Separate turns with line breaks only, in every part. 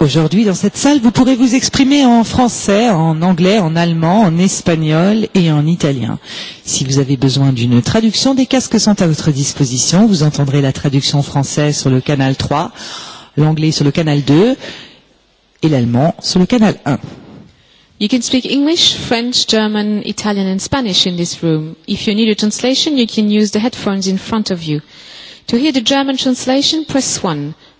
Aujourd'hui, dans cette salle, vous pourrez vous exprimer en français, en anglais, en allemand, en espagnol et en italien. Si vous avez besoin d'une traduction, des casques sont à votre disposition. Vous entendrez la traduction française sur le canal 3, l'anglais sur le canal 2 et l'allemand sur le canal 1.
You can speak English, French, German, Italian and Spanish in this room. If you need a translation, you can use the headphones in front of you. To hear the German translation, press 1.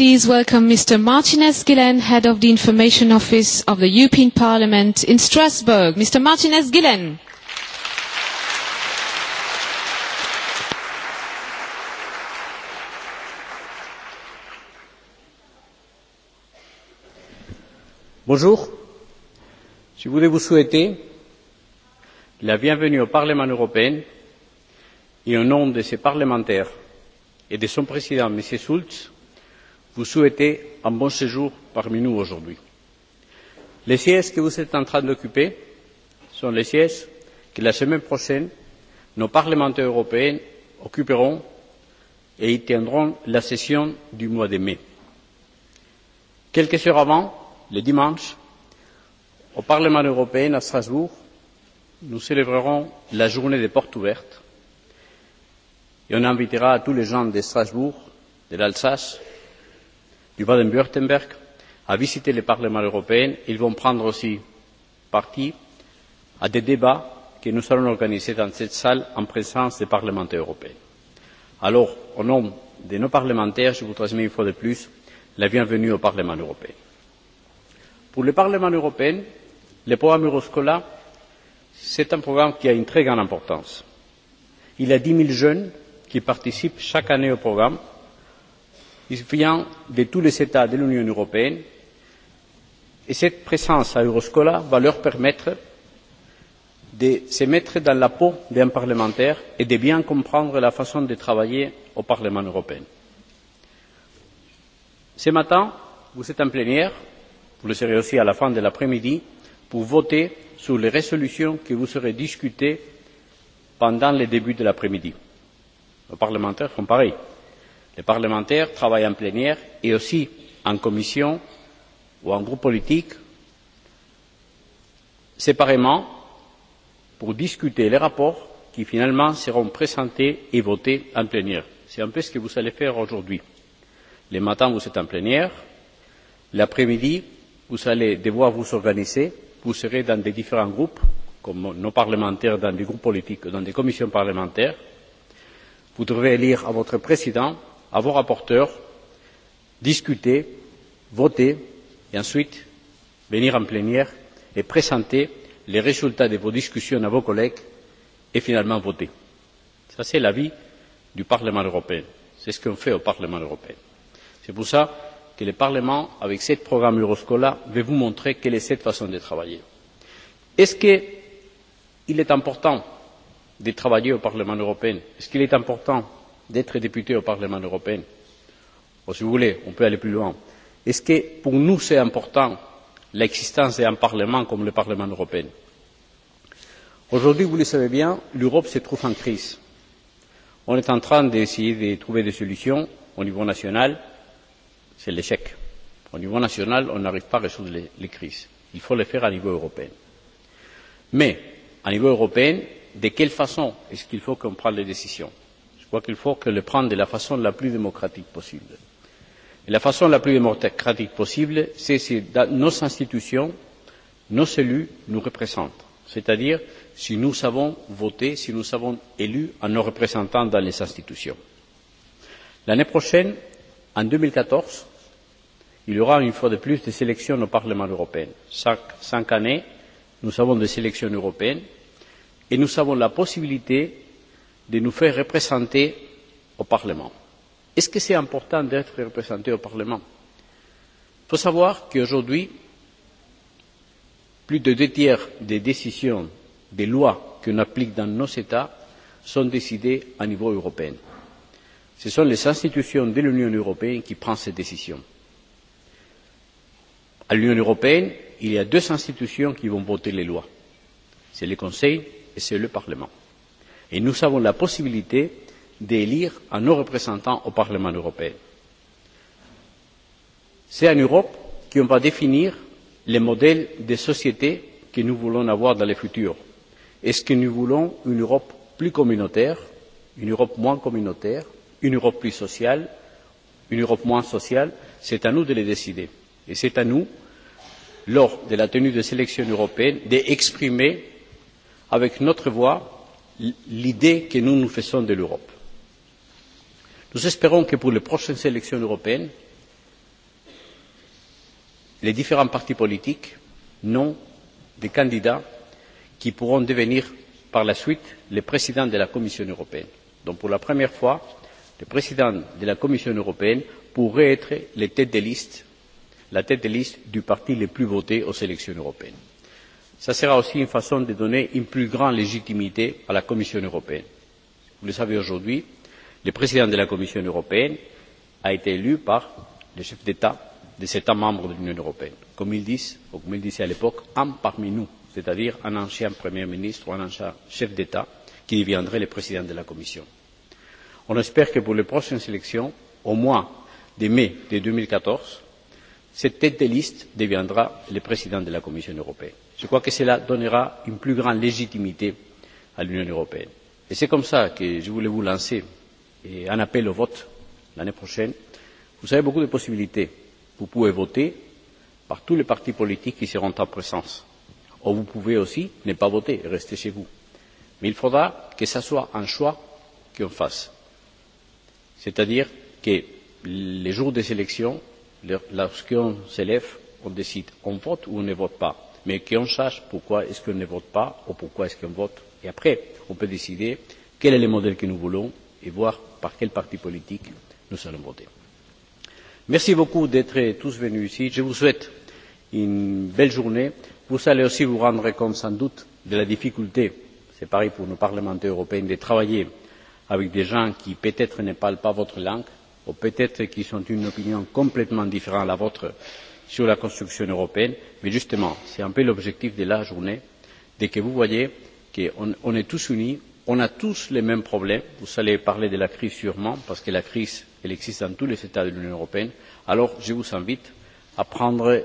please welcome Mr. Martinez Gillen, Head of the Information Office of the European Parliament in Strasbourg. Mr. Martinez Gillen.
Bonjour. Je voulais vous souhaiter la bienvenue au Parlement européen et au nom de ses parlementaires et de son président, M. Schulz, vous souhaiter un bon séjour parmi nous aujourd'hui. les sièges que vous êtes en train d'occuper sont les sièges que la semaine prochaine nos parlementaires européens occuperont et y tiendront la session du mois de mai. quelques heures avant le dimanche au parlement européen à strasbourg nous célébrerons la journée des portes ouvertes et on invitera tous les gens de strasbourg de l'alsace du baden württemberg à visiter le parlement européen. ils vont prendre aussi partie à des débats que nous allons organiser dans cette salle en présence des parlementaires européens. alors au nom de nos parlementaires je vous transmets une fois de plus la bienvenue au parlement européen. pour le parlement européen le programme euroscola c'est un programme qui a une très grande importance. il y a dix zéro jeunes qui participent chaque année au programme vient de tous les États de l'Union européenne et cette présence à Euroscola va leur permettre de se mettre dans la peau d'un parlementaire et de bien comprendre la façon de travailler au Parlement européen. Ce matin, vous êtes en plénière, vous le serez aussi à la fin de l'après-midi, pour voter sur les résolutions qui vous seront discutées pendant le début de l'après-midi. Les parlementaires font pareil les parlementaires travaillent en plénière et aussi en commission ou en groupe politique séparément pour discuter des rapports qui finalement seront présentés et votés en plénière. C'est un peu ce que vous allez faire aujourd'hui. Le matin, vous êtes en plénière. L'après midi, vous allez devoir vous organiser. Vous serez dans des différents groupes, comme nos parlementaires dans des groupes politiques, dans des commissions parlementaires. Vous devrez élire à votre président à vos rapporteurs discuter voter et ensuite venir en plénière et présenter les résultats de vos discussions à vos collègues et finalement voter. c'est l'avis du parlement européen. c'est ce qu'on fait au parlement européen. c'est pour cela que le parlement avec ce programme euroscola veut vous montrer quelle est cette façon de travailler. est ce qu'il est important de travailler au parlement européen? est ce qu'il est important d'être député au Parlement européen. si vous voulez, on peut aller plus loin. Est-ce que pour nous c'est important l'existence d'un Parlement comme le Parlement européen Aujourd'hui, vous le savez bien, l'Europe se trouve en crise. On est en train d'essayer de trouver des solutions au niveau national. C'est l'échec. Au niveau national, on n'arrive pas à résoudre les crises. Il faut le faire au niveau européen. Mais, au niveau européen, de quelle façon est-ce qu'il faut qu'on prenne les décisions crois qu'il faut le prendre de la façon la plus démocratique possible. Et la façon la plus démocratique possible, c'est si nos institutions, nos élus nous représentent. C'est-à-dire si nous savons voter, si nous savons élu à nos représentants dans les institutions. L'année prochaine, en deux mille quatorze, il y aura une fois de plus des élections au Parlement européen. Chaque, cinq années, nous avons des élections européennes et nous avons la possibilité de nous faire représenter au Parlement. Est-ce que c'est important d'être représenté au Parlement Il faut savoir qu'aujourd'hui, plus de deux tiers des décisions, des lois que l'on applique dans nos États sont décidées au niveau européen. Ce sont les institutions de l'Union européenne qui prennent ces décisions. À l'Union européenne, il y a deux institutions qui vont voter les lois. C'est le Conseil et c'est le Parlement et nous avons la possibilité d'élire à nos représentants au Parlement européen. C'est en Europe qu'on va définir le modèle de société que nous voulons avoir dans le futur. Est-ce que nous voulons une Europe plus communautaire, une Europe moins communautaire, une Europe plus sociale, une Europe moins sociale C'est à nous de le décider. Et c'est à nous, lors de la tenue des élections européennes, d'exprimer avec notre voix l'idée que nous nous faisons de l'Europe. Nous espérons que pour les prochaines élections européennes, les différents partis politiques n'ont des candidats qui pourront devenir par la suite les présidents de la Commission européenne. Donc pour la première fois, le président de la Commission européenne pourrait être la tête de liste du parti le plus voté aux élections européennes ce sera aussi une façon de donner une plus grande légitimité à la commission européenne. vous le savez aujourd'hui le président de la commission européenne a été élu par les chefs d'état des états membres de l'union européenne comme ils disent ou comme ils disaient à l'époque un parmi nous c'est à dire un ancien premier ministre ou un ancien chef d'état qui deviendrait le président de la commission. on espère que pour les prochaines élections au mois de mai deux mille quatorze cette tête de liste deviendra le président de la commission européenne. Je crois que cela donnera une plus grande légitimité à l'Union européenne. Et c'est comme ça que je voulais vous lancer un appel au vote l'année prochaine. Vous avez beaucoup de possibilités. Vous pouvez voter par tous les partis politiques qui seront en présence. Ou vous pouvez aussi ne pas voter et rester chez vous. Mais il faudra que ce soit un choix qu'on fasse. C'est-à-dire que les jours des élections, lorsqu'on se lève, on décide, on vote ou on ne vote pas mais qu'on sache pourquoi est-ce qu'on ne vote pas ou pourquoi est-ce qu'on vote. Et après, on peut décider quel est le modèle que nous voulons et voir par quel parti politique nous allons voter. Merci beaucoup d'être tous venus ici. Je vous souhaite une belle journée. Vous allez aussi vous rendre compte sans doute de la difficulté, c'est pareil pour nos parlementaires européens, de travailler avec des gens qui peut-être ne parlent pas votre langue ou peut-être qui ont une opinion complètement différente de la vôtre sur la construction européenne. Mais justement, c'est un peu l'objectif de la journée, de que vous voyez qu'on est tous unis, on a tous les mêmes problèmes. Vous allez parler de la crise sûrement, parce que la crise, elle existe dans tous les États de l'Union européenne. Alors, je vous invite à prendre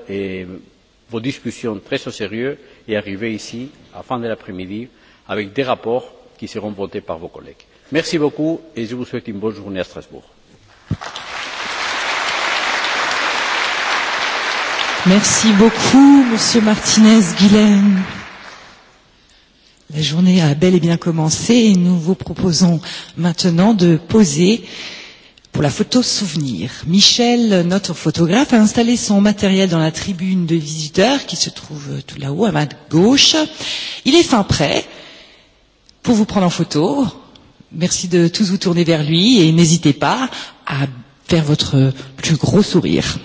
vos discussions très au sérieux et arriver ici, à la fin de l'après-midi, avec des rapports qui seront votés par vos collègues. Merci beaucoup et je vous souhaite une bonne journée à Strasbourg.
Merci beaucoup, Monsieur Martinez-Guilaine. La journée a bel et bien commencé et nous vous proposons maintenant de poser pour la photo souvenir. Michel, notre photographe, a installé son matériel dans la tribune de visiteurs qui se trouve tout là-haut à ma gauche. Il est fin prêt pour vous prendre en photo. Merci de tous vous tourner vers lui et n'hésitez pas à faire votre plus gros sourire.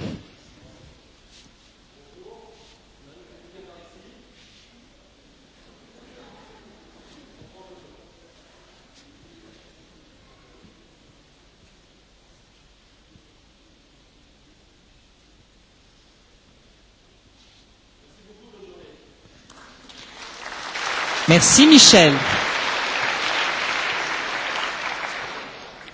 Merci Michel.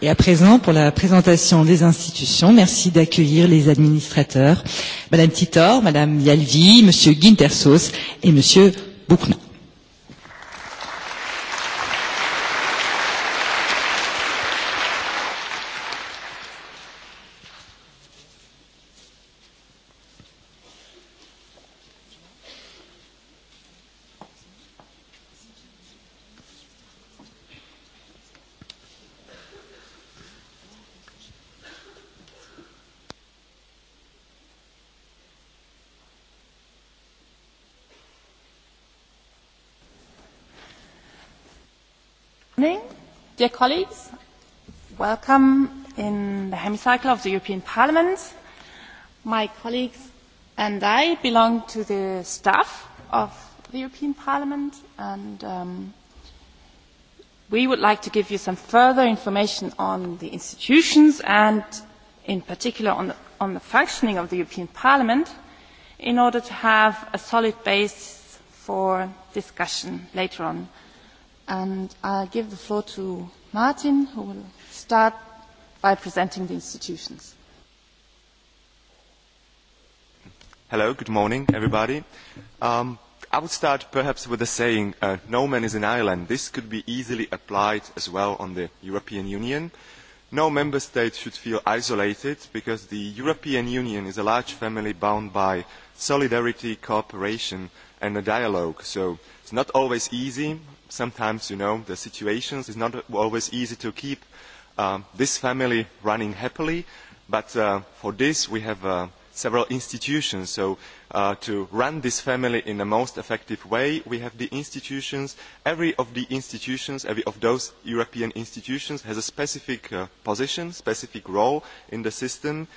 Et à présent, pour la présentation des institutions, merci d'accueillir les administrateurs, Madame Titor, Madame Yalvi, Monsieur Guintersos et Monsieur
Dear colleagues, welcome in the hemicycle of the European Parliament. My colleagues and I belong to the staff of the European Parliament and um, we would like to give you some further information on the institutions and in particular on the, on the functioning of the European Parliament in order to have a solid base for discussion later on and I'll give the floor to Martin, who will start by presenting the institutions.
Hello, good morning, everybody. Um, I would start perhaps with a saying, uh, no man is an island. This could be easily applied as well on the European Union. No member state should feel isolated because the European Union is a large family bound by solidarity, cooperation and a dialogue. So it's not always easy sometimes, you know, the situations is not always easy to keep this family running happily. But uh, for this, we have uh, several institutions. So uh, to run this family in the most effective way, we have the institutions. Every of the institutions, every of those European institutions has a specific uh, position, specific role in the system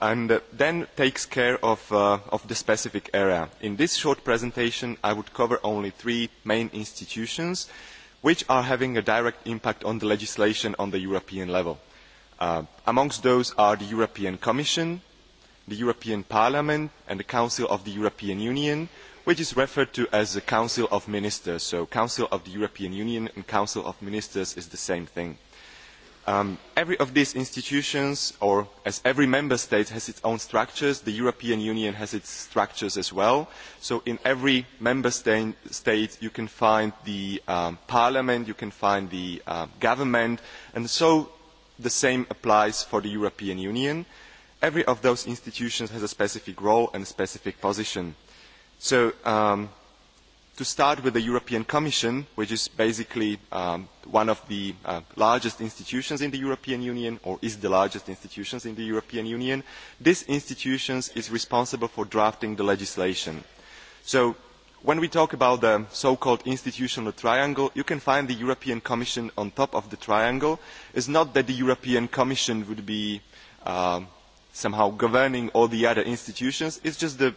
and then takes care of, the specific area. In this short presentation, I would cover only three main institutions which are having a direct impact on the legislation on the European level. amongst those are the European Commission, the European Parliament and the Council of the European Union, which is referred to as the Council of Ministers. So Council of the European Union and Council of Ministers is the same thing every of these institutions, or as every member state has its own structures, the European Union has its structures as well. So in every member state, you can find the parliament, you can find the government, and so the same applies for the European Union. Every of those institutions has a specific role and a specific position. So to start with the European Commission, which is basically one of the largest institutions in the European Union, or is the largest institution in the European Union. This institution is responsible for drafting the legislation. So when we talk about the so-called institutional triangle, you can find the European Commission on top of the triangle. It's not that the European Commission would be somehow governing all the other institutions, it's just the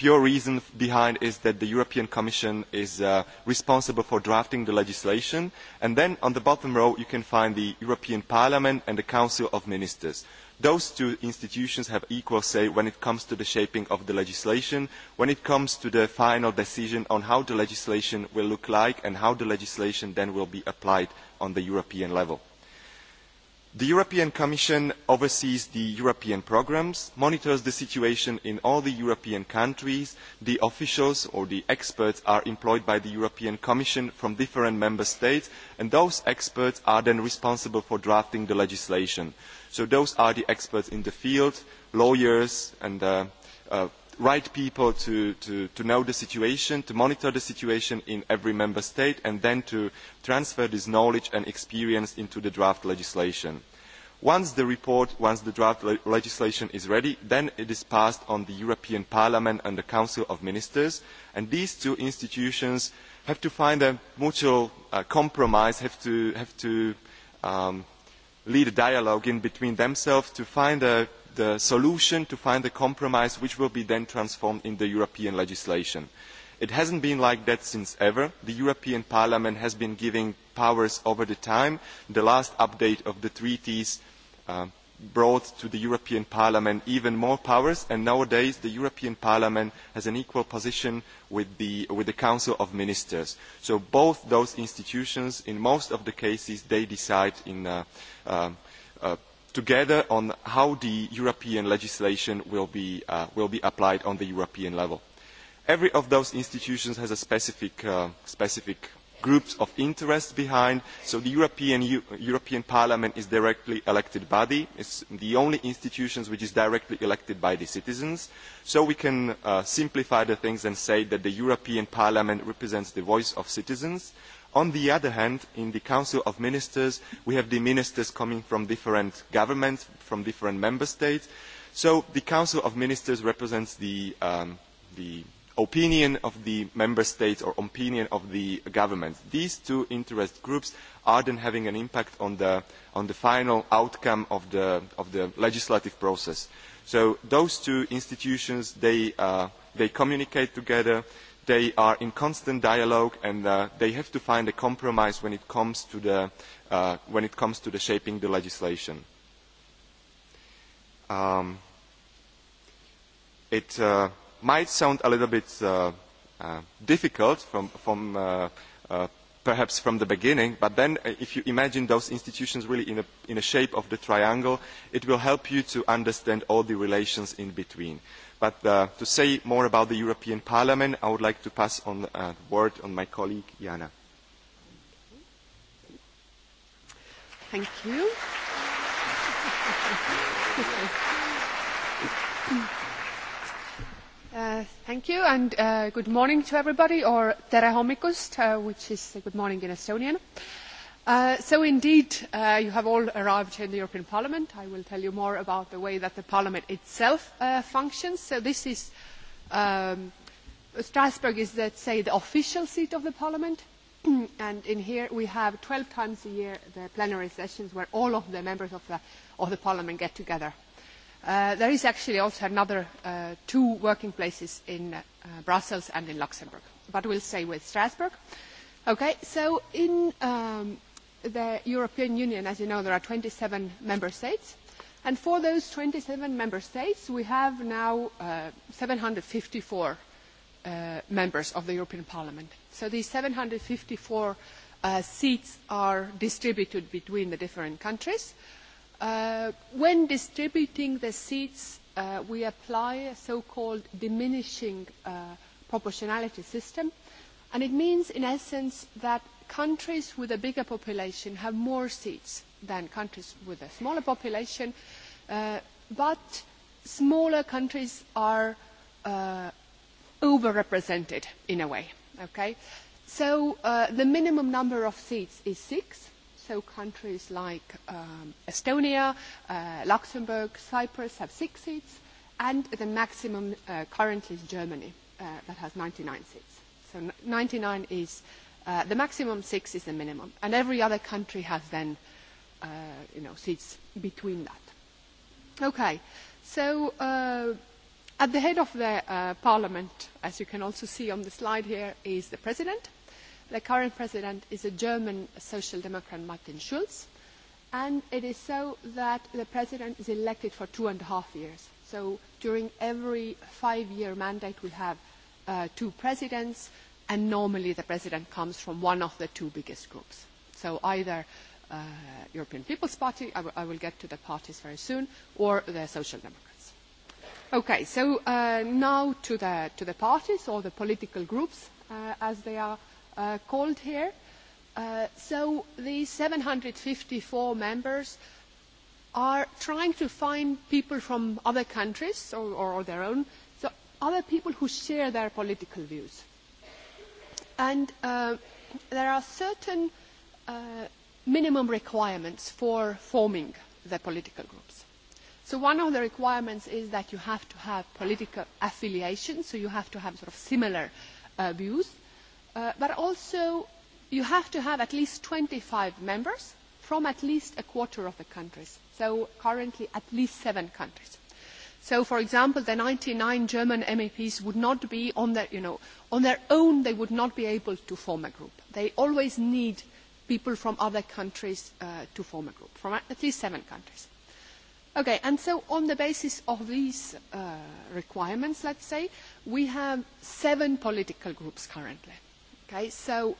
pure reason behind is that the European Commission is responsible for drafting the legislation. And then on the bottom row, you can find the European Parliament and the Council of Ministers. Those two institutions have equal say when it comes to the shaping of the legislation, when it comes to the final decision on how the legislation will look like and how the legislation then will be applied on the European level the european commission oversees the european programmes monitors the situation in all the european countries the officials or the experts are employed by the european commission from different member states and those experts are then responsible for drafting the legislation so those are the experts in the field lawyers and right people to, to, to know the situation, to monitor the situation in every member state, and then to transfer this knowledge and experience into the draft legislation. Once the report, once the draft legislation is ready, then it is passed on the European Parliament and the Council of Ministers, and these two institutions have to find a mutual compromise, have to, have to lead a dialogue in between themselves to find a the solution, to find a compromise which will be then transformed into European legislation. It has not been like that since ever. The European Parliament has been giving powers over the time. The last update of the treaties brought to the European Parliament even more powers, and nowadays the European Parliament has an equal position with the, Council of Ministers. So both those institutions, in most of the cases, they decide in together on how the European legislation will be, applied on the European level. Every of those institutions has a specific, specific group of interest behind, so the European, Parliament is a directly elected body. It is the only institution which is directly elected by the citizens, so we can simplify the things and say that the European Parliament represents the voice of citizens, on the other hand in the council of ministers we have ministers coming from different governments from different member states so the council of ministers represents the opinion of the member states or opinion of the government. These two interest groups are then having an impact on the, final outcome of the, legislative process. So those two institutions, they, communicate together, they are in constant dialogue and they have to find a compromise when it comes to the when it comes to the shaping the legislation. Um, it uh, might sound a little bit uh, uh, difficult from, from uh, uh, perhaps from the beginning, but then if you imagine those institutions really in a, in a shape of the triangle, it will help you to understand all the relations in between. But to say more about the European Parliament, I would like to pass on the word on my colleague, Jana.
Thank you. Uh, thank you and uh, good morning to everybody, or tere hommikust, uh, which is good morning in Estonian. Uh, so indeed, you have all arrived here in the European Parliament. I will tell you more about the way that the Parliament itself functions. So this is, Strasbourg is, let's say, the official seat of the Parliament. and in here we have twelve times a year the plenary sessions where all of the members of the, of the Parliament get together. there is actually also another two working places in Brussels and in Luxembourg, but we'll stay with Strasbourg. Okay, so in um, the European Union, as you know, there are twenty seven member states. And for those twenty seven member states, we have now seven hundred and fifty four members of the European Parliament. So these seven hundred and fifty four seats are distributed between the different countries. when distributing the seats, we apply a so-called diminishing proportionality system. And it means, in essence, that countries with a bigger population have more seats than countries with a smaller population, but smaller countries are overrepresented in a way. Okay? So the minimum number of seats is six. So countries like Estonia, Luxembourg, Cyprus have six seats, and the maximum currently is Germany that has ninety nine seats. So ninety nine is Uh, the maximum six is the minimum, and every other country has then, uh, you know, seats between that. Okay, so uh, at the head of the uh, parliament, as you can also see on the slide here, is the president. The current president is a German social democrat, Martin Schulz, and it is so that the president is elected for two and a half years. So during every five-year mandate, we have uh, two presidents and normally the president comes from one of the two biggest groups. So either uh, European People's Party, I, I will get to the parties very soon, or the Social Democrats. Okay, so uh, now to the, to the parties or the political groups, uh, as they are uh, called here. Uh, so these 754 members are trying to find people from other countries or, or their own, so other people who share their political views And there are certain minimum requirements for forming the political groups. So one of the requirements is that you have to have political affiliation, so you have to have sort of similar views, but also you have to have at least twenty five members from at least a quarter of the countries, so currently at least seven countries So, for example, the ninety nine German MEPs would not be on their, you know, on their own, they would not be able to form a group. They always need people from other countries to form a group, from at least seven countries. Okay, and so on the basis of these requirements, let's say, we have seven political groups currently. Okay, so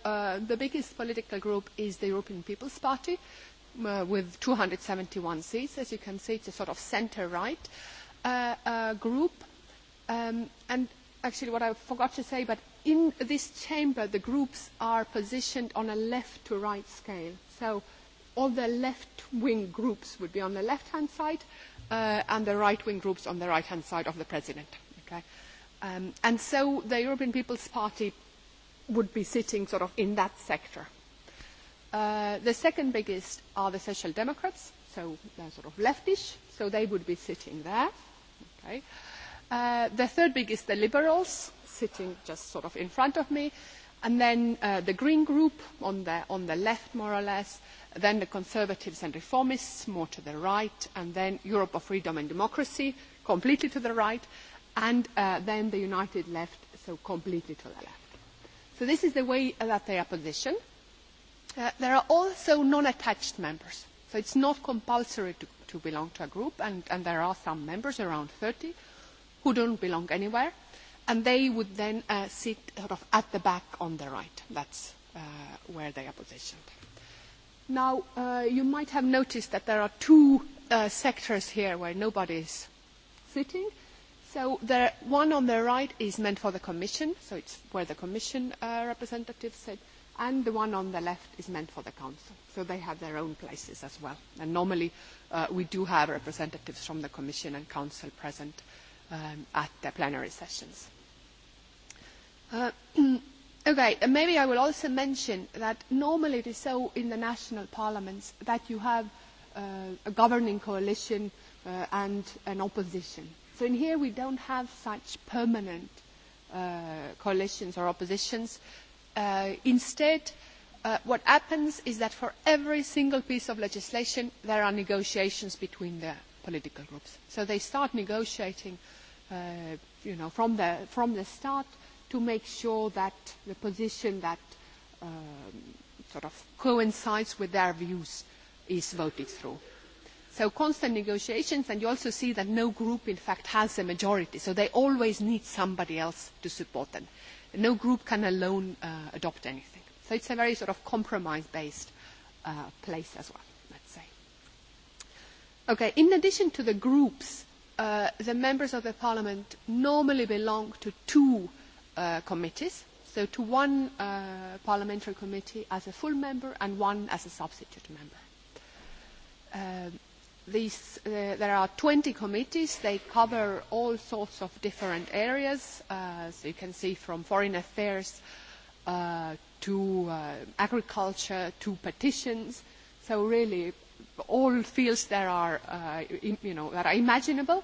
the biggest political group is the European People's Party uh, with 271 seats. As you can see, it's a sort of centre-right. Uh, uh, group. Um, and actually what I forgot to say, but in this chamber, the groups are positioned on a left to right scale. So all the left-wing groups would be on the left-hand side, uh, and the right-wing groups on the right-hand side of the president. Okay? Um, and so the European People's Party would be sitting sort of in that sector. Uh, the second biggest are the Social Democrats, so they're sort of leftish, so they would be sitting there. Okay. Uh, the third big is the Liberals, sitting just sort of in front of me, and then uh, the Green Group on the, on the left, more or less, then the Conservatives and Reformists, more to the right, and then Europe of Freedom and Democracy, completely to the right, and uh, then the United Left, so completely to the left. So this is the way that they are positioned. Uh, there are also non-attached members, so it's not compulsory to to belong to a group, and, and there are some members, around 30, who don't belong anywhere, and they would then uh, sit sort of at the back on the right. That's uh, where they are positioned. Now, uh, you might have noticed that there are two uh, sectors here where nobody is sitting. So the one on the right is meant for the Commission, so it's where the Commission uh, representatives sit, and the one on the left is meant for the Council. So they have their own places as well. And normally we do have representatives from the Commission and Council present at the plenary sessions. okay, maybe I will also mention that normally it is so in the national parliaments that you have a governing coalition and an opposition. So in here we don't have such permanent coalitions or oppositions. instead, what happens is that for every single piece of legislation there are negotiations between the political groups. So they start negotiating you know, from, the, from the start to make sure that the position that sort of coincides with their views is voted through. So constant negotiations, and you also see that no group, in fact, has a majority, so they always need somebody else to support them. No group can alone uh, adopt anything. So it's a very sort of compromise-based uh, place as well, let's say. Okay, in addition to the groups, uh, the members of the parliament normally belong to two uh, committees. So to one uh, parliamentary committee as a full member and one as a substitute member. Um, these, uh, there are 20 committees. They cover all sorts of different areas, uh, so you can see from foreign affairs, uh, uh, to uh, agriculture, to petitions. So really, all fields that are, uh, you know, that are imaginable.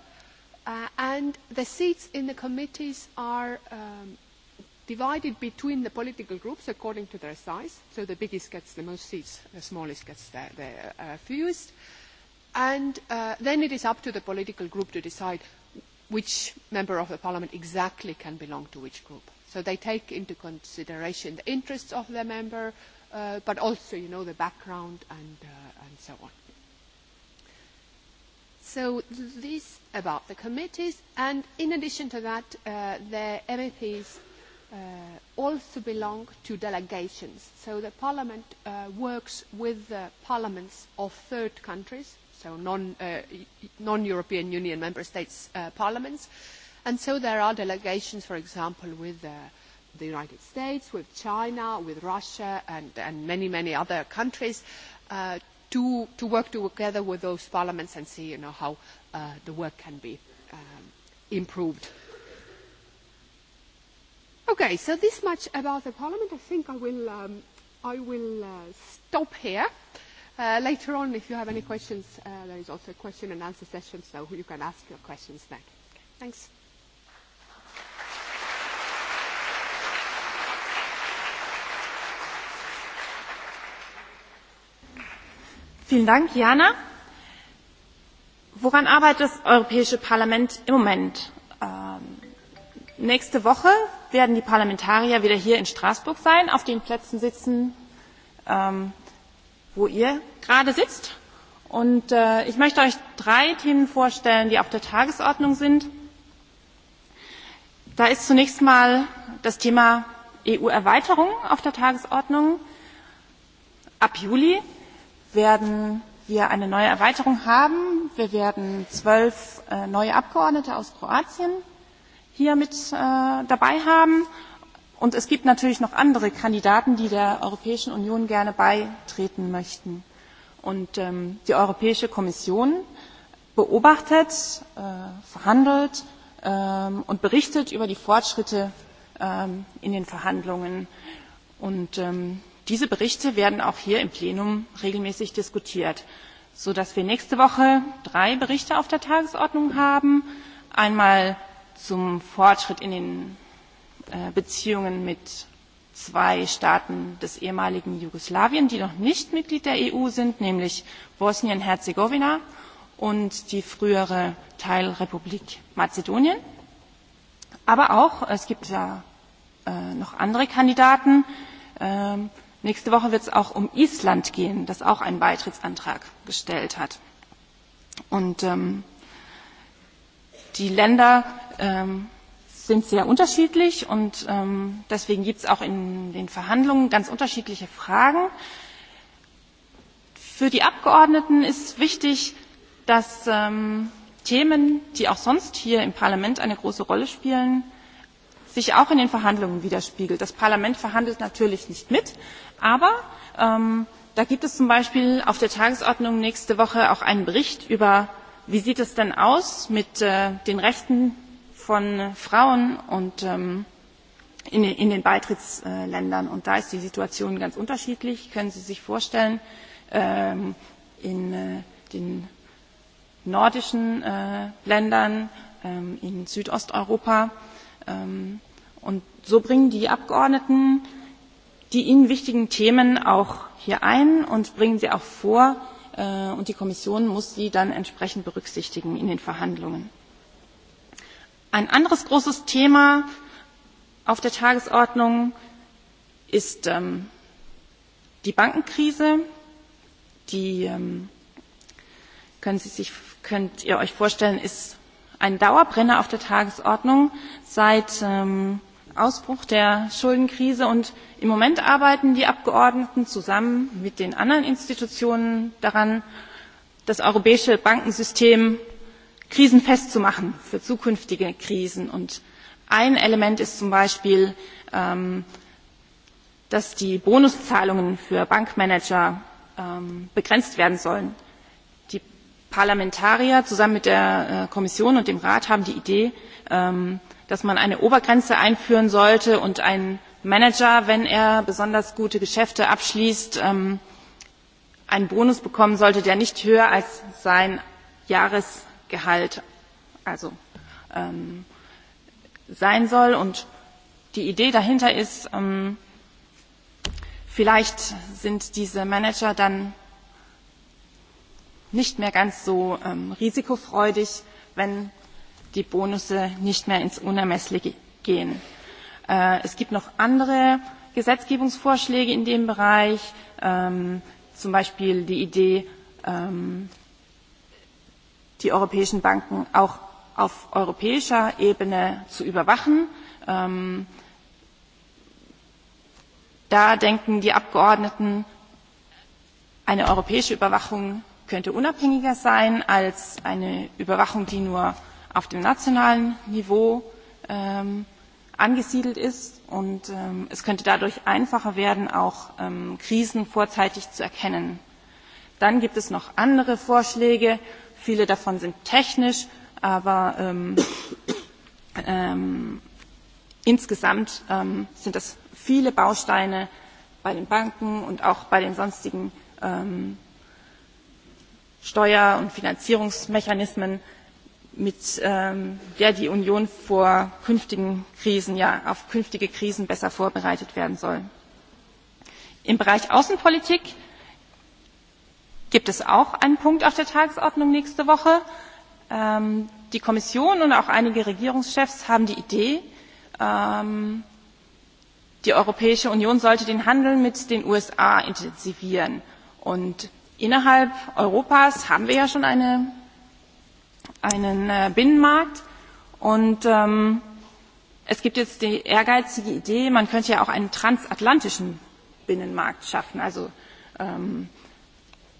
Uh, and the seats in the committees are um, divided between the political groups according to their size. So the biggest gets the most seats, the smallest gets the, the uh, fewest. And uh, then it is up to the political group to decide which member of the parliament exactly can belong to which group. So they take into consideration the interests of the member, uh, but also, you know, the background and, uh, and so on. So this about the committees, and in addition to that, uh, the MEPs uh, also belong to delegations. So the Parliament uh, works with the parliaments of third countries, so non-European uh, non Union member states' uh, parliaments, uh, And so there are delegations, for example, with uh, the United States, with China, with Russia, and, and many, many other countries uh, to, to work together with those parliaments and see you know, how uh, the work can be um, improved. Okay, so this much about the Parliament. I think I will, um, I will uh, stop here. Uh, later on, if you have any questions, uh, there is also a question and answer session, so you can ask your questions then. Okay,
thanks. Vielen Dank, Jana. Woran arbeitet das Europäische Parlament im Moment? nächste Woche werden die Parlamentarier wieder hier in Straßburg sein, auf den Plätzen sitzen, wo ihr gerade sitzt. Und ich möchte euch drei Themen vorstellen, die auf der Tagesordnung sind. Da ist zunächst mal das Thema EU-Erweiterung auf der Tagesordnung ab Juli werden wir eine neue Erweiterung haben. Wir werden zwölf neue Abgeordnete aus Kroatien hier mit dabei haben. Und es gibt natürlich noch andere Kandidaten, die der Europäischen Union gerne beitreten möchten. Und die Europäische Kommission beobachtet, verhandelt und berichtet über die Fortschritte in den Verhandlungen. Und ähm, diese berichte werden auch hier im plenum regelmäßig diskutiert sodass wir nächste woche drei berichte auf der tagesordnung haben einmal zum fortschritt in den beziehungen mit zwei staaten des ehemaligen jugoslawien die noch nicht mitglied der eu sind nämlich bosnien herzegowina und die frühere teilrepublik mazedonien. aber auch es gibt ja noch andere kandidaten Nächste Woche wird es auch um Island gehen, das auch einen Beitrittsantrag gestellt hat. Und ähm, die Länder ähm, sind sehr unterschiedlich und ähm, deswegen gibt es auch in den Verhandlungen ganz unterschiedliche Fragen. Für die Abgeordneten ist wichtig, dass ähm, Themen, die auch sonst hier im Parlament eine große Rolle spielen, sich auch in den Verhandlungen widerspiegelt. Das Parlament verhandelt natürlich nicht mit, aber da gibt es zum beispiel auf der tagesordnung nächste woche auch einen bericht über wie sieht es denn aus mit den rechten von frauen in den beitrittsländern und da ist die situation ganz unterschiedlich können sie sich vorstellen in den nordischen ländern in südosteuropa und so bringen die abgeordneten die Ihnen wichtigen Themen auch hier ein und bringen sie auch vor. Und die Kommission muss sie dann entsprechend berücksichtigen in den Verhandlungen. Ein anderes großes Thema auf der Tagesordnung ist die Bankenkrise. Die könnt ihr euch vorstellen, ist ein Dauerbrenner auf der Tagesordnung seit ähm, ausbruch der schuldenkrise und im moment arbeiten die abgeordneten zusammen mit den anderen institutionen daran das europäische bankensystem krisenfest zu machen für zukünftige krisen. ein element ist zum beispiel dass die bonuszahlungen für bankmanager begrenzt werden sollen. die parlamentarier zusammen mit der kommission und dem rat haben die idee dass man eine obergrenze einführen sollte und ein manager wenn er besonders gute geschäfte abschließt einen bonus bekommen sollte der nicht höher als sein jahresgehalt sein soll. und die idee dahinter ist vielleicht sind diese manager dann nicht mehr ganz so risikofreudig wenn die Bonusse nicht mehr ins Unermessliche gehen. Es gibt noch andere Gesetzgebungsvorschläge in dem Bereich, zum Beispiel die Idee, die europäischen Banken auch auf europäischer Ebene zu überwachen. Da denken die Abgeordneten, eine europäische Überwachung könnte unabhängiger sein als eine Überwachung, die nur auf dem nationalen Niveau angesiedelt ist. Und es könnte dadurch einfacher werden, auch Krisen vorzeitig zu erkennen. Dann gibt es noch andere Vorschläge. Viele davon sind technisch, aber insgesamt sind das viele Bausteine bei den Banken und auch bei den sonstigen Steuer- und Finanzierungsmechanismen, mit der die Union vor künftigen Krisen, ja, auf künftige Krisen besser vorbereitet werden soll. Im Bereich Außenpolitik gibt es auch einen Punkt auf der Tagesordnung nächste Woche. die Kommission und auch einige Regierungschefs haben die Idee, die Europäische Union sollte den Handel mit den USA intensivieren. Und innerhalb Europas haben wir ja schon eine einen Binnenmarkt. Und es gibt jetzt die ehrgeizige Idee, man könnte ja auch einen transatlantischen Binnenmarkt schaffen. Also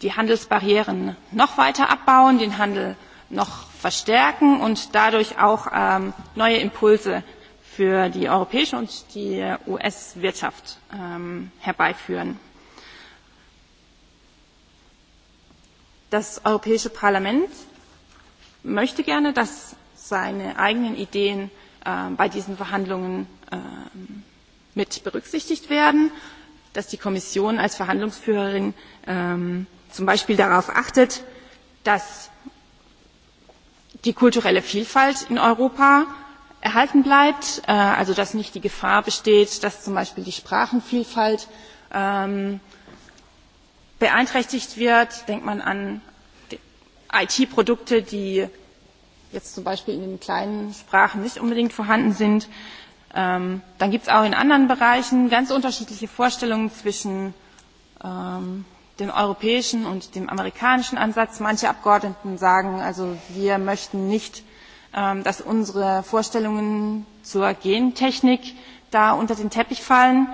die Handelsbarrieren noch weiter abbauen, den Handel noch verstärken und dadurch auch neue Impulse für die europäische und die US-Wirtschaft herbeiführen. Das Europäische Parlament möchte gerne, dass seine eigenen Ideen bei diesen Verhandlungen mit berücksichtigt werden, dass die Kommission als Verhandlungsführerin zum Beispiel darauf achtet, dass die kulturelle Vielfalt in Europa erhalten bleibt, also dass nicht die Gefahr besteht, dass zum Beispiel die Sprachenvielfalt beeinträchtigt wird. Denkt man an it produkte die jetzt zum beispiel in den kleinen sprachen nicht unbedingt vorhanden sind. dann gibt es auch in anderen bereichen ganz unterschiedliche vorstellungen zwischen dem europäischen und dem amerikanischen ansatz. manche abgeordneten sagen also wir möchten nicht dass unsere vorstellungen zur gentechnik da unter den teppich fallen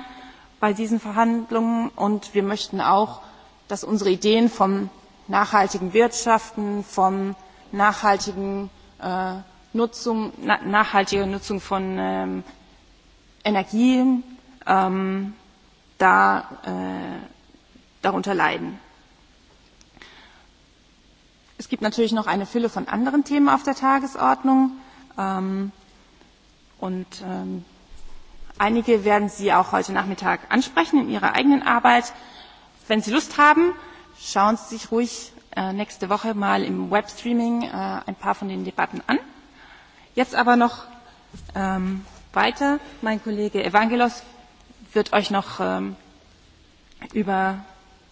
bei diesen verhandlungen und wir möchten auch dass unsere ideen vom nachhaltigen Wirtschaften, von nachhaltigen, äh, Nutzung, na, nachhaltiger Nutzung von ähm, Energien ähm, da, äh, darunter leiden. Es gibt natürlich noch eine Fülle von anderen Themen auf der Tagesordnung ähm, und ähm, einige werden Sie auch heute Nachmittag ansprechen in Ihrer eigenen Arbeit. Wenn Sie Lust haben, Schauen Sie sich ruhig nächste Woche mal im Webstreaming ein paar von den Debatten an. Jetzt aber noch weiter. Mein Kollege Evangelos wird euch noch über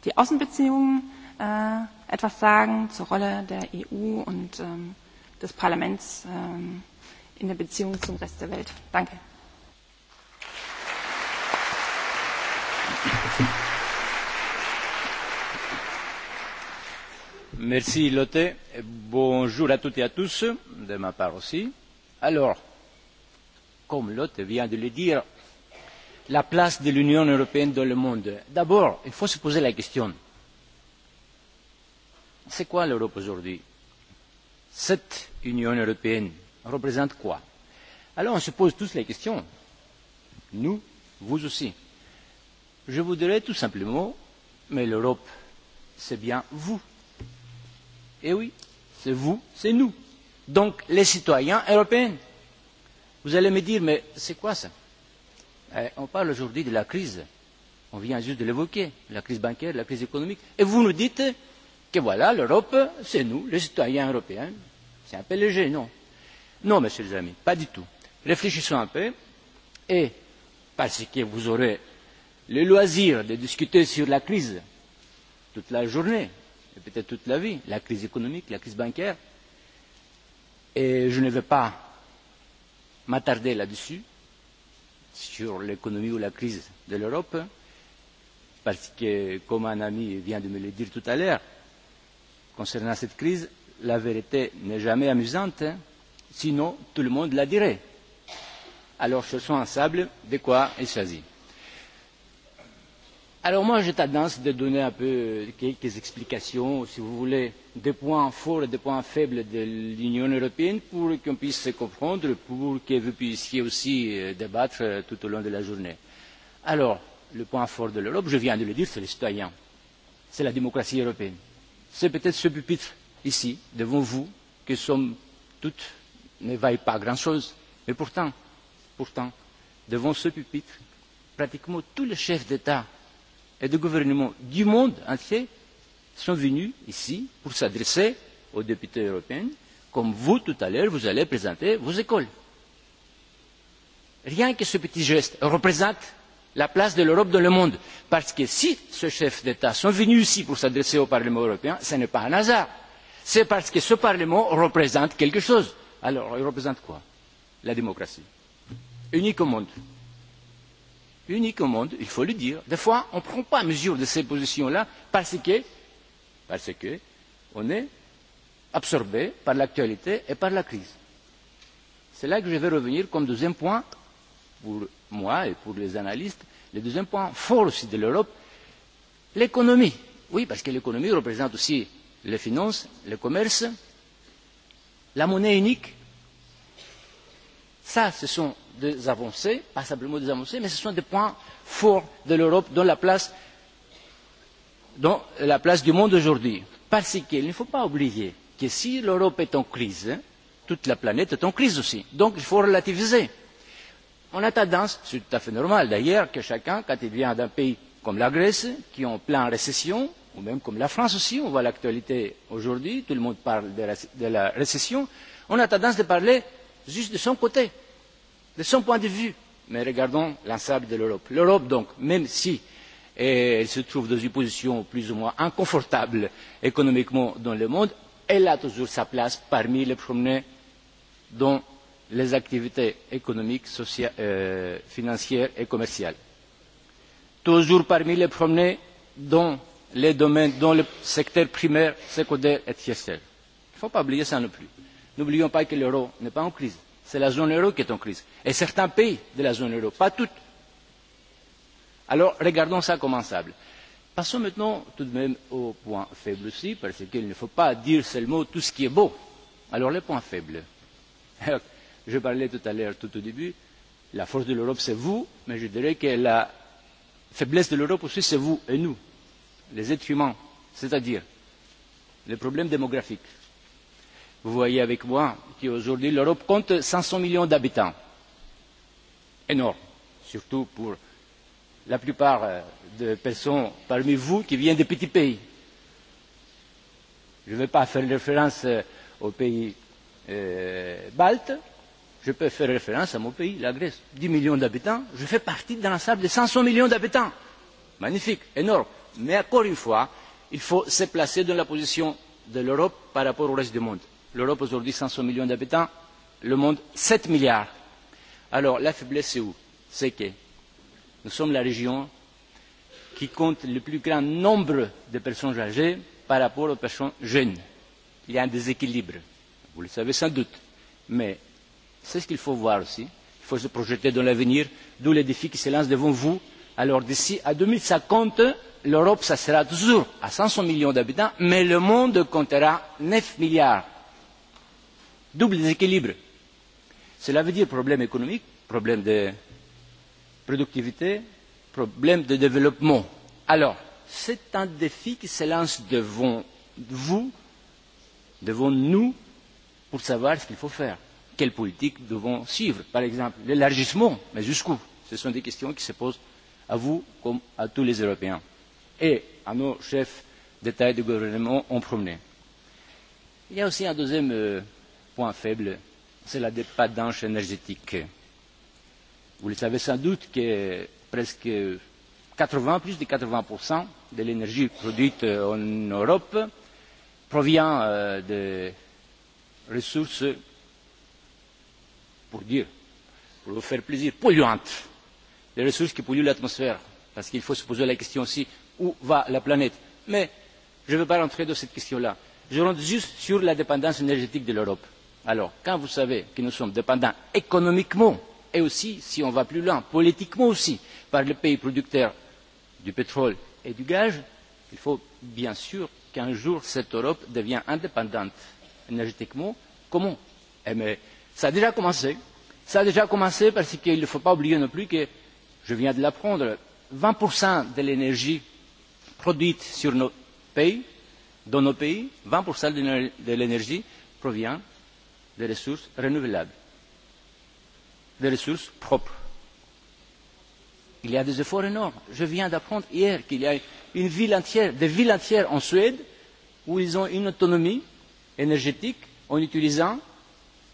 die Außenbeziehungen etwas sagen, zur Rolle der EU und des Parlaments in der Beziehung zum Rest der Welt. Danke.
Merci Lotte. Bonjour à toutes et à tous, de ma part aussi. Alors, comme Lotte vient de le dire, la place de l'Union européenne dans le monde. D'abord, il faut se poser la question. C'est quoi l'Europe aujourd'hui Cette Union européenne représente quoi Alors on se pose tous la question. Nous, vous aussi. Je vous dirais tout simplement, mais l'Europe, c'est bien vous Eh oui, c'est vous, c'est nous. Donc les citoyens européens. Vous allez me dire, mais c'est quoi ça On parle aujourd'hui de la crise. On vient juste de l'évoquer, la crise bancaire, la crise économique. Et vous nous dites que voilà, l'Europe, c'est nous, les citoyens européens. C'est un peu léger, non Non, messieurs les amis, pas du tout. Réfléchissons un peu. Et parce que vous aurez le loisir de discuter sur la crise toute la journée, peut être toute la vie la crise économique la crise bancaire et je ne vais pas m'attarder là dessus sur l'économie ou la crise de l'europe parce que comme un ami vient de me le dire tout à l'heure concernant cette crise la vérité n'est jamais amusante sinon tout le monde la dirait. alors ce sont ensemble de quoi il s'agit. Alors moi j'ai tendance de donner un peu quelques explications, si vous voulez, des points forts et des points faibles de l'Union européenne pour qu'on puisse se comprendre, pour que vous puissiez aussi débattre tout au long de la journée. Alors, le point fort de l'Europe, je viens de le dire, c'est les citoyens, c'est la démocratie européenne. C'est peut-être ce pupitre ici, devant vous, que sommes toutes, ne vaille pas grand-chose, mais pourtant, pourtant, devant ce pupitre, pratiquement tous les chefs d'État et des gouvernements du monde entier sont venus ici pour s'adresser aux députés européens, comme vous tout à l'heure, vous allez présenter vos écoles. Rien que ce petit geste représente la place de l'Europe dans le monde. Parce que si ces chefs d'État sont venus ici pour s'adresser au Parlement européen, ce n'est pas un hasard. C'est parce que ce Parlement représente quelque chose. Alors, il représente quoi La démocratie. Unique au monde unique au monde, il faut le dire. Des fois, on ne prend pas mesure de ces positions-là parce que, parce que, on est absorbé par l'actualité et par la crise. C'est là que je vais revenir comme deuxième point, pour moi et pour les analystes, le deuxième point fort aussi de l'Europe, l'économie. Oui, parce que l'économie représente aussi les finances, le commerce, la monnaie unique. Ça, ce sont des avancées, pas simplement des avancées, mais ce sont des points forts de l'Europe dans la place, dans la place du monde aujourd'hui. Parce qu'il ne faut pas oublier que si l'Europe est en crise, toute la planète est en crise aussi. Donc il faut relativiser. On a tendance, c'est tout à fait normal d'ailleurs, que chacun, quand il vient d'un pays comme la Grèce, qui est en pleine récession, ou même comme la France aussi, on voit l'actualité aujourd'hui, tout le monde parle de la, de la récession, on a tendance de parler juste de son côté de son point de vue. Mais regardons l'ensemble de l'Europe. L'Europe, donc, même si elle se trouve dans une position plus ou moins inconfortable économiquement dans le monde, elle a toujours sa place parmi les promeneurs dans les activités économiques, financières et commerciales. Toujours parmi les promeneurs dans les domaines, dans le secteur primaire, secondaire et tertiaire. Il ne faut pas oublier ça non plus. N'oublions pas que l'euro n'est pas en crise c'est la zone euro qui est en crise. Et certains pays de la zone euro, pas toutes. Alors, regardons ça commensable. Passons maintenant tout de même au point faible aussi, parce qu'il ne faut pas dire seulement tout ce qui est beau. Alors, les points faibles. je parlais tout à l'heure, tout au début, la force de l'Europe, c'est vous, mais je dirais que la faiblesse de l'Europe aussi, c'est vous et nous, les êtres humains, c'est-à-dire les problèmes démographiques Vous voyez avec moi qu'aujourd'hui l'Europe compte 500 millions d'habitants. Énorme, surtout pour la plupart des personnes parmi vous qui viennent des petits pays. Je ne vais pas faire référence aux pays euh, baltes, je peux faire référence à mon pays, la Grèce. 10 millions d'habitants, je fais partie d'un ensemble de 500 millions d'habitants. Magnifique, énorme. Mais encore une fois, il faut se placer dans la position de l'Europe par rapport au reste du monde. L'Europe aujourd'hui 500 millions d'habitants, le monde 7 milliards. Alors la faiblesse c'est où C'est que nous sommes la région qui compte le plus grand nombre de personnes âgées par rapport aux personnes jeunes. Il y a un déséquilibre, vous le savez sans doute, mais c'est ce qu'il faut voir aussi. Il faut se projeter dans l'avenir, d'où les défis qui se lancent devant vous. Alors d'ici à 2050, l'Europe, ça sera toujours à 500 millions d'habitants, mais le monde comptera 9 milliards double déséquilibre. Cela veut dire problème économique, problème de productivité, problème de développement. Alors, c'est un défi qui se lance devant vous, devant nous, pour savoir ce qu'il faut faire. Quelle politique devons suivre Par exemple, l'élargissement, mais jusqu'où Ce sont des questions qui se posent à vous comme à tous les Européens et à nos chefs d'État et de gouvernement en premier. Il y a aussi un deuxième point faible, c'est la dépendance énergétique. Vous le savez sans doute que presque 80, plus de 80% de l'énergie produite en Europe provient de ressources, pour dire, pour vous faire plaisir, polluantes, des ressources qui polluent l'atmosphère. Parce qu'il faut se poser la question aussi, où va la planète Mais je ne veux pas rentrer dans cette question-là. Je rentre juste sur la dépendance énergétique de l'Europe Alors, quand vous savez que nous sommes dépendants économiquement et aussi, si on va plus loin, politiquement aussi, par les pays producteurs du pétrole et du gaz, il faut bien sûr qu'un jour cette Europe devienne indépendante énergétiquement. Comment Mais ça a déjà commencé. Ça a déjà commencé parce qu'il ne faut pas oublier non plus que, je viens de l'apprendre, 20% de l'énergie produite sur nos pays, dans nos pays, 20% de l'énergie provient des ressources renouvelables, des ressources propres. Il y a des efforts énormes. Je viens d'apprendre hier qu'il y a une ville entière, des villes entières en Suède où ils ont une autonomie énergétique en utilisant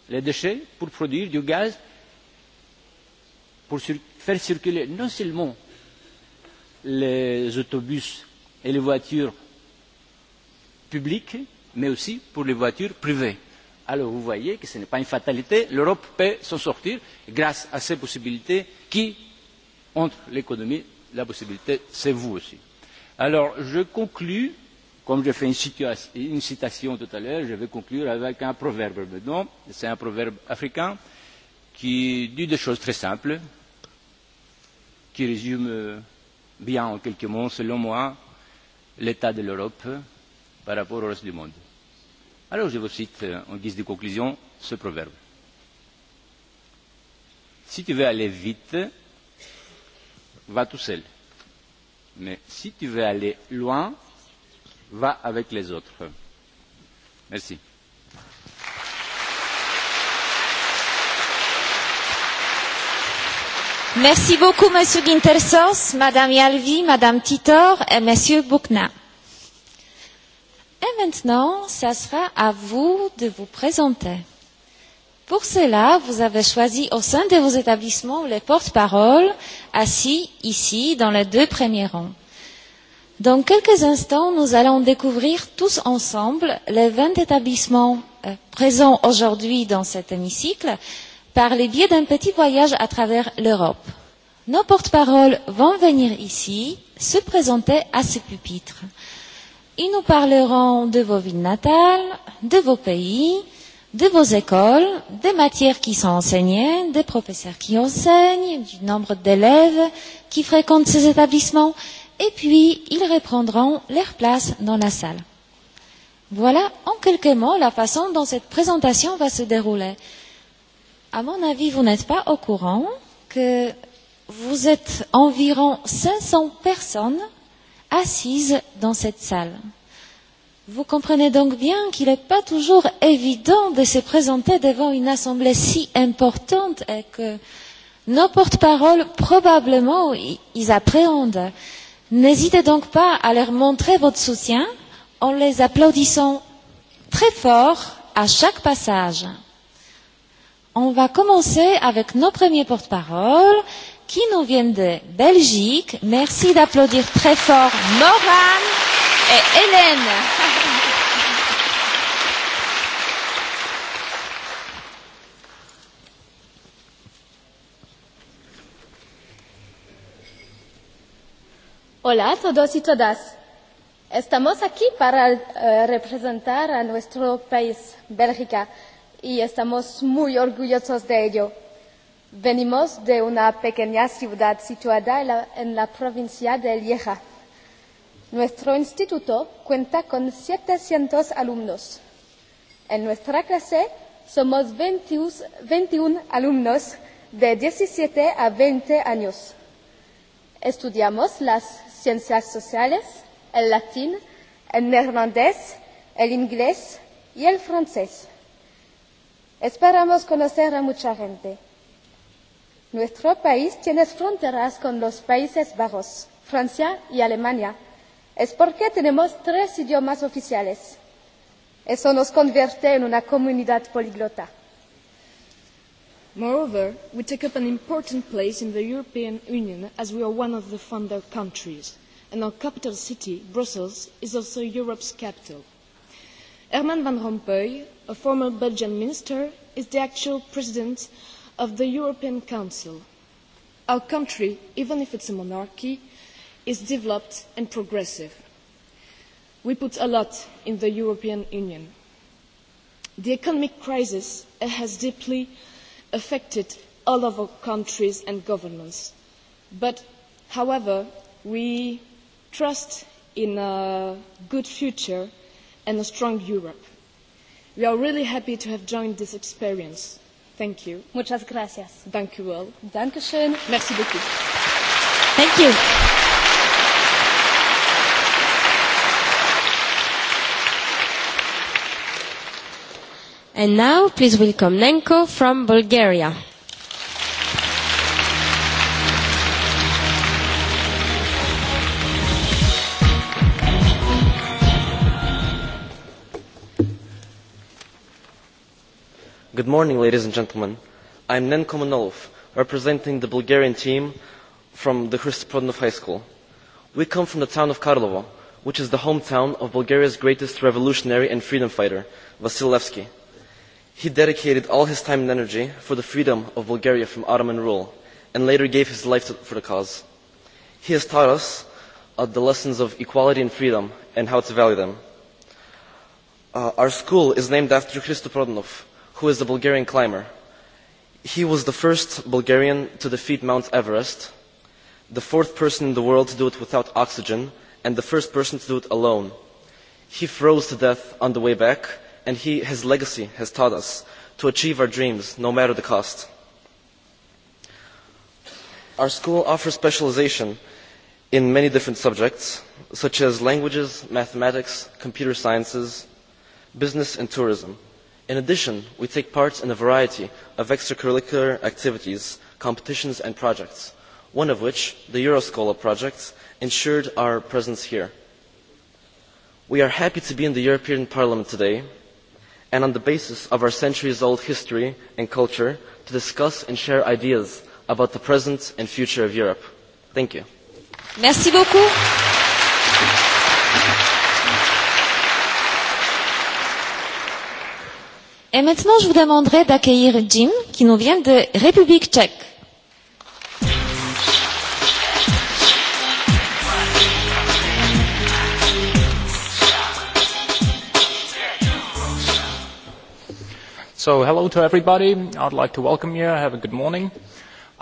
les déchets pour produire du gaz, pour faire circuler non seulement les autobus et les voitures publiques, mais aussi pour les voitures privées Alors vous voyez que ce n'est pas une fatalité, l'Europe peut s'en sortir grâce à ces possibilités qui, entre l'économie, la possibilité, c'est vous aussi. Alors je conclus, comme j'ai fait une, citation tout à l'heure, je vais conclure avec un proverbe maintenant, c'est un proverbe africain qui dit des choses très simples, qui résume bien en quelques mots, selon moi, l'état de l'Europe par rapport au reste du monde Alors je vous cite en guise de conclusion ce proverbe. Si tu veux aller vite, va tout seul. Mais si tu veux aller loin, va avec les autres. Merci.
Merci beaucoup, Monsieur Gintersos, Madame Yalvi, Madame Titor et Monsieur Boukna. Et maintenant, ça sera à vous de vous présenter. Pour cela, vous avez choisi au sein de vos établissements les porte-paroles assis ici dans les deux premiers rangs. Dans quelques instants, nous allons découvrir tous ensemble les 20 établissements présents aujourd'hui dans cet hémicycle par le biais d'un petit voyage à travers l'Europe. Nos porte-paroles vont venir ici se présenter à ce pupitre. Ils nous parleront de vos villes natales, de vos pays, de vos écoles, des matières qui sont enseignées, des professeurs qui enseignent, du nombre d'élèves qui fréquentent ces établissements, et puis ils reprendront leur place dans la salle. Voilà en quelques mots la façon dont cette présentation va se dérouler. À mon avis, vous n'êtes pas au courant que vous êtes environ 500 personnes assise dans cette salle. Vous comprenez donc bien qu'il n'est pas toujours évident de se présenter devant une assemblée si importante et que nos porte-paroles, probablement, ils appréhendent. N'hésitez donc pas à leur montrer votre soutien en les applaudissant très fort à chaque passage. On va commencer avec nos premiers porte-paroles qui nous viennent de Belgique. Merci d'applaudir très fort Morane
et Hélène.
Hola a todos y todas. Estamos aquí para uh, representar a nuestro país, Bélgica, y estamos muy orgullosos de ello. Venimos de una pequeña ciudad situada en la, en la provincia de Lieja. Nuestro instituto cuenta con 700 alumnos. En nuestra clase somos 20, 21 alumnos de 17 a 20 años. Estudiamos las ciencias sociales, el latín, el neerlandés, el inglés y el francés. Esperamos conocer a mucha gente. Nuestro país tiene fronteras con los Países Bajos, Francia y Alemania. Es porque tenemos tres idiomas oficiales. Eso nos convierte en una comunidad poliglota.
Moreover, we take up an important place in the European Union as we are one of the founder countries, and our capital city, Brussels, is also Europe's capital. Herman Van Rompuy, a former Belgian minister, is the actual president of the European Council. Our country, even if it is a monarchy, is developed and progressive. We put a lot in the European Union. The economic crisis has deeply affected all of our countries and governments. But, however, we trust in a good future and a strong Europe. We are really happy to have joined this experience Thank you. Muchas gracias. Thank you all. Dankeschön. Merci beaucoup. Thank you.
And now, please welcome Nenko from Bulgaria.
Good morning, ladies and gentlemen. I'm Nen Komonolov, representing the Bulgarian team from the Hristoprodnov High School. We come from the town of Karlovo, which is the hometown of Bulgaria's greatest revolutionary and freedom fighter, Vasil Levski. He dedicated all his time and energy for the freedom of Bulgaria from Ottoman rule, and later gave his life for the cause. He has taught us uh, the lessons of equality and freedom, and how to value them. Uh, our school is named after Christo who is a Bulgarian climber. He was the first Bulgarian to defeat Mount Everest, the fourth person in the world to do it without oxygen, and the first person to do it alone. He froze to death on the way back, and he, his legacy has taught us to achieve our dreams, no matter the cost. Our school offers specialization in many different subjects, such as languages, mathematics, computer sciences, business and tourism in addition we take part in a variety of extracurricular activities competitions and projects one of which the Euroscola project ensured our presence here. we are happy to be in the european parliament today and on the basis of our centuries old history and culture to discuss and share ideas about the present and future of europe. thank you.
Et maintenant, je vous demanderai d'accueillir Jim, qui nous vient de République tchèque.
So, hello to everybody. I'd like to welcome you. Have a good morning.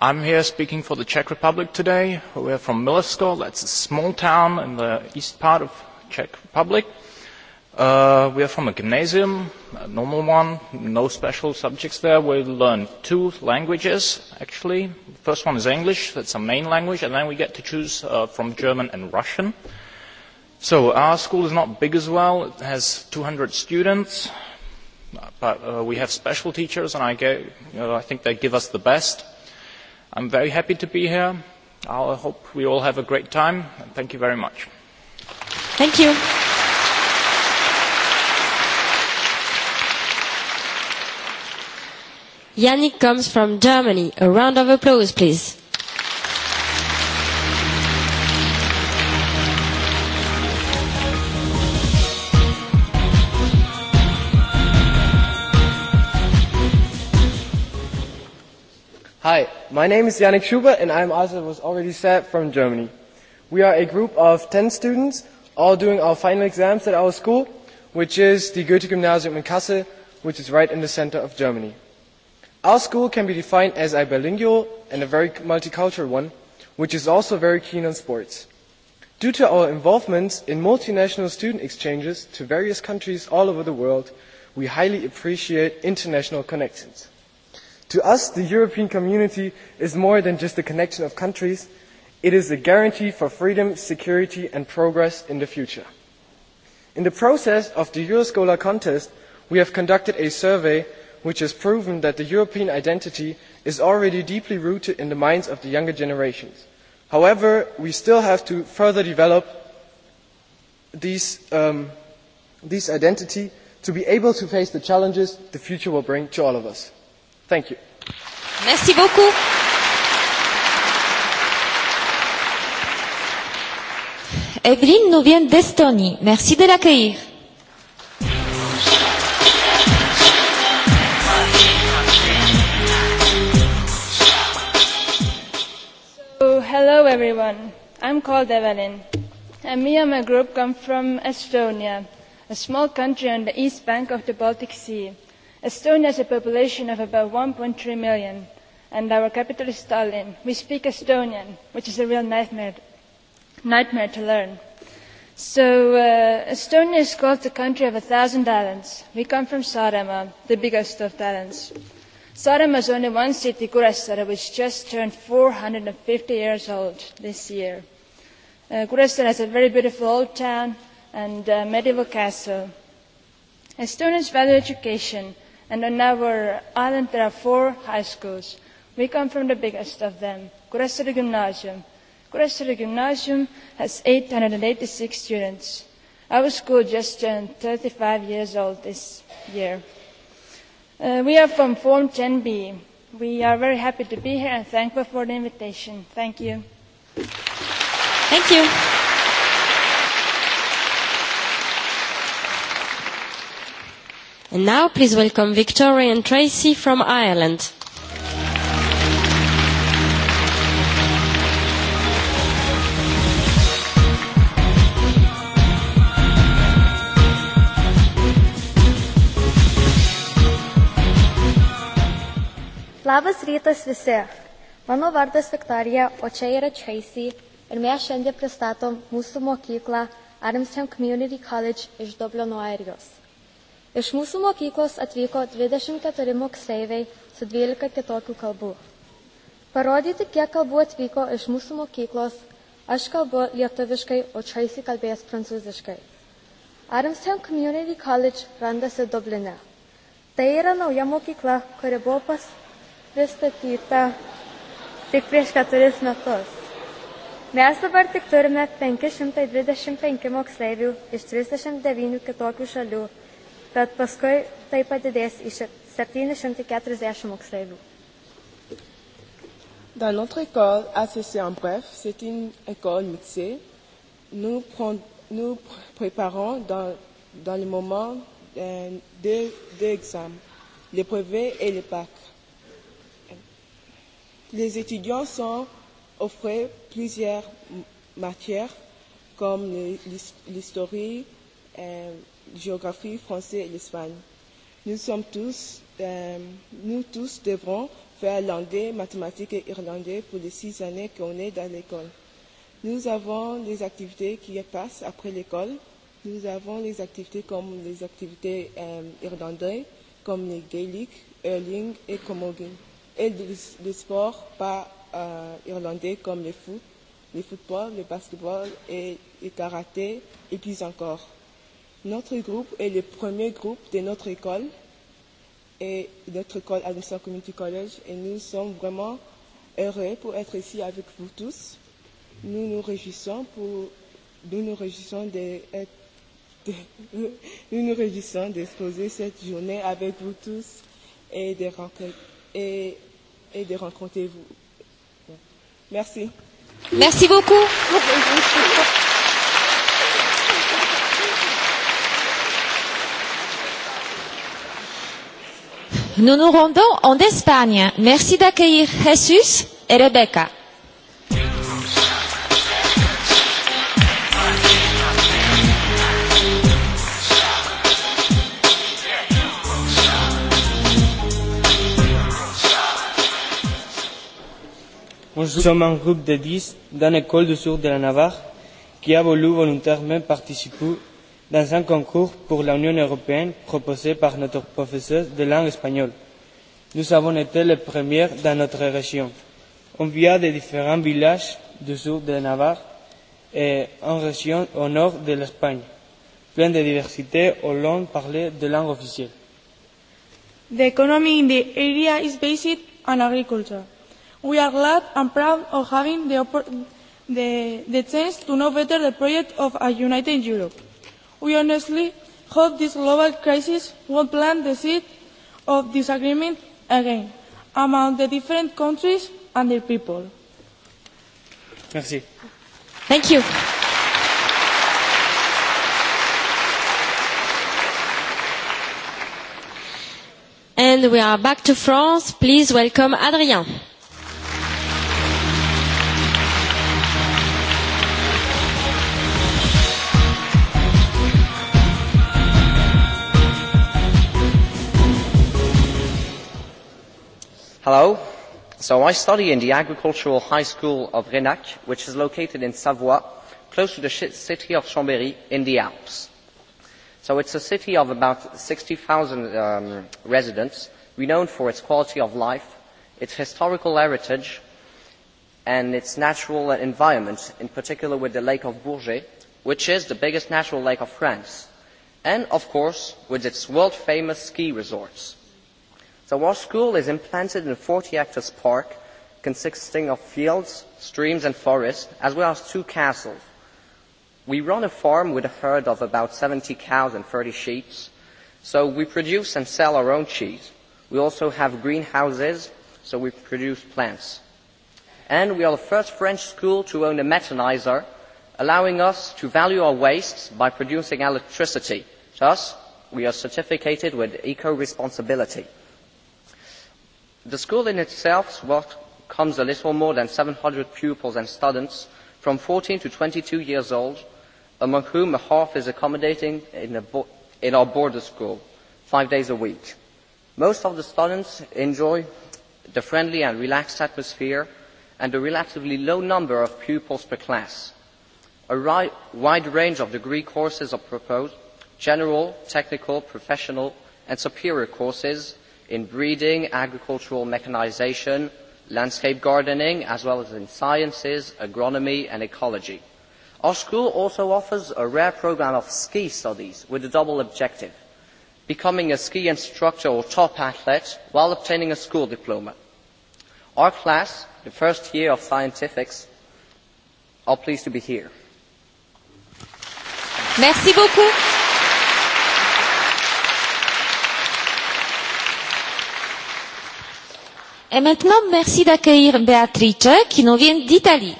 I'm here speaking for the Czech Republic today. We're from Milovsko, That's a small town in the east part of Czech Republic. Uh, we are from a
gymnasium, a normal one, no special subjects there. We learn two languages, actually. The first one is English, that's our main language, and then we get to choose uh, from German and Russian. So our school is not big as well. It has two hundred students, but uh, we have special teachers, and I, I think they give us the best. I'm very happy to be here. I hope we all have a great time. and
Thank
you very much.
Thank you. Yannick comes from Germany. A round of applause, please.
Hi, my name is Yannick Schubert and I'm, as it was already said, from Germany. We are a group of 10 students, all doing our final exams at our school, which is the Goethe-Gymnasium in Kassel, which is right in the center of Germany Our school can be defined as a bilingual and a very multicultural one, which is also very keen on sports. Due to our involvement in multinational student exchanges to various countries all over the world, we highly appreciate international connections. To us, the European community is more than just a connection of countries, it is a guarantee for freedom, security and progress in the future. In the process of the Euroscholar contest, we have conducted a survey which has proven that the european identity is already deeply rooted in the minds of the younger generations. however we still have to further develop this identity to be able to face the challenges the future will bring to all of us. thank you.
Merci beaucoup. Evelyne nous vient d'Estonie. Merci de l'accueillir.
Hello everyone, I'm called Evelyn, and me and my group come from Estonia, a small country on the east bank of the Baltic Sea. Estonia has a population of about 1.3 million, and our capital is Tallinn. We speak Estonian, which is a real nightmare, nightmare to learn. So uh, Estonia is called the country of a thousand islands. We come from Saaremaa, the biggest of the islands. Sodom is only one city, Kuressaare, which just turned 450 years old this year. Uh, Kuressaare has a very beautiful old town and a medieval castle. Estonians value education, and on our island there are four high schools. We come from the biggest of them, Kuressaare Gymnasium. Kuressaare Gymnasium has 886 students. Our school just turned 35 years old this year we are from Form 10B. We are very happy to be here and thankful for the invitation. Thank you. Thank you.
And now please welcome Victoria and Tracy from Ireland.
Labas rytas visi. Mano vardas Viktorija, o čia yra Tracy. Ir mes šiandien pristatom mūsų mokyklą Armstrong Community College iš Dublino, Airijos. Iš mūsų mokyklos atvyko 24 moksleiviai su 12 kitokių kalbų. Parodyti, kiek kalbų atvyko iš mūsų mokyklos, aš kalbu lietuviškai, o Tracy kalbės prancūziškai. Armstrong Community College randasi Dubline. Tai yra nauja mokykla, kuri buvo pas, pristatyta tik prieš keturis metus. Mes dabar tik turime 525 moksleivių iš 39 kitokių šalių, bet paskui tai padidės iš 740 moksleivių.
Dans notre école, ACC en bref, c'est une école mixée. Nous, prend, nous préparons dans, dans le moment euh, deux, deux examens, les brevets et les bacs. Les étudiants sont offrés plusieurs matières comme l'histoire, euh, géographie, français et l'Espagne. Nous sommes tous, euh, nous tous devrons faire l'anglais, mathématiques et irlandais pour les six années qu'on est dans l'école. Nous avons les activités qui passent après l'école. Nous avons les activités comme les activités euh, irlandaises, comme les Gaelic, Erling et Comogin et de sport pas euh, irlandais comme le foot, le football, le basketball et le karaté, et plus encore. Notre groupe est le premier groupe de notre école, et notre école Anderson Community College, et nous sommes vraiment heureux pour être ici avec vous tous. Nous nous réjouissons pour, nous nous réjouissons de, de, nous nous réjouissons d'exposer cette journée avec vous tous et de rencontrer et, et de rencontrer vous. Merci. Merci beaucoup.
Nous nous rendons en Espagne. Merci d'accueillir Jesus et Rebecca.
Nous sommes un groupe de 10 dans l'école de sourds de la Navarre qui a voulu volontairement participer dans un concours pour l'Union européenne proposé par notre professeur de langue espagnole. Nous avons été les premiers dans notre région. On vient de différents villages du sud de Navarre et en région au nord de l'Espagne, plein de diversité où l'on parlait de langue officielle.
The economy in the area is based on agriculture. We are glad and proud of having the, the, the chance to know better the project of a united Europe. We honestly hope this global crisis will plant the seed of disagreement again among the different countries and their people. Merci. Thank you.
And we are back to France. Please welcome Adrien.
Hello. So I study in the Agricultural High School of Renac, which is located in Savoie, close to the city of Chambéry in the Alps. So it's a city of about 60,000 um, residents, renowned for its quality of life, its historical heritage, and its natural environment, in particular with the Lake of Bourget, which is the biggest natural lake of France, and of course with its world-famous ski resorts so our school is implanted in a forty hectare park consisting of fields streams and forests as well as two castles. we run a farm with a herd of about seventy cows and thirty sheep so we produce and sell our own cheese. we also have greenhouses so we produce plants. and we are the first french school to own a metanizer, allowing us to value our wastes by producing electricity. thus we are certificated with eco responsibility the school in itself welcomes a little more than seven hundred pupils and students from fourteen to twenty two years old among whom half is accommodating in our border school five days a week. most of the students enjoy the friendly and relaxed atmosphere and a relatively low number of pupils per class. a wide range of degree courses are proposed general technical professional and superior courses in breeding, agricultural mechanisation, landscape gardening, as well as in sciences, agronomy and ecology. Our school also offers a rare programme of ski studies with a double objective, becoming a ski instructor or top athlete while obtaining a school diploma. Our class, the first year of scientifics, are pleased to be here.
Merci beaucoup. Et maintenant, merci d'accueillir Beatrice qui nous vient d'Italie.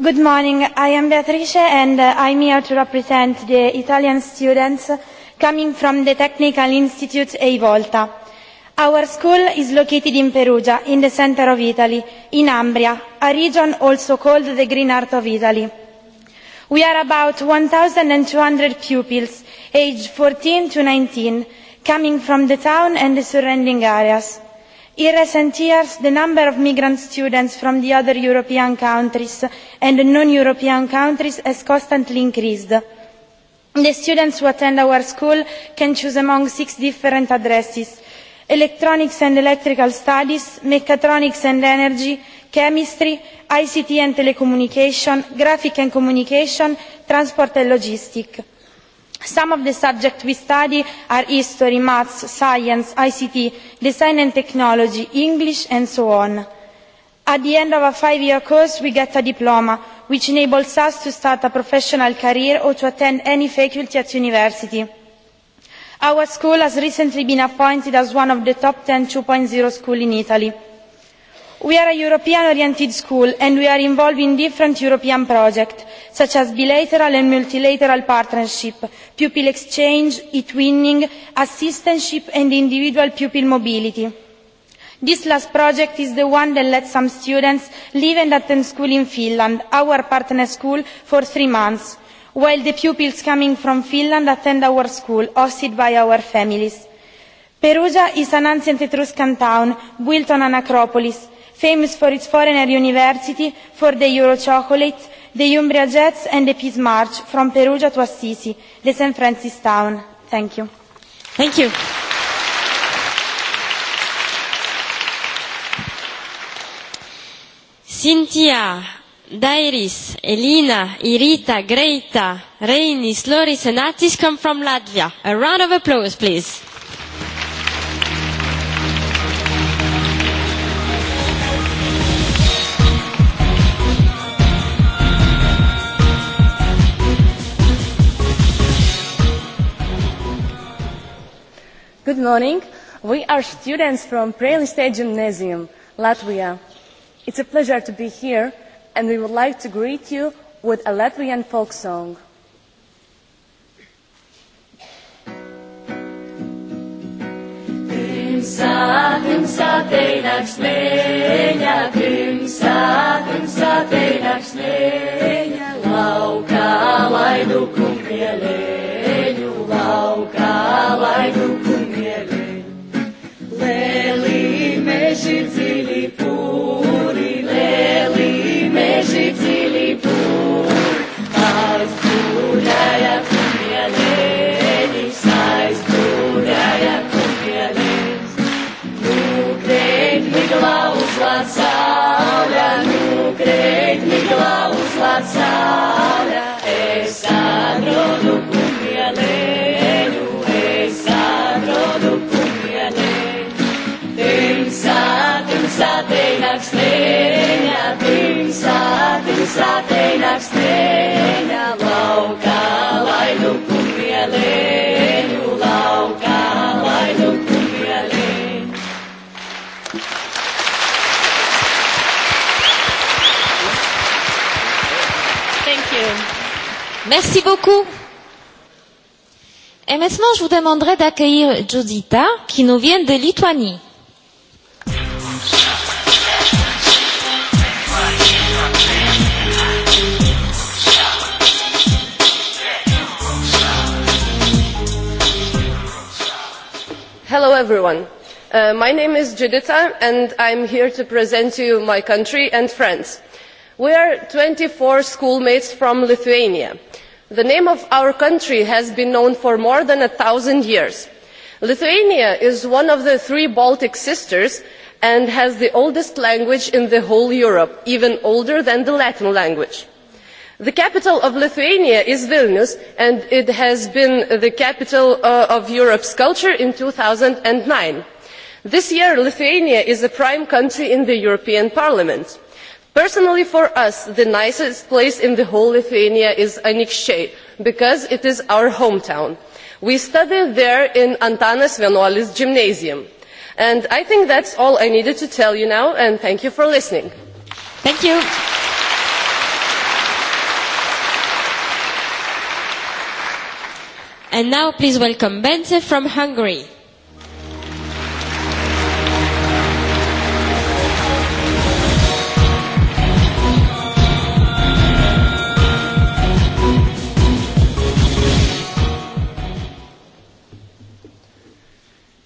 Good morning, I am Beatrice and uh, I'm here to represent the Italian students coming from the Technical Institute Evolta. Volta our school is located in perugia in the centre of italy in umbria a region also called the green heart of italy. we are about one two hundred pupils aged fourteen to nineteen coming from the town and the surrounding areas. in recent years the number of migrant students from the other european countries and non european countries has constantly increased. the students who attend our school can choose among six different addresses electronics and electrical studies, mechatronics and energy, chemistry, ICT and telecommunication, graphic and communication, transport and logistics. Some of the subjects we study are history, maths, science, ICT, design and technology, English and so on. At the end of a five-year course, we get a diploma, which enables us to start a professional career or to attend any faculty at university our school has recently been appointed as one of the top ten two zero schools in italy. we are a european oriented school and we are involved in different european projects such as bilateral and multilateral partnership pupil exchange e twinning assistantship and individual pupil mobility. this last project is the one that lets some students leave and attend school in finland our partner school for three months while the pupils coming from Finland attend our school, hosted by our families. Perugia is an ancient Etruscan town built on an acropolis, famous for its foreigner university, for the Euro chocolate, the Umbria Jets and the Peace March from Perugia to Assisi, the St. Francis town. Thank you.
Thank you. Cynthia Dairis, Elina, Irita, Greita, Reinis, Loris and Atis come from Latvia. A round of applause, please.
Good morning. We are students from
Prelistate Gymnasium, Latvia. It's a pleasure to be here and we would like to greet you with a Latvian folk song.
Krimsa, krimsa, teināk slēņa, krimsa, krimsa, teināk slēņa, laidu laidu saulę, nukreipk Miklaus lapselę, eis atrodų kumėlėlių, eis
Merci beaucoup. Et maintenant, je vous demanderai d'accueillir Judita, qui nous vient de Lituanie.
Hello everyone. Uh, my name is Judita and I'm here to present to you my country and friends. We are 24 schoolmates from Lithuania the name of our country has been known for more than a thousand years. lithuania is one of the three baltic sisters and has the oldest language in the whole of europe even older than the latin language. the capital of lithuania is vilnius and it has been the capital of europe's culture in. two thousand and nine this year lithuania is a prime country in the european parliament personally for us the nicest place in the whole of lithuania is anykščiai because it is our hometown. we studied there in antanas vienuolis gymnasium and i think that is all i needed to tell you now and thank you for listening.
and now please welcome bence from hungary.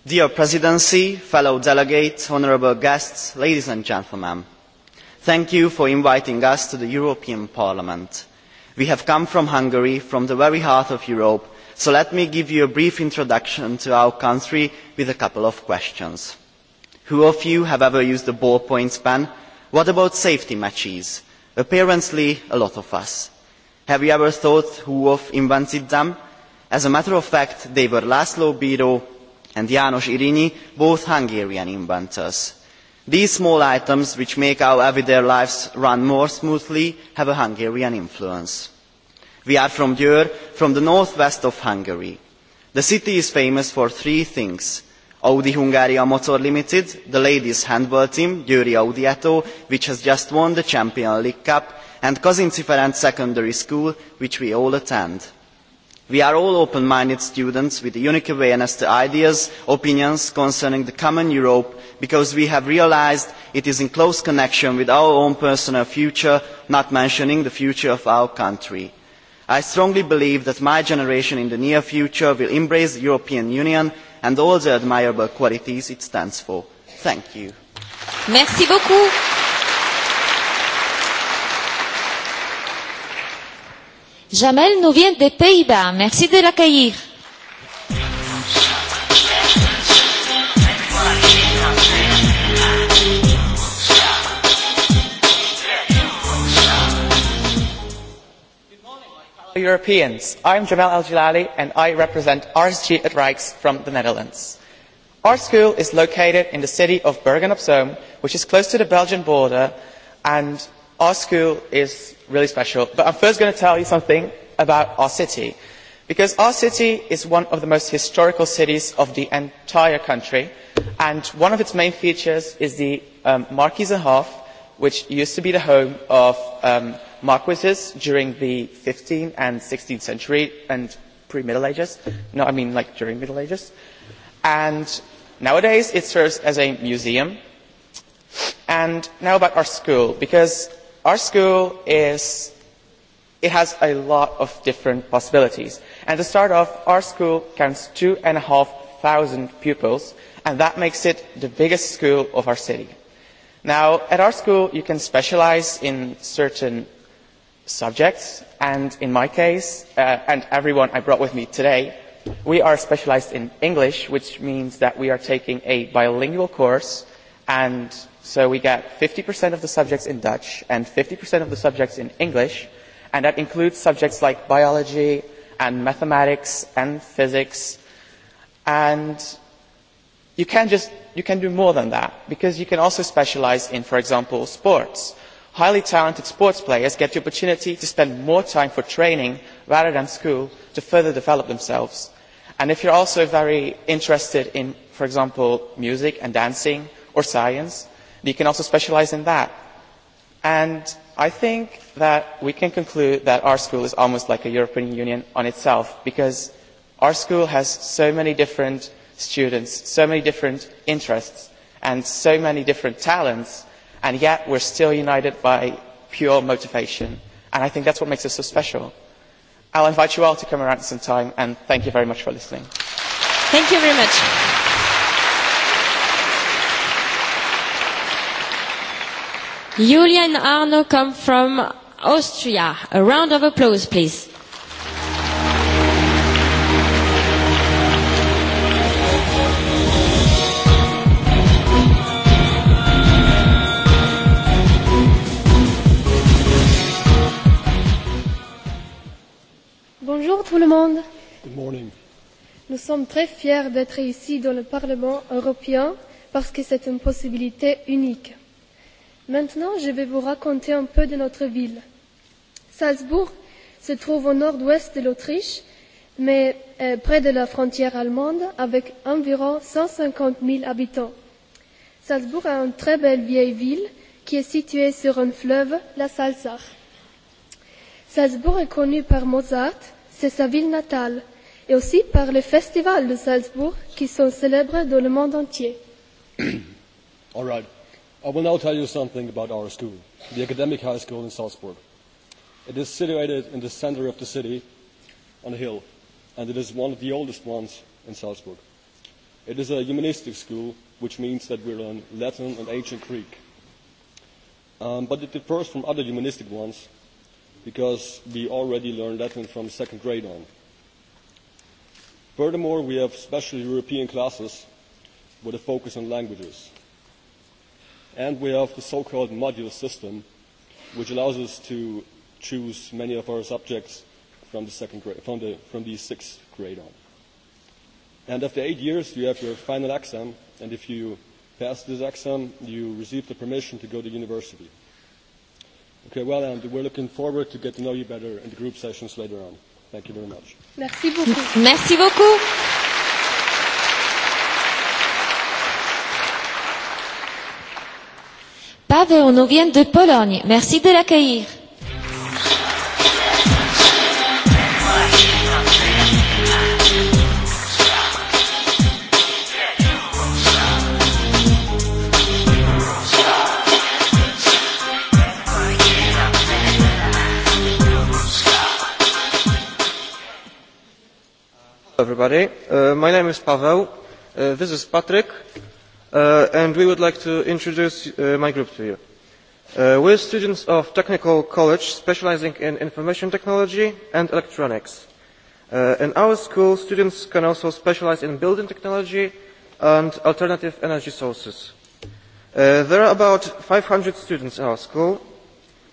Dear Presidency, fellow delegates, honourable guests, ladies and gentlemen, thank you for inviting us to the European Parliament. We have come from Hungary, from the very heart of Europe, so let me give you a brief introduction to our country with a couple of questions. Who of you have ever used a ballpoint pen? What about safety matches? Apparently, a lot of us. Have you ever thought who invented them? As a matter of fact, they were Laszlo Biro, and Janos Irini, both Hungarian inventors. These small items, which make our everyday lives run more smoothly, have a Hungarian influence. We are from Győr, from the north west of Hungary. The city is famous for three things. Audi Hungaria Motor Limited, the ladies handball team, Győri Audiato, which has just won the Champion League Cup, and Kazinci Ferenc Secondary School, which we all attend we are all open minded students with a unique awareness to ideas and opinions concerning the common europe because we have realised it is in close connection with our own personal future not mentioning the future of our country. i strongly believe that my generation in the near future will embrace the european union and all the admirable qualities it stands for. thank you.
Jamel nous vient des Pays-Bas. Merci de l'accueillir.
Europeans. I'm Jamal Al Jilali and I represent RSG at Rijks from the Netherlands. Our school is located in the city of Bergen op Zoom, which is close to the Belgian border and Our school is really special, but I'm first going to tell you something about our city, because our city is one of the most historical cities of the entire country, and one of its main features is the um, Markiezenhof, which used to be the home of um, marquises during the 15th and 16th century and pre-Middle Ages. No, I mean like during Middle Ages. And nowadays it serves as a museum. And now about our school, because our school is it has a lot of different possibilities. And to start off, our school counts two and a half thousand pupils, and that makes it the biggest school of our city. Now, at our school, you can specialise in certain subjects, and in my case, uh, and everyone I brought with me today, we are specialised in English, which means that we are taking a bilingual course and so we get 50% of the subjects in Dutch and 50% of the subjects in English, and that includes subjects like biology and mathematics and physics. And you can just you can do more than that because you can also specialize in, for example, sports. Highly talented sports players get the opportunity to spend more time for training rather than school to further develop themselves. And if you're also very interested in, for example, music and dancing, or science. You can also specialise in that. And I think that we can conclude that our school is almost like a European Union on itself because our school has so many different students, so many different interests, and so many different talents, and yet we're still united by pure motivation. And I think that's what makes us so special. I'll invite you all to come around sometime, and thank you very much for listening. Thank you very much.
Julia and Arno come from Austria. A round of applause, please.
Bonjour tout le monde. Good morning. Nous sommes très fiers d'être ici dans le Parlement européen parce que c'est une possibilité unique Maintenant, je vais vous raconter un peu de notre ville. Salzbourg se trouve au nord-ouest de l'Autriche, mais euh, près de la frontière allemande, avec environ 150 000 habitants. Salzbourg a une très belle vieille ville qui est située sur un fleuve, la Salzach. Salzbourg est connue par Mozart, c'est sa ville natale, et aussi par les festivals de Salzbourg qui sont célèbres dans le monde entier.
All right. I will now tell you something about our school, the Academic High School in Salzburg. It is situated in the center of the city on a hill, and it is one of the oldest ones in Salzburg. It is a humanistic school, which means that we learn Latin and ancient Greek. Um, but it differs from other humanistic ones because we already learn Latin from second grade on. Furthermore, we have special European classes with a focus on languages. And we have the so-called modular system, which allows us to choose many of our subjects from the second grade, from the from the sixth grade on. And after eight years, you have your final exam, and if you pass this exam, you receive the permission to go to university. Okay, well, and we're looking forward to get to know you better in the group sessions later on. Thank you very much.
Merci beaucoup. Merci
beaucoup.
on nous vient de Pologne. Merci de l'accueillir.
Hello everybody, uh, my name is Pavel, uh, this is Patrick, and we would like to introduce my group to you. we are students of technical college specialising in information technology and electronics. in our school, students can also specialise in building technology and alternative energy sources. there are about five hundred students in our school.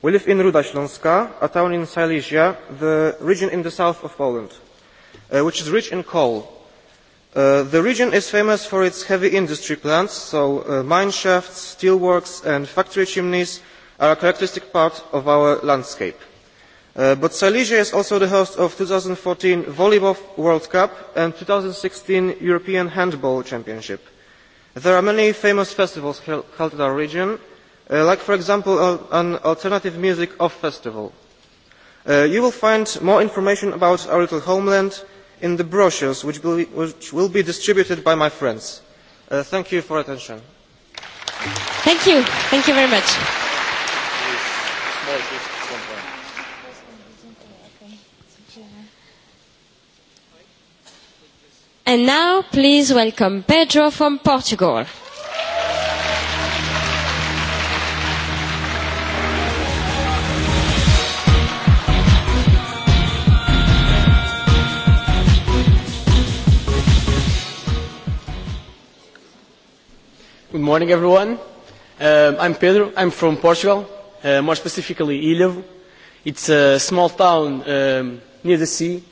We live in Ruda a town in Silesia, the region in the south of Poland, which is rich in coal the region is famous for its heavy industry plants so mine shafts steel works and factory chimneys are a characteristic part of our landscape. but silesia is also the host of the two thousand and fourteen volleyball world cup and the two thousand and sixteen european handball championship. there are many famous festivals held in our region like for example an alternative music off festival. you will find more information about our little homeland in the brochures which will be distributed by my friends. thank you for your attention.
And now please welcome Pedro from Portugal.
Good morning, everyone. Uh, I'm Pedro. I'm from Portugal, uh, more specifically Ilhavo. It's a small town um, near the sea,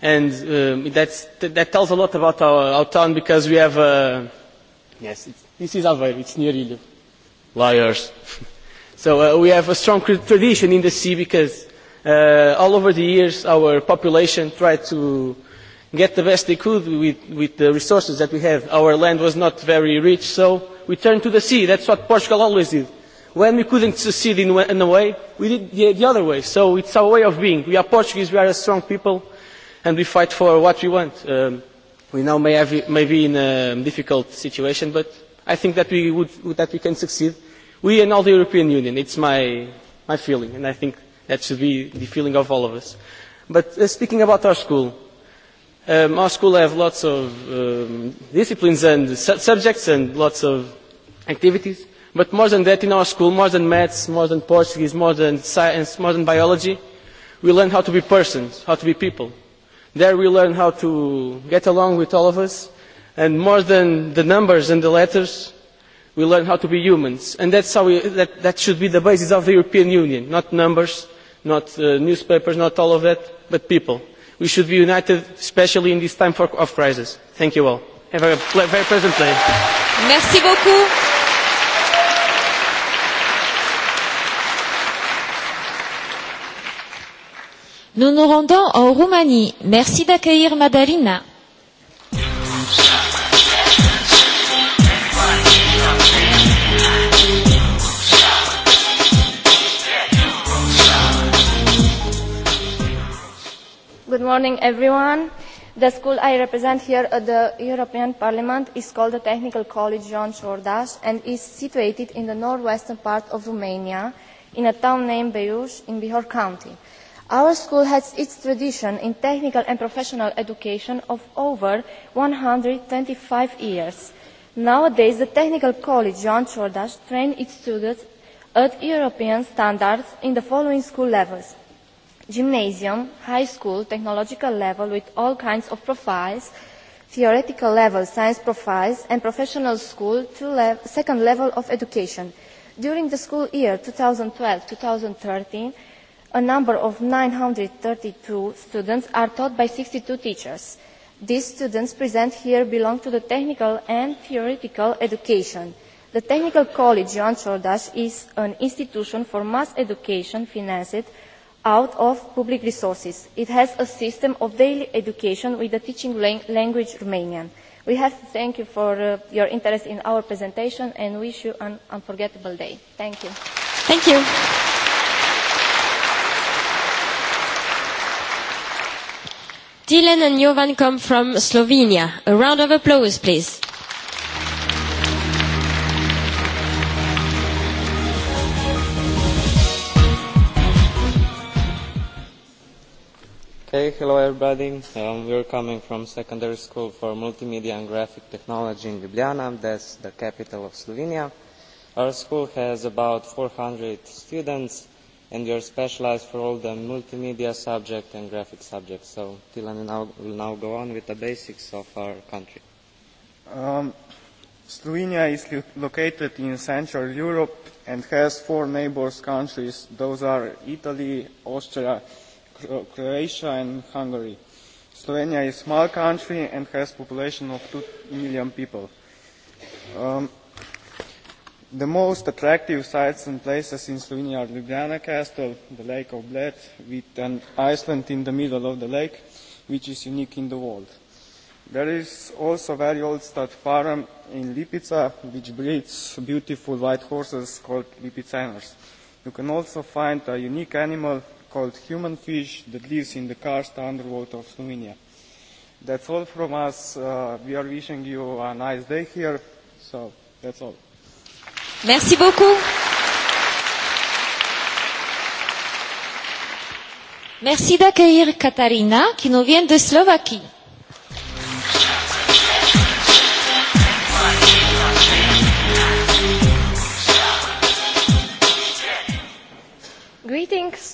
and um, that's, that tells a lot about our, our town because we have a... Yes, it's, this is Aveiro. It's near Ilhavo. Liars. so uh, we have a strong tradition in the sea because uh, all over the years our population tried to get the best they could with, with the resources that we have. Our land was not very rich, so we turned to the sea. That's what Portugal always did. When we couldn't succeed in, in a way, we did the, the other way. So it's our way of being. We are Portuguese, we are a strong people, and we fight for what we want. Um, we now may, have, may be in a difficult situation, but I think that we, would, that we can succeed. We and all the European Union, it's my, my feeling, and I think that should be the feeling of all of us. But uh, speaking about our school, Um, our school have lots of um, disciplines and su subjects and lots of activities. But more than that, in our school, more than maths, more than Portuguese, more than science, more than biology, we learn how to be persons, how to be people. There we learn how to get along with all of us, and more than the numbers and the letters, we learn how to be humans. And that's how we, that, that should be the basis of the European Union, not numbers, not uh, newspapers, not all of that, but people we should be united especially in this time of crisis. thank you all. have a very pleasant day.
merci beaucoup. Nous nous rendons en Roumanie. Merci d'accueillir Madalina.
Good morning, everyone. The school I represent here at the European Parliament is called the Technical College John Chordas and is situated in the northwestern part of Romania, in a town named Beiuș in Bihor County. Our school has its tradition in technical and professional education of over one hundred twenty five years. Nowadays, the Technical College John Chordas trains its students at European standards in the following school levels gymnasium, high school, technological level with all kinds of profiles, theoretical level, science profiles, and professional school to le- second level of education. During the school year 2012-2013, a number of 932 students are taught by 62 teachers. These students present here belong to the technical and theoretical education. The Technical College Joan Chordas is an institution for mass education financed out of public resources. It has a system of daily education with the teaching language Romanian. We have to thank you for uh, your interest in our presentation and wish you an unforgettable day. Thank you. Thank you.
Dylan and Jovan come from Slovenia. A round of applause, please.
Okay, hello everybody. Um, we're coming from Secondary School for Multimedia and Graphic Technology in Ljubljana, that's the capital of Slovenia. Our school has about 400 students and we are specialized for all the multimedia subject and graphic subjects. So Tilan now, will now go on with the basics of our country. Um, Slovenia is located in Central Europe and has four neighbors countries. Those are Italy, Austria, Croatia and Hungary. Slovenia is a small country and has a population of 2 million people. Um, the most attractive sites and places in Slovenia are Ljubljana Castle, the Lake of Bled, with an island in the middle of the lake, which is unique in the world. There is also very old stud farm in Lipica, which breeds beautiful white horses called Lipicaners. You can also find a unique animal called human fish that lives in the karst underwater of Slovenia. That's all from us. Uh, we are wishing you a nice day here. So that's all.
Merci beaucoup. Merci d'accueillir Katarina qui nous vient de Slovaquie.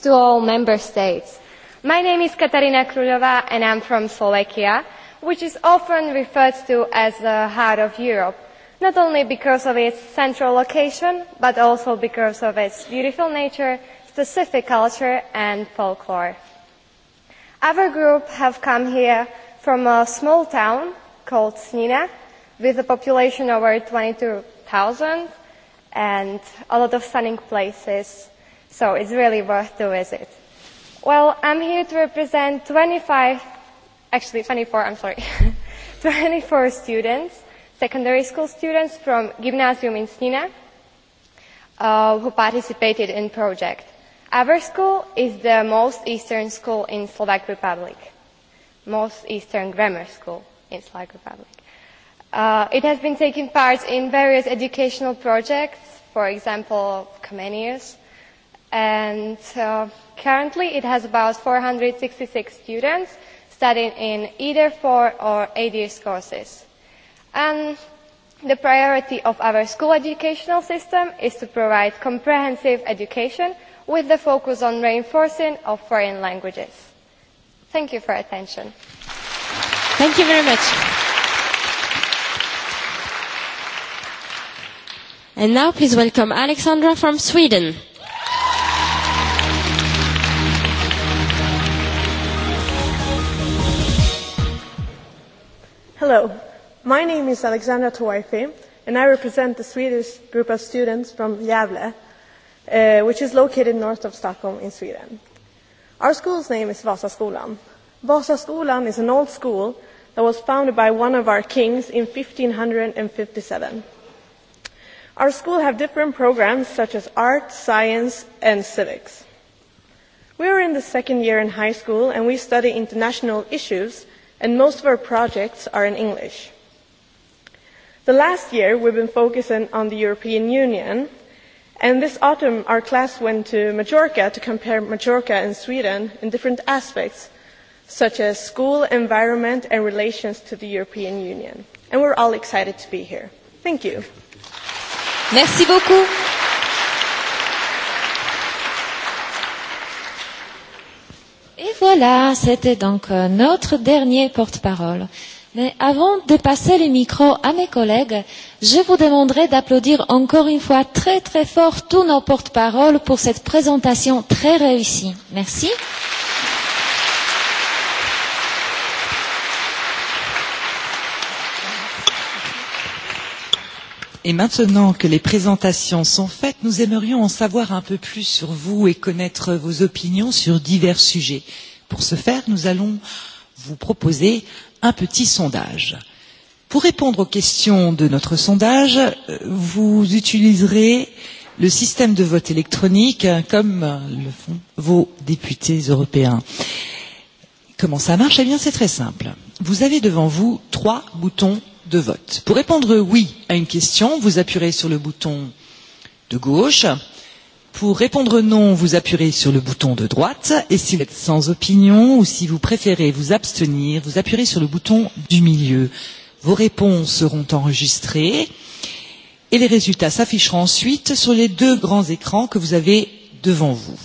to all member states. My name is Katarina Krulova and I'm from Slovakia, which is often referred to as the heart of Europe, not only because of its central location, but also because of its beautiful nature, specific culture and folklore. Our group have come here from a small town called Snina, with a population over 22,000 and a lot of stunning places so it's really worth the visit. Well, I'm here to represent 25, actually 24, I'm sorry, 24 students, secondary school students from Gymnasium in Snina, uh, who participated in project. Our school is the most eastern school in Slovak Republic, most eastern grammar school in Slovak Republic. Uh, it has been taking part in various educational projects, for example, Comenius, and uh, currently it has about 466 students studying in either four or eight years courses. And the priority of our school educational system is to provide comprehensive education with the focus on reinforcing of foreign languages. Thank you for attention.
Thank you very much. And now please welcome Alexandra from Sweden.
Hello, my name is Alexandra Tawaifi, and I represent the Swedish group of students from Gävle, uh, which is located north of Stockholm in Sweden. Our school's name is Vasaskolan. Vasaskolan is an old school that was founded by one of our kings in 1557. Our school have different programs such as art, science, and civics. We are in the second year in high school and we study international issues and most of our projects are in English. The last year we've been focusing on the European Union, and this autumn our class went to Majorca to compare Majorca and Sweden in different aspects, such as school, environment, and relations to the European Union. And we're all excited to be here. Thank you.
Merci beaucoup. voilà, c'était donc notre dernier porte-parole. Mais avant de passer le micro à mes collègues, je vous demanderai d'applaudir encore une fois très très fort tous nos porte-paroles pour cette présentation très réussie. Merci.
Applaudissements Et maintenant que les présentations sont faites, nous aimerions en savoir un peu plus sur vous et connaître vos opinions sur divers sujets. Pour ce faire, nous allons vous proposer un petit sondage. Pour répondre aux questions de notre sondage, vous utiliserez le système de vote électronique comme le font vos députés européens. Comment ça marche Eh bien, c'est très simple. Vous avez devant vous trois boutons de vote. Pour répondre oui à une question, vous appuierez sur le bouton de gauche. Pour répondre non, vous appuyez sur le bouton de droite. Et si vous êtes sans opinion ou si vous préférez vous abstenir, vous appuyez sur le bouton du milieu. Vos réponses seront enregistrées et les résultats s'afficheront ensuite sur les deux grands écrans que vous avez devant vous.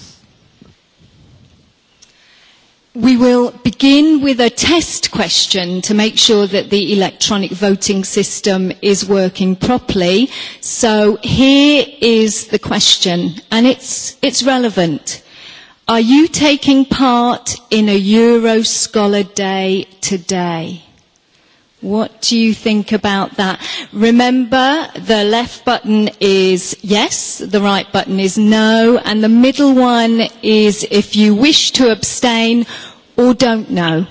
We
will begin with a test question to make sure that the electronic voting system is working properly. So here is the question, and it's, it's relevant. Are you taking part in a Euro Scholar Day today? What do you think about that? Remember, the left button is yes, the right button is no, and the middle one is if you wish to abstain or don't know?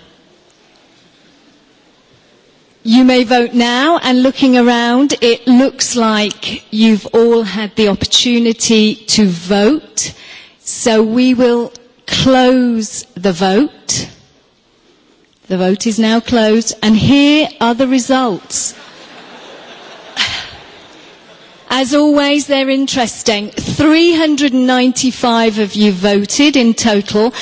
You may vote now, and looking around, it looks like you've all had the opportunity to vote. So we will close the vote. The vote is now closed, and here are the results. As always, they're interesting. 395 of you voted in total,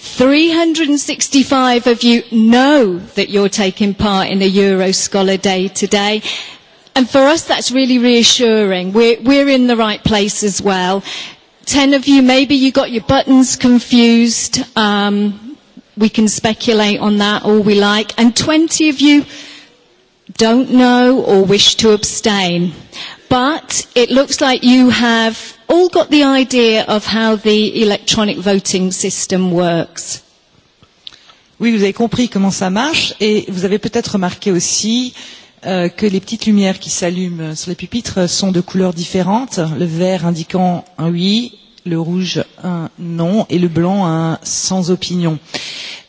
365 of you know that you're taking part in a Euro Scholar Day today. And for us, that's really reassuring. We're, we're in the right place as well. Ten of you, maybe you got your buttons confused. Um, we can speculate on that all we like. And 20 of you don't know or wish to abstain. But it looks like you have all got the idea of how the electronic voting system
works? Oui, vous avez compris comment ça marche et vous avez peut-être remarqué aussi euh, que les petites lumières qui s'allument sur les pupitres sont de couleurs différentes, le vert indiquant un oui, le rouge un non et le blanc un sans opinion.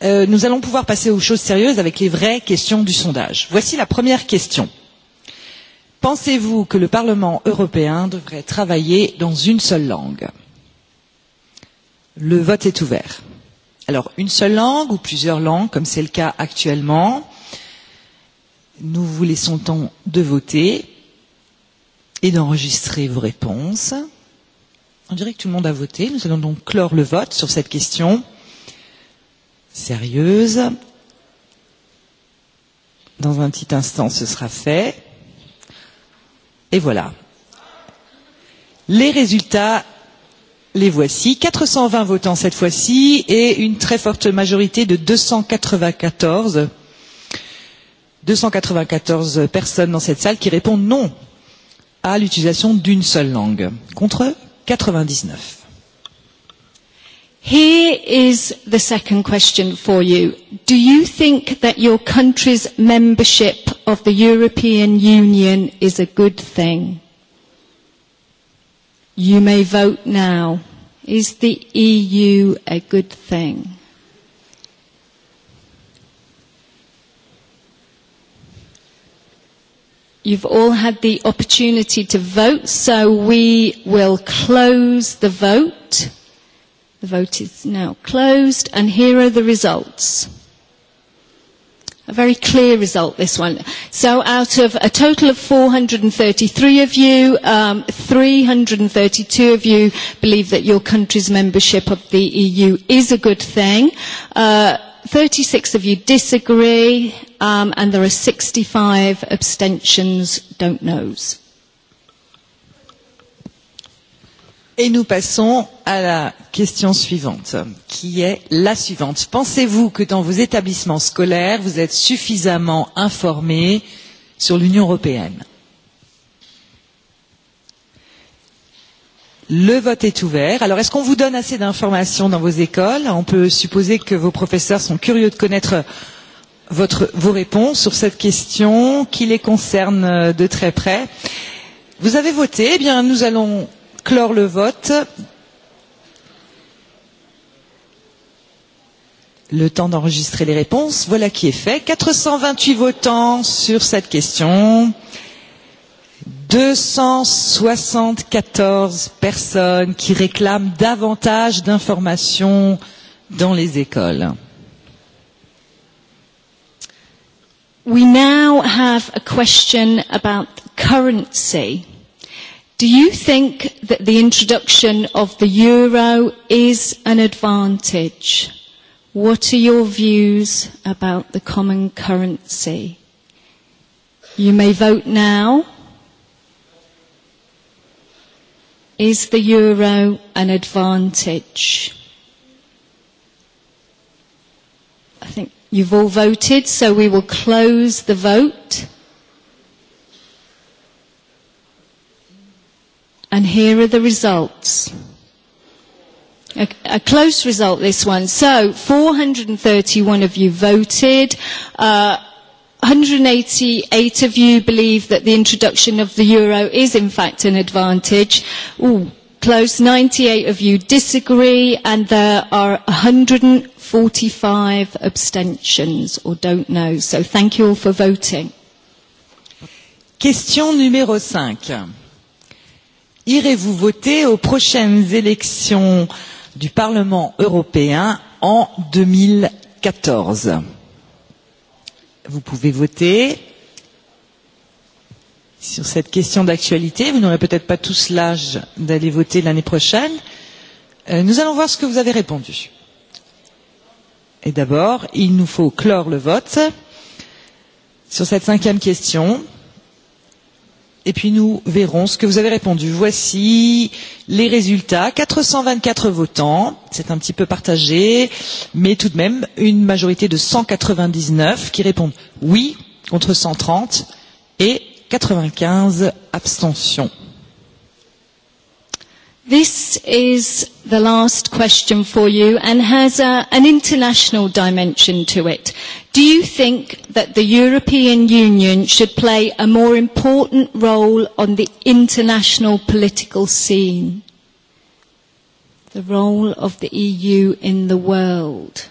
Euh, nous allons pouvoir passer aux choses sérieuses avec les vraies questions du sondage. Voici la première question. Pensez-vous que le Parlement européen devrait travailler dans une seule langue Le vote est ouvert. Alors, une seule langue ou plusieurs langues, comme c'est le cas actuellement. Nous vous laissons le temps de voter et d'enregistrer vos réponses. On dirait que tout le monde a voté. Nous allons donc clore le vote sur cette question sérieuse. Dans un petit instant, ce sera fait. Et voilà. Les résultats, les voici. 420 votants cette fois-ci et une très forte majorité de 294. 294 personnes dans cette salle qui répondent non à l'utilisation d'une seule langue, contre 99.
Here is the second question for you. Do you think that your country's membership of the European Union is a good thing? You may vote now. Is the EU a good thing? You've all had the opportunity to vote, so we will close the vote. The vote is now closed, and here are the results. A very clear result, this one. So out of a total of 433 of you, um, 332 of you believe that your country's membership of the EU is a good thing. Uh, 36 of you disagree, um, and there are
65 abstentions, don't knows. Et nous passons à la question suivante, qui est la suivante. Pensez-vous que dans vos établissements scolaires, vous êtes suffisamment informés sur l'Union européenne Le vote est ouvert. Alors, est-ce qu'on vous donne assez d'informations dans vos écoles On peut supposer que vos professeurs sont curieux de connaître votre, vos réponses sur cette question qui les concerne de très près. Vous avez voté. Eh bien, nous allons clore le vote. Le temps d'enregistrer les réponses, voilà qui est fait. 428 votants sur cette question. 274 personnes qui réclament davantage d'informations dans les écoles.
We now have a question about currency. Do you think that the introduction of the euro is an advantage? What are your views about the common currency? You may vote now. Is the euro an advantage? I think you've all voted, so we will close the vote. And here are the results. A, a close result, this one. So, 431 of you voted. Uh, 188 of you believe that the introduction of the euro is, in fact, an advantage. Ooh, close. 98 of you disagree, and there are 145 abstentions or don't know. So, thank you all for voting.
Question numéro 5 irez-vous voter aux prochaines élections du Parlement européen en 2014 Vous pouvez voter sur cette question d'actualité. Vous n'aurez peut-être pas tous l'âge d'aller voter l'année prochaine. Nous allons voir ce que vous avez répondu. Et d'abord, il nous faut clore le vote sur cette cinquième question et puis nous verrons ce que vous avez répondu. Voici les résultats. 424 votants, c'est un petit peu partagé, mais tout de même une majorité de 199 qui répondent oui contre 130 et 95 abstentions.
This is the last question for you and has a, an international dimension to it. Do you think that the European Union should play a more important role on the international political scene? The role of the EU in the world.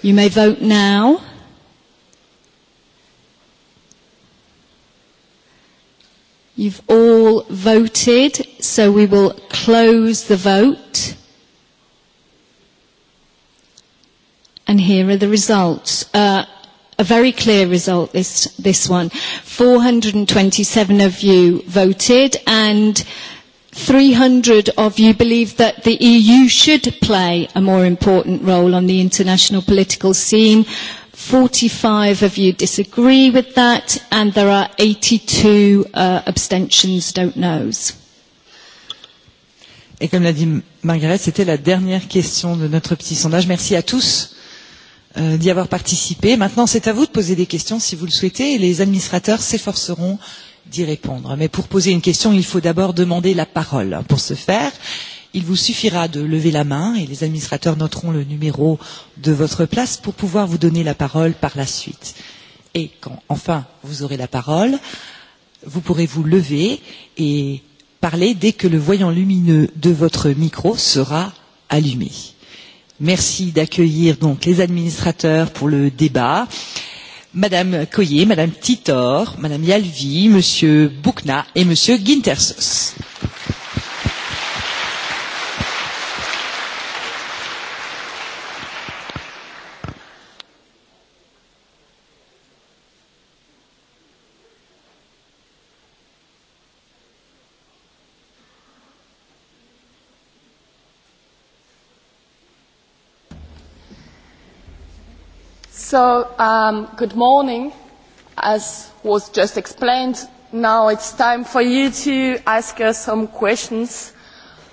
You may vote now. You've all voted, so we will close the vote. And here are the results. Uh, a very clear result, this, this one. 427 of you voted, and 300 of you believe that the EU should play a more important role on the international political scene 45 of you disagree with that,
and there are 82 uh, abstentions, don't knows. Et comme l'a dit Margaret, c'était la dernière question de notre petit sondage. Merci à tous euh, d'y avoir participé. Maintenant, c'est à vous de poser des questions si vous le souhaitez, et les administrateurs s'efforceront d'y répondre. Mais pour poser une question, il faut d'abord demander la parole. Pour ce faire, Il vous suffira de lever la main et les administrateurs noteront le numéro de votre place pour pouvoir vous donner la parole par la suite. Et quand enfin vous aurez la parole, vous pourrez vous lever et parler dès que le voyant lumineux de votre micro sera allumé. Merci d'accueillir donc les administrateurs pour le débat. Madame Coyer, Madame Titor, Madame Yalvi, Monsieur Boukna et Monsieur Gintersos.
So, um, good morning. As was just explained, now it's time for you to ask us some questions.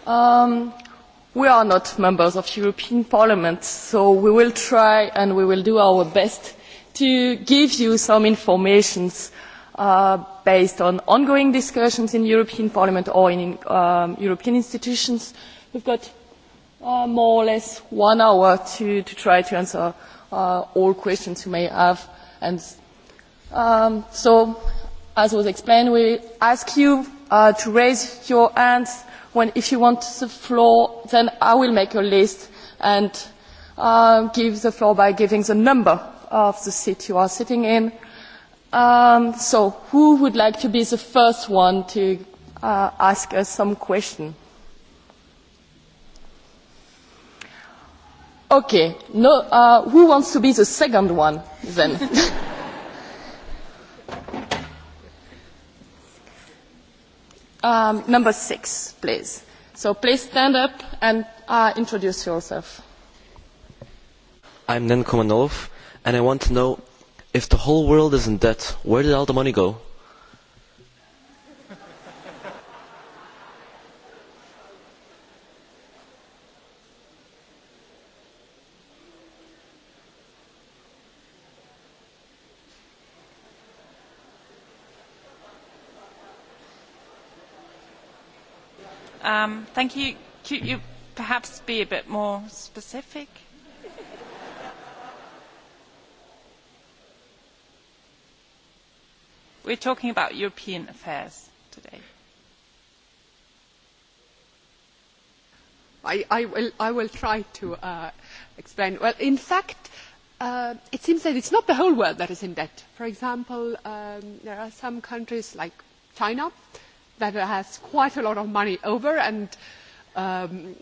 Um, we are not members of European Parliament, so we will try and we will do our best to give you some information uh, based on ongoing discussions in European Parliament or in um, European institutions. We've got uh, more or less one hour to, to try to answer all questions you may have. And um, so, as was explained, we ask you uh, to raise your hands when if you want the floor. Then I will make a list and uh, give the floor by giving the number of the seat you are sitting in. Um, so, who would like to be the first one to uh, ask us some questions? Okay. No, uh, who wants to be the second one then? um, number six, please. So please stand up and uh, introduce yourself.
I'm Nen Komanov, and I want to know if the whole world is in debt, where did all the money go?
Thank you. Could you perhaps be a bit more specific? We're talking about European affairs today.
I, I, will, I will try to uh, explain. Well, in fact, uh, it seems that it's not the whole world that is in debt. For example, um, there are some countries like China, uh, that has quite a lot of money over and um,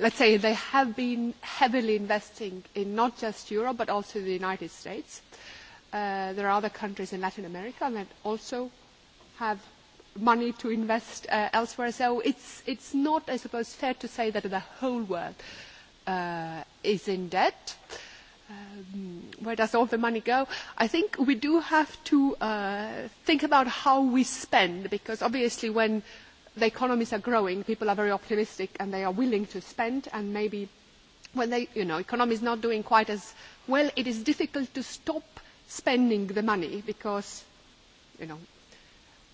let's say they have been heavily investing in not just Europe but also the United States. Uh, there are other countries in Latin America that also have money to invest uh, elsewhere. So it's, it's not, I suppose, fair to say that the whole world uh, is in debt where does all the money go? I think we do have to uh, think about how we spend, because obviously when the economies are growing, people are very optimistic and they are willing to spend, and maybe when the you know, economy is not doing quite as well, it is difficult to stop spending the money because you know,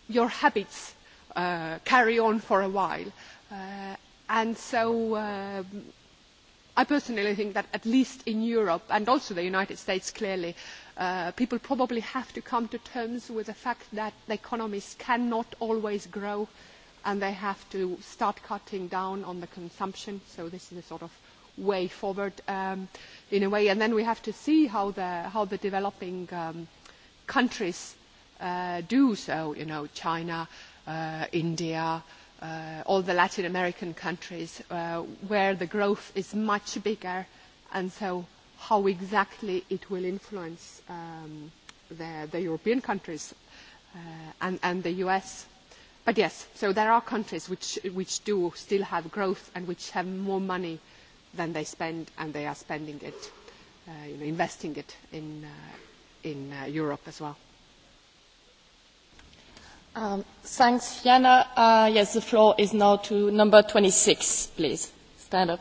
your habits uh, carry on for a while. Uh, and so uh, I personally think that at least in Europe and also the United States, clearly, people probably have to come to terms with the fact that the economies cannot always grow and they have to start cutting down on the consumption. So this is a sort of way forward in a way. And then we have to see how the, how the developing countries do so, you know, China, India, all the Latin American countries uh where the growth is much bigger and so how exactly it will influence um the, the European countries uh and, and the US. But yes, so there are countries which, which do still have growth and which have more money than they spend and they are spending it, uh, you know, investing it in, uh, in uh, Europe as well
thanks, Jana. Uh, yes, the floor is now to number 26, please. Stand up.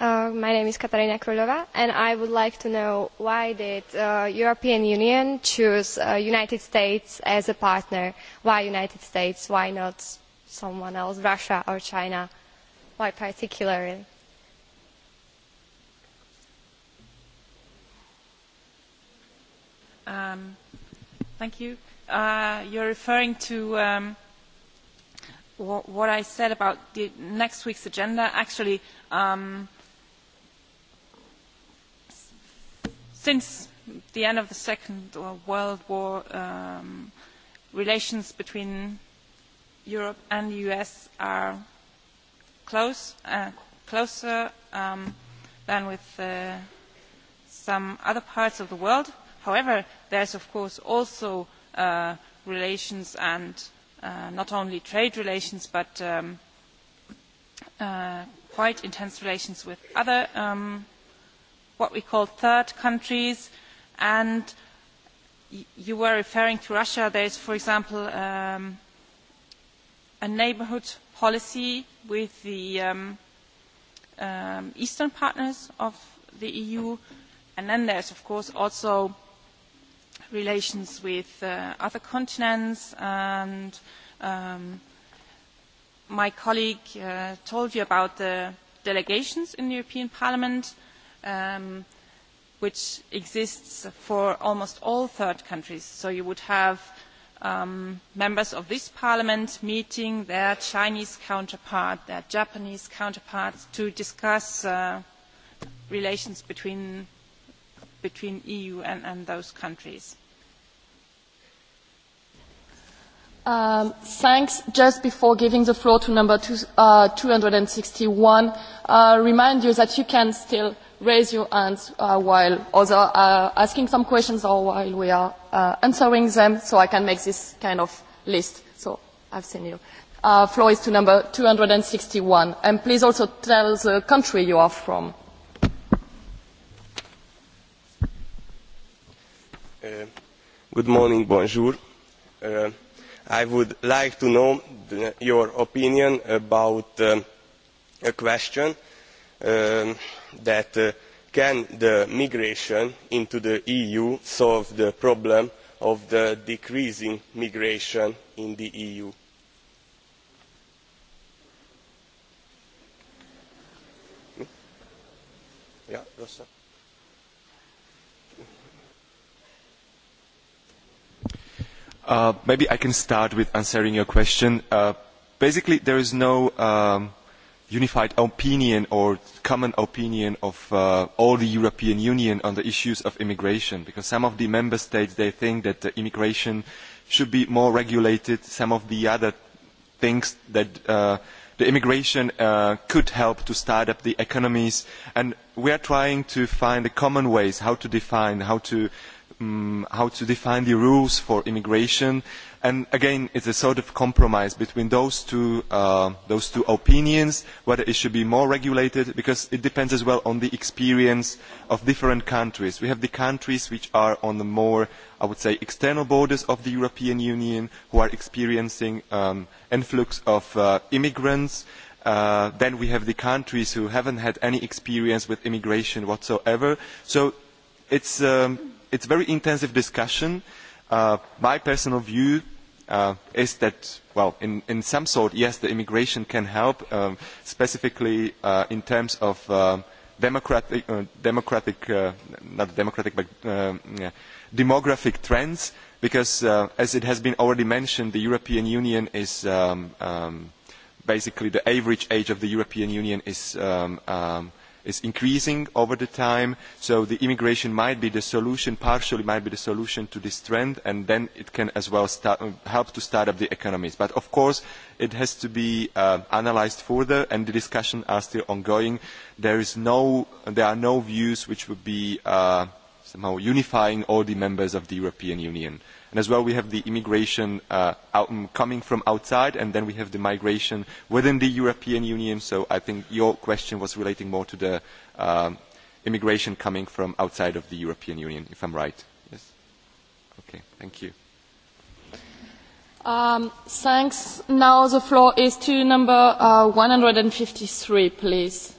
my name is Katarina Krulova, and I would like to know why did uh, European Union choose uh, United States as a partner? Why United States? Why not someone else, Russia or China? Why particularly?
Um, thank you uh, you're referring to um, what I said about the next week's agenda. Actually, um, since the end of the Second World War, um, relations between Europe and the US are close, uh, closer um, than with uh, some other parts of the world. However, there's of course also relations and not only trade relations but quite intense relations with other what we call third countries and you were referring to Russia. There is, for example, a neighbourhood policy with the eastern partners of the EU and then there is of course also relations with uh, other continents and um, my colleague uh, told you about the delegations in the European Parliament um, which exists for almost all third countries. So you would have um, members of this parliament meeting their Chinese counterpart, their Japanese counterparts to discuss uh, relations between, between EU and, and those countries
thanks. Just before giving the floor to number two, uh, 261, uh, remind you that you can still raise your hands uh, while others are asking some questions or while we are uh, answering them, so I can make this kind of list. So I've seen you. Uh, floor is to number 261. And please also tell the country you are from.
Uh,
good morning, bonjour. Uh, i would like to know your opinion about a question can migration into the eu solve the problem of decreasing migration in the eu?
maybe I can start with answering your question. basically, there is no unified opinion or common opinion of all the European Union on the issues of immigration, because some of the member states, they think that immigration should be more regulated. Some of the other things that the immigration could help to start up the economies. And we are trying to find the common ways how to define, how to um, how to define the rules for immigration. And again, it's a sort of compromise between those two, uh, those two opinions, whether it should be more regulated, because it depends as well on the experience of different countries. We have the countries which are on the more, I would say, external borders of the European Union, who are experiencing um, influx of uh, immigrants, then we have the countries who haven't had any experience with immigration whatsoever. So it's um, it's very intensive discussion. Uh, my personal view uh, is that, well, in, in some sort, yes, the immigration can help, um, specifically uh, in terms of uh, democratic, uh, democratic uh, not democratic, but uh, yeah, demographic trends, because uh, as it has been already mentioned, the European Union is um, um, basically the average age of the European Union is um, um, is increasing over the time. So the immigration might be the solution, partially might be the solution to this trend, and then it can as well start, help to start up the economies. But of course, it has to be uh, analysed further, and the discussions are still ongoing. There, is no, there are no views which would be uh, somehow unifying all the members of the European Union And as well, we have the immigration uh, out, coming from outside, and then we have the migration within the European Union. So I think your question was relating more to the um, immigration coming from outside of the European Union, if I'm right. Yes. Okay. Thank you.
Um, thanks. Now the floor is to number uh, 153, please.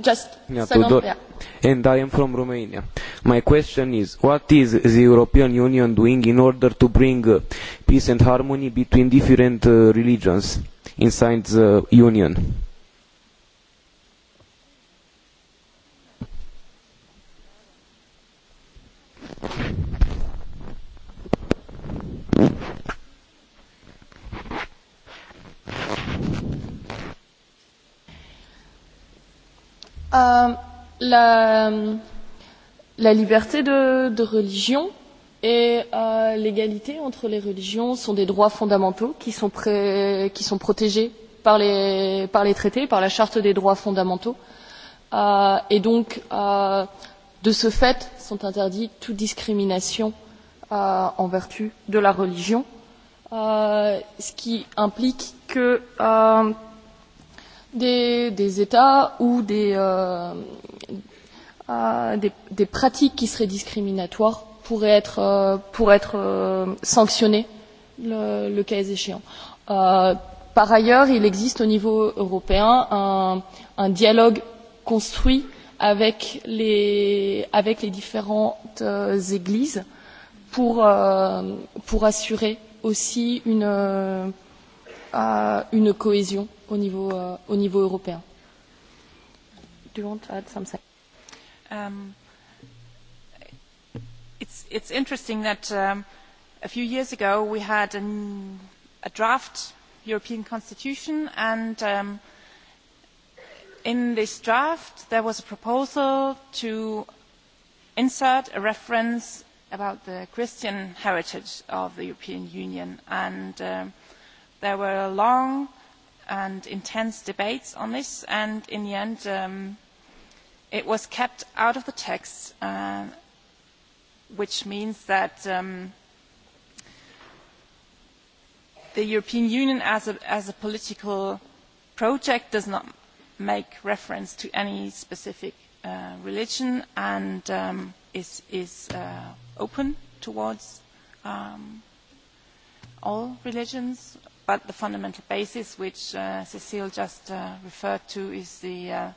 Just yeah, Tudor. Yeah.
And I am from Romania. My question is, what is the European Union doing in order to bring uh, peace and harmony between different uh, religions inside the Union? Thank you.
la, la liberté de, de religion et euh, l'égalité entre les religions sont des droits fondamentaux qui sont, pré, qui sont protégés par les, par les traités, par la charte des droits fondamentaux. Euh, et donc, euh, de ce fait, sont interdits toute discrimination euh, en vertu de la religion, euh, ce qui implique que euh, des, des États ou des, euh, euh, des, des pratiques qui seraient discriminatoires pourraient être, euh, pourraient être euh, sanctionnées le, le cas échéant. Euh, par ailleurs, il existe au niveau européen un, un dialogue construit avec les, avec les différentes euh, églises pour, euh, pour assurer aussi une, euh, une cohésion au niveau, euh, au niveau européen. Do you want to add something?
Um, it's, it's interesting that um, a few years ago we had an, a draft European constitution and um, in this draft there was a proposal to insert a reference about the Christian heritage of the European Union and um, there were long and intense debates on this, and in the end, um, it was kept out of the text, uh, which means that um, the European Union as a, as a political project does not make reference to any specific uh, religion and um, is, is uh, open towards um, all religions but the fundamental basis, which uh, Cecile just uh, referred to, is the uh,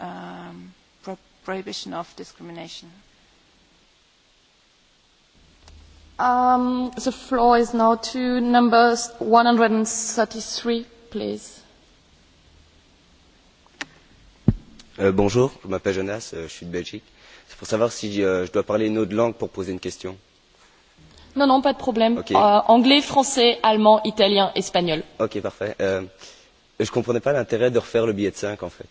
um, pro prohibition of discrimination.
Um, the floor is now to number 133, please.
Euh, bonjour, je m'appelle Jonas, euh, je suis de Belgique. C'est pour savoir si euh, je dois parler une autre langue pour poser une question.
Non, non, pas de problème. Okay. Euh, anglais, français, allemand, italien, espagnol.
Ok, parfait. Euh, je comprenais pas l'intérêt de refaire le billet de 5, en fait.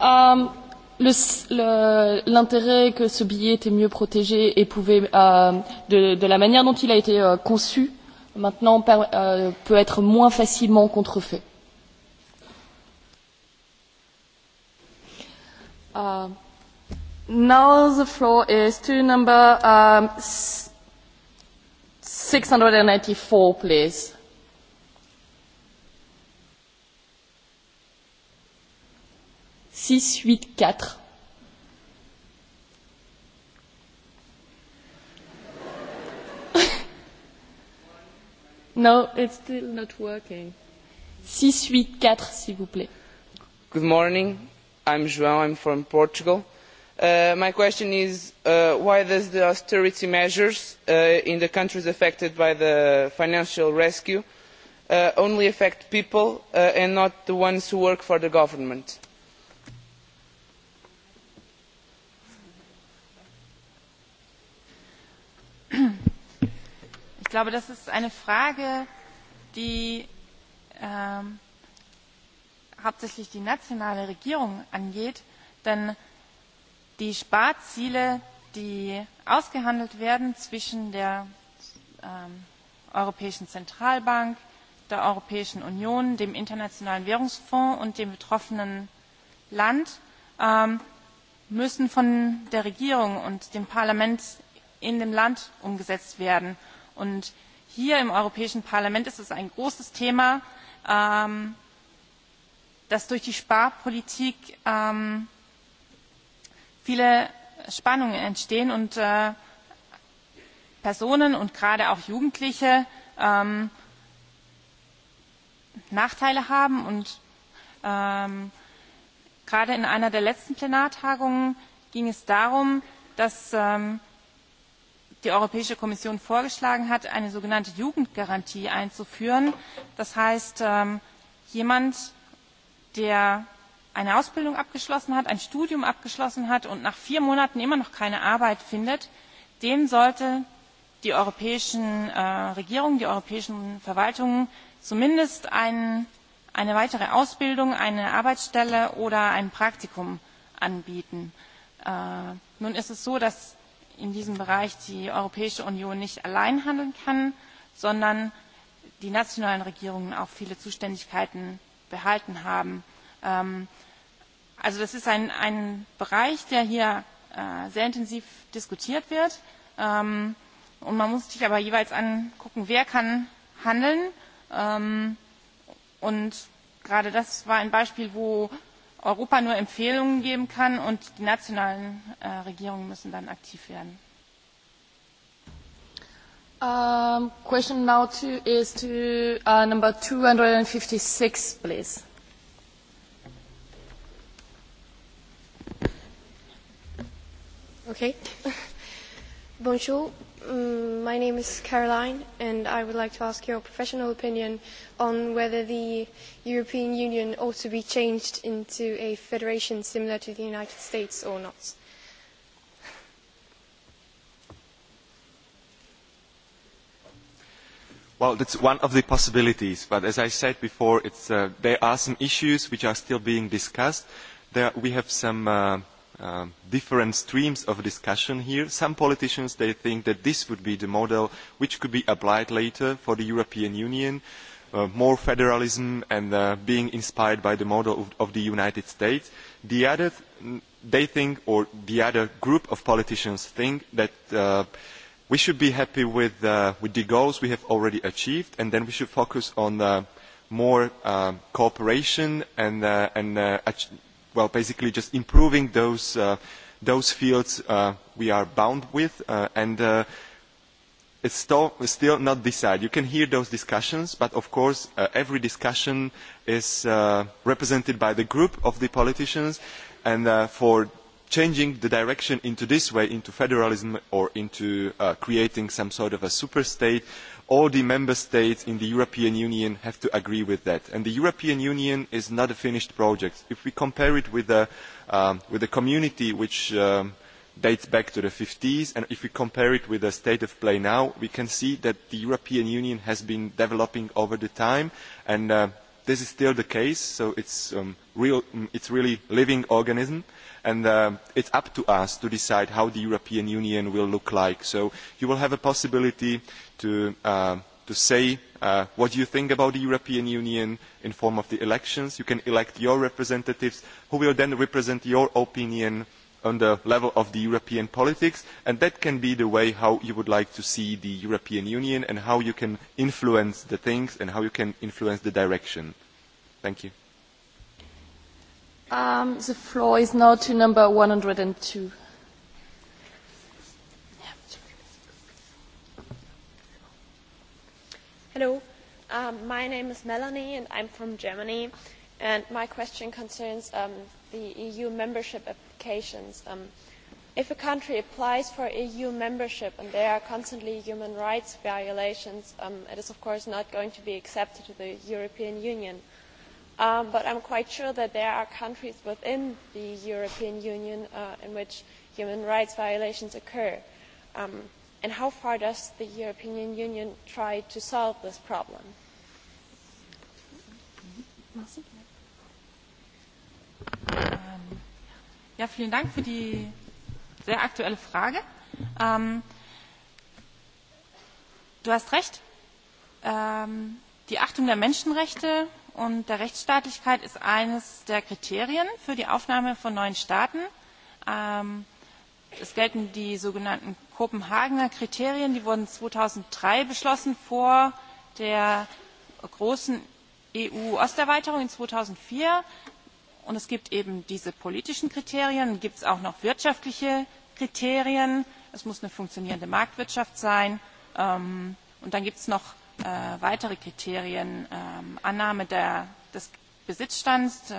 Um, l'intérêt que ce billet était mieux protégé et pouvait, euh, de, de la manière dont il a été euh, conçu, maintenant per, euh, peut être moins facilement contrefait. Uh, now the floor is to number um, 694, please. six huit quatre. No, it's still not working. 684, s'il vous plaît.
Good morning. I'm
João. I'm from Portugal. Uh, my question is, uh, why does the austerity measures uh, in the countries affected by the financial rescue uh, only affect people uh, and not the ones who work for the government?
Ich glaube, das ist eine Frage, die ähm, hauptsächlich die nationale Regierung angeht, denn die Sparziele, die ausgehandelt werden zwischen der ähm, Europäischen Zentralbank, der Europäischen Union, dem Internationalen Währungsfonds und dem betroffenen Land, ähm, müssen von der Regierung und dem Parlament in dem Land umgesetzt werden. Und hier im Europäischen Parlament ist es ein großes Thema, dass durch die Sparpolitik viele Spannungen entstehen und Personen und gerade auch Jugendliche Nachteile haben. Und gerade in einer der letzten Plenartagungen ging es darum, dass die Europäische Kommission vorgeschlagen hat, eine sogenannte Jugendgarantie einzuführen. Das heißt, jemand, der eine Ausbildung abgeschlossen hat, ein Studium abgeschlossen hat und nach vier Monaten immer noch keine Arbeit findet, dem sollte die europäischen Regierungen, die europäischen Verwaltungen zumindest eine weitere Ausbildung, eine Arbeitsstelle oder ein Praktikum anbieten. nun ist es so, dass in diesem Bereich die Europäische Union nicht allein handeln kann, sondern die nationalen Regierungen auch viele Zuständigkeiten behalten haben. also das ist ein, ein Bereich, der hier sehr intensiv diskutiert wird. und man muss sich aber jeweils angucken, wer kann handeln. und gerade das war ein Beispiel, wo europa nur empfehlungen geben kann und die nationalen regierungen müssen dann aktiv werden
my name is Caroline, and I would like to ask your professional opinion on whether the European Union ought to be changed into a federation similar to the United States or not.
Well, that's one of the possibilities, but as I said before, it's, uh, there are some issues which are still being discussed. There, we have some different streams of discussion here. Some politicians, they think that this would be the model which could be applied later for the European Union, more federalism and being inspired by the model of, the United States. The other, they think, or the other group of politicians think that we should be happy with, the goals we have already achieved and then we should focus on more cooperation and, well, basically just improving those, uh, those fields uh, we are bound with uh, and uh, it's still, still not decided. You can hear those discussions, but of course uh, every discussion is uh, represented by the group of the politicians and uh, for changing the direction into this way, into federalism or into uh, creating some sort of a super state, uh, all the member states in the European Union have to agree with that. And the European Union is not a finished project. If we compare it with a, with a community which dates back to the 50s, and if we compare it with the state of play now, we can see that the European Union has been developing over the time, and this is still the case, so it's, um, real, it's really a living organism and it is up to us to decide how the European Union will look like. So you will have a possibility to, say what you think about the European Union in the form of the elections. You can elect your representatives who will then represent your opinion on the level of European politics, and that can be the way how you would like to see the European Union and how you can influence the things and how you can influence the direction. Thank you
the floor is now to number
Hello, um, my name is
Melanie and I'm from Germany. And my question concerns um, the EU membership applications. Um, if a country applies for EU membership and there are
constantly human rights violations, um, it is of course not going to be accepted to the European Union but I am quite sure that there are countries within the
European Union in which human rights violations occur. how far does the European Union try to solve this problem?
vielen Dank für die sehr aktuelle Frage. du hast recht. die Achtung der Menschenrechte Und der Rechtsstaatlichkeit ist eines der Kriterien für die Aufnahme von neuen Staaten. Ähm, es gelten die sogenannten Kopenhagener Kriterien, die wurden 2003 beschlossen vor der großen EU-Osterweiterung in 2004. Und es gibt eben diese politischen Kriterien, gibt es auch noch wirtschaftliche Kriterien. Es muss eine funktionierende Marktwirtschaft sein. Ähm, und dann gibt es noch weitere Kriterien Annahme des Besitzstands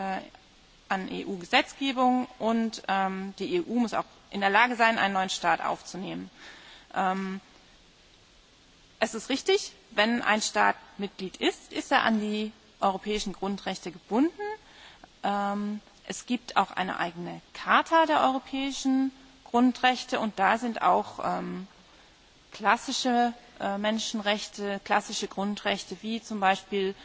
an EU-Gesetzgebung und die EU muss auch in der Lage sein, einen neuen Staat aufzunehmen. es ist richtig, wenn ein Staat Mitglied ist, ist er an die europäischen Grundrechte gebunden. es gibt auch eine eigene Charta der europäischen Grundrechte und da sind auch klassische Menschenrechte, klassische Grundrechte wie zum Beispiel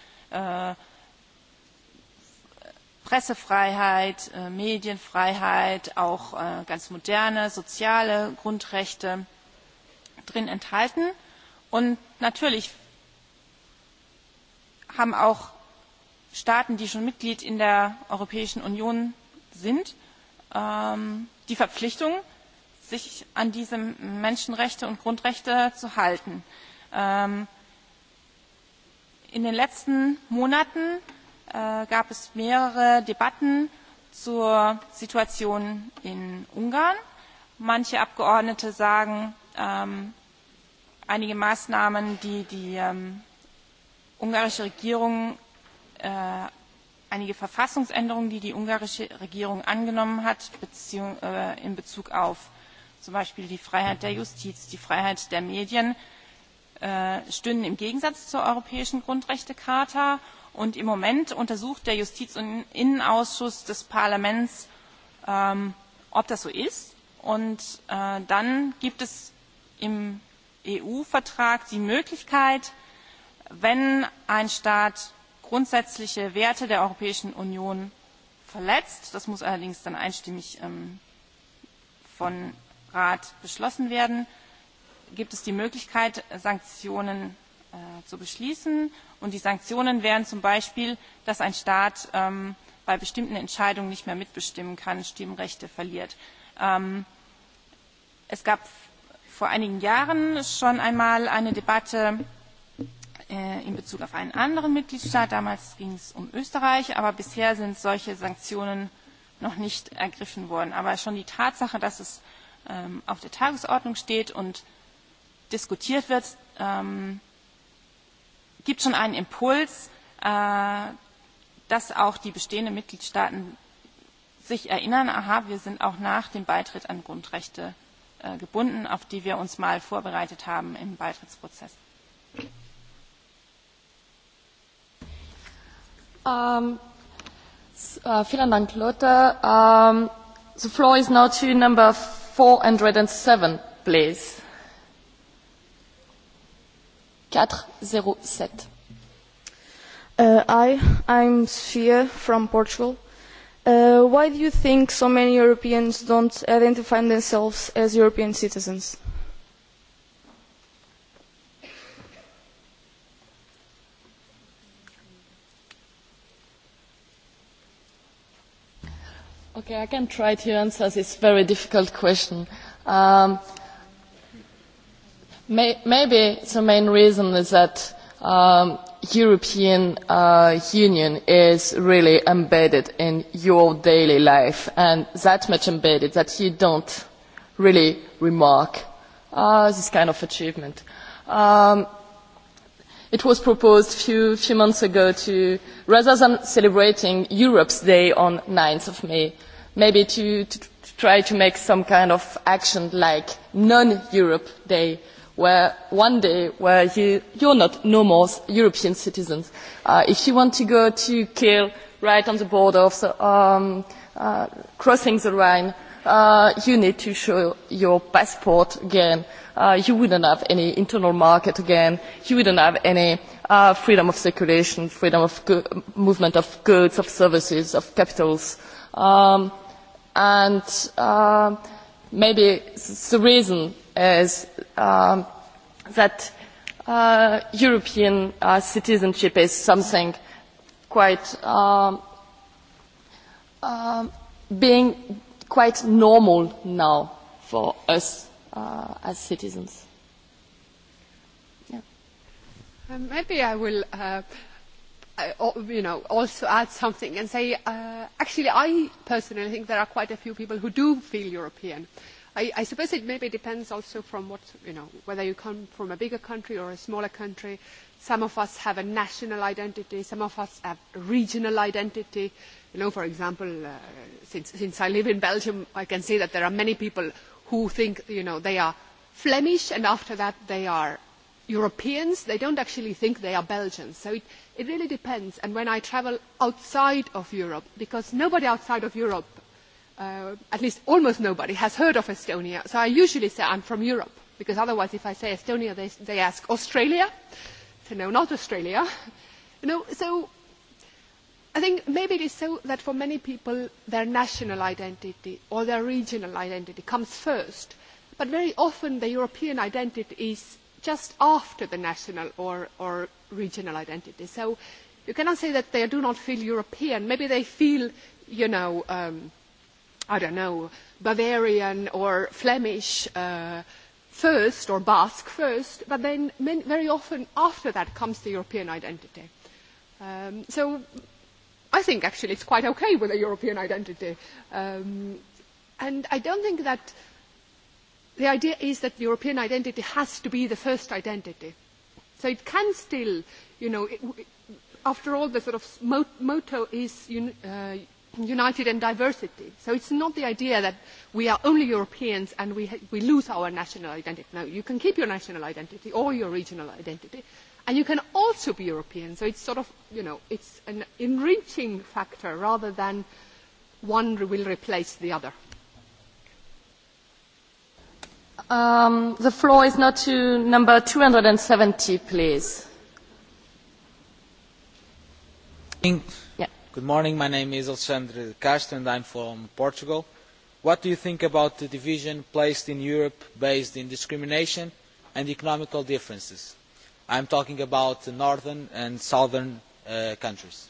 Pressefreiheit, Medienfreiheit, auch ganz moderne soziale Grundrechte drin enthalten. Und natürlich haben auch Staaten, die schon Mitglied in der Europäischen Union sind, die Verpflichtung, sich an diese Menschenrechte und Grundrechte zu halten. in den letzten Monaten gab es mehrere Debatten zur Situation in Ungarn. Manche Abgeordnete sagen, einige Maßnahmen, die die ungarische Regierung, einige Verfassungsänderungen, die die ungarische Regierung angenommen hat in Bezug auf zum Beispiel die Freiheit der Justiz, die Freiheit der Medien, stünden im Gegensatz zur Europäischen Grundrechtecharta. Und im Moment untersucht der Justiz- und Innenausschuss des Parlaments, ob das so ist. Und dann gibt es im EU-Vertrag die Möglichkeit, wenn ein Staat grundsätzliche Werte der Europäischen Union verletzt, das muss allerdings dann einstimmig von Rat beschlossen werden, gibt es die Möglichkeit, Sanktionen zu beschließen. Und die Sanktionen wären zum Beispiel, dass ein Staat bei bestimmten Entscheidungen nicht mehr mitbestimmen kann, Stimmrechte verliert. es gab vor einigen Jahren schon einmal eine Debatte in Bezug auf einen anderen Mitgliedstaat. Damals ging es um Österreich, aber bisher sind solche Sanktionen noch nicht ergriffen worden. Aber schon die Tatsache, dass es ähm, auf der Tagesordnung steht und diskutiert wird, ähm, gibt schon einen Impuls, äh, dass auch die bestehenden Mitgliedstaaten sich erinnern, aha, wir sind auch nach dem Beitritt an Grundrechte äh, gebunden, auf die wir uns mal vorbereitet haben im Beitrittsprozess.
Um, uh, vielen Dank, Lotte. Um, the floor is now to number 407, please. seven,
Uh, I, I'm Sophia from Portugal. Uh, why do you think so many Europeans don't identify themselves as European citizens?
Okay, I can try to answer this very difficult question. Um, may, maybe the main reason is that um, European uh, Union is really embedded in your daily life, and that much embedded that you don't really remark uh, this kind of achievement. Um, it was proposed a few, few months ago to, rather than celebrating Europe's Day on 9th of May, maybe to, to try to make some kind of action like non-Europe Day, where one day where you, are not no more European citizens. if you want to go to Kiel, right on the border of the, um, crossing the Rhine, you need to show your passport again. You would not have any internal market again. You would not have any freedom of circulation, freedom of movement of goods, of services, of capitals and maybe the reason is that European citizenship is something quite being quite normal now for us uh, as citizens.
Yeah. maybe I will. Uh, you know, also add something and say, uh, actually, I personally think there are quite a few people who do feel European. I, I suppose it maybe depends also from what, you know, whether you come from a bigger country or a smaller country. Some of us have a national identity, some of us have a regional identity. You know, for example, uh, since, since I live in Belgium, I can see that there are many people who think, you know, they are Flemish and after that they are Europeans, they don't actually think they are Belgians. So it, it really depends. And when I travel outside of Europe, because nobody outside of Europe, uh, at least almost nobody, has heard of Estonia. So I usually say I'm from Europe, because otherwise if I say Estonia, they, they ask Australia. So no, not Australia. You know, so I think maybe it is so that for many people their national identity or their regional identity comes first. But very often the European identity is just after the national or, or regional identity. So you cannot say that they do not feel European. Maybe they feel, you know, um, I don't know, Bavarian or Flemish uh, first or Basque first, but then many, very often after that comes the European identity. Um, so I think actually it's quite okay with a European identity. Um, and I don't think that the idea is that the European identity has to be the first identity. So it can still, you know, it, after all, the sort of motto is uh, united in diversity. So it's not the idea that we are only Europeans and we, ha- we lose our national identity. No, you can keep your national identity or your regional identity. And you can also be European. So it's sort of, you know, it's an enriching factor rather than one will replace the other
the floor is now to number please.
Good morning. My name is Alexandre Castro, and I am from Portugal. What do you think about the division placed in Europe based on discrimination and economical differences? I am talking about the northern and southern
countries.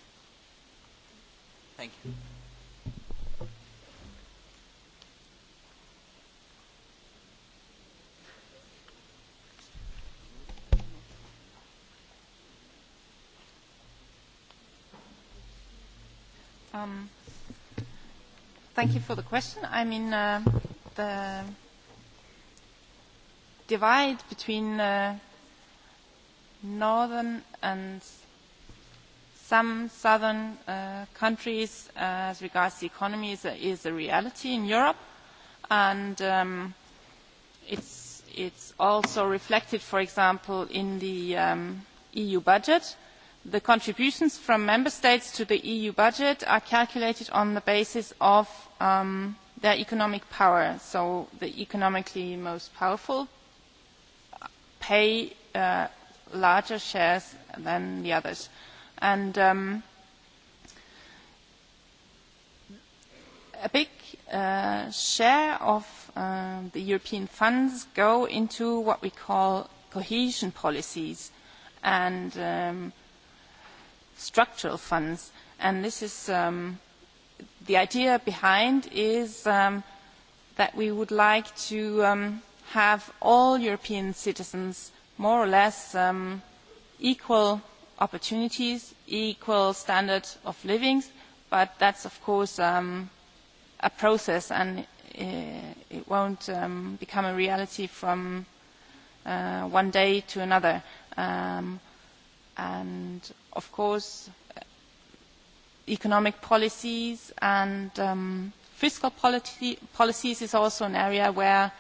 Um, thank you for the question. I mean, uh, the divide between uh, northern and some southern uh, countries uh, as regards the economy is a, is a reality in Europe, and um, it's, it's also reflected, for example, in the um, EU budget the contributions from member states to the eu budget are calculated on the basis of their economic power so the economically most powerful pay larger shares than the others and a big share of the european funds go into what we call cohesion policies and structural funds. And this is um, the idea behind is um, that we would like to um, have all European citizens more or less um, equal opportunities, equal standard of living, but that's of course um, a process and uh, it won't um, become a reality from uh, one day to another. Um, and of course, economic policies and um, fiscal policy, policies is also an area where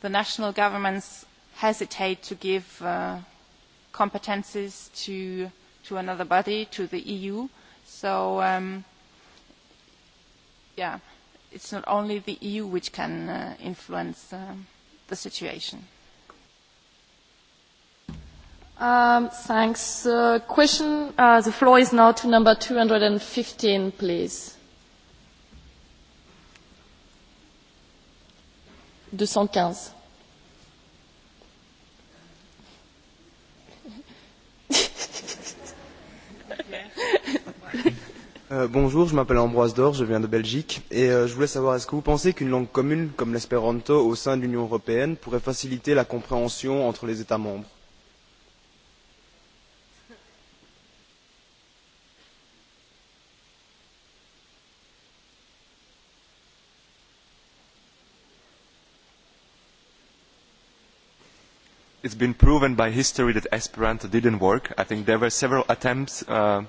the national governments hesitate to give uh, competences to, to another body, to the EU. So, um, yeah, it's not only the EU which can uh, influence um, the situation
the floor is now to number 215, please. cent quinze.
bonjour, je m'appelle Ambroise Dor, je viens de Belgique et je voulais savoir est-ce que vous pensez qu'une langue commune comme l'espéranto au sein de l'Union européenne pourrait faciliter la compréhension entre les États membres It has been proven by history that Esperanto didn't work. I think there were several attempts over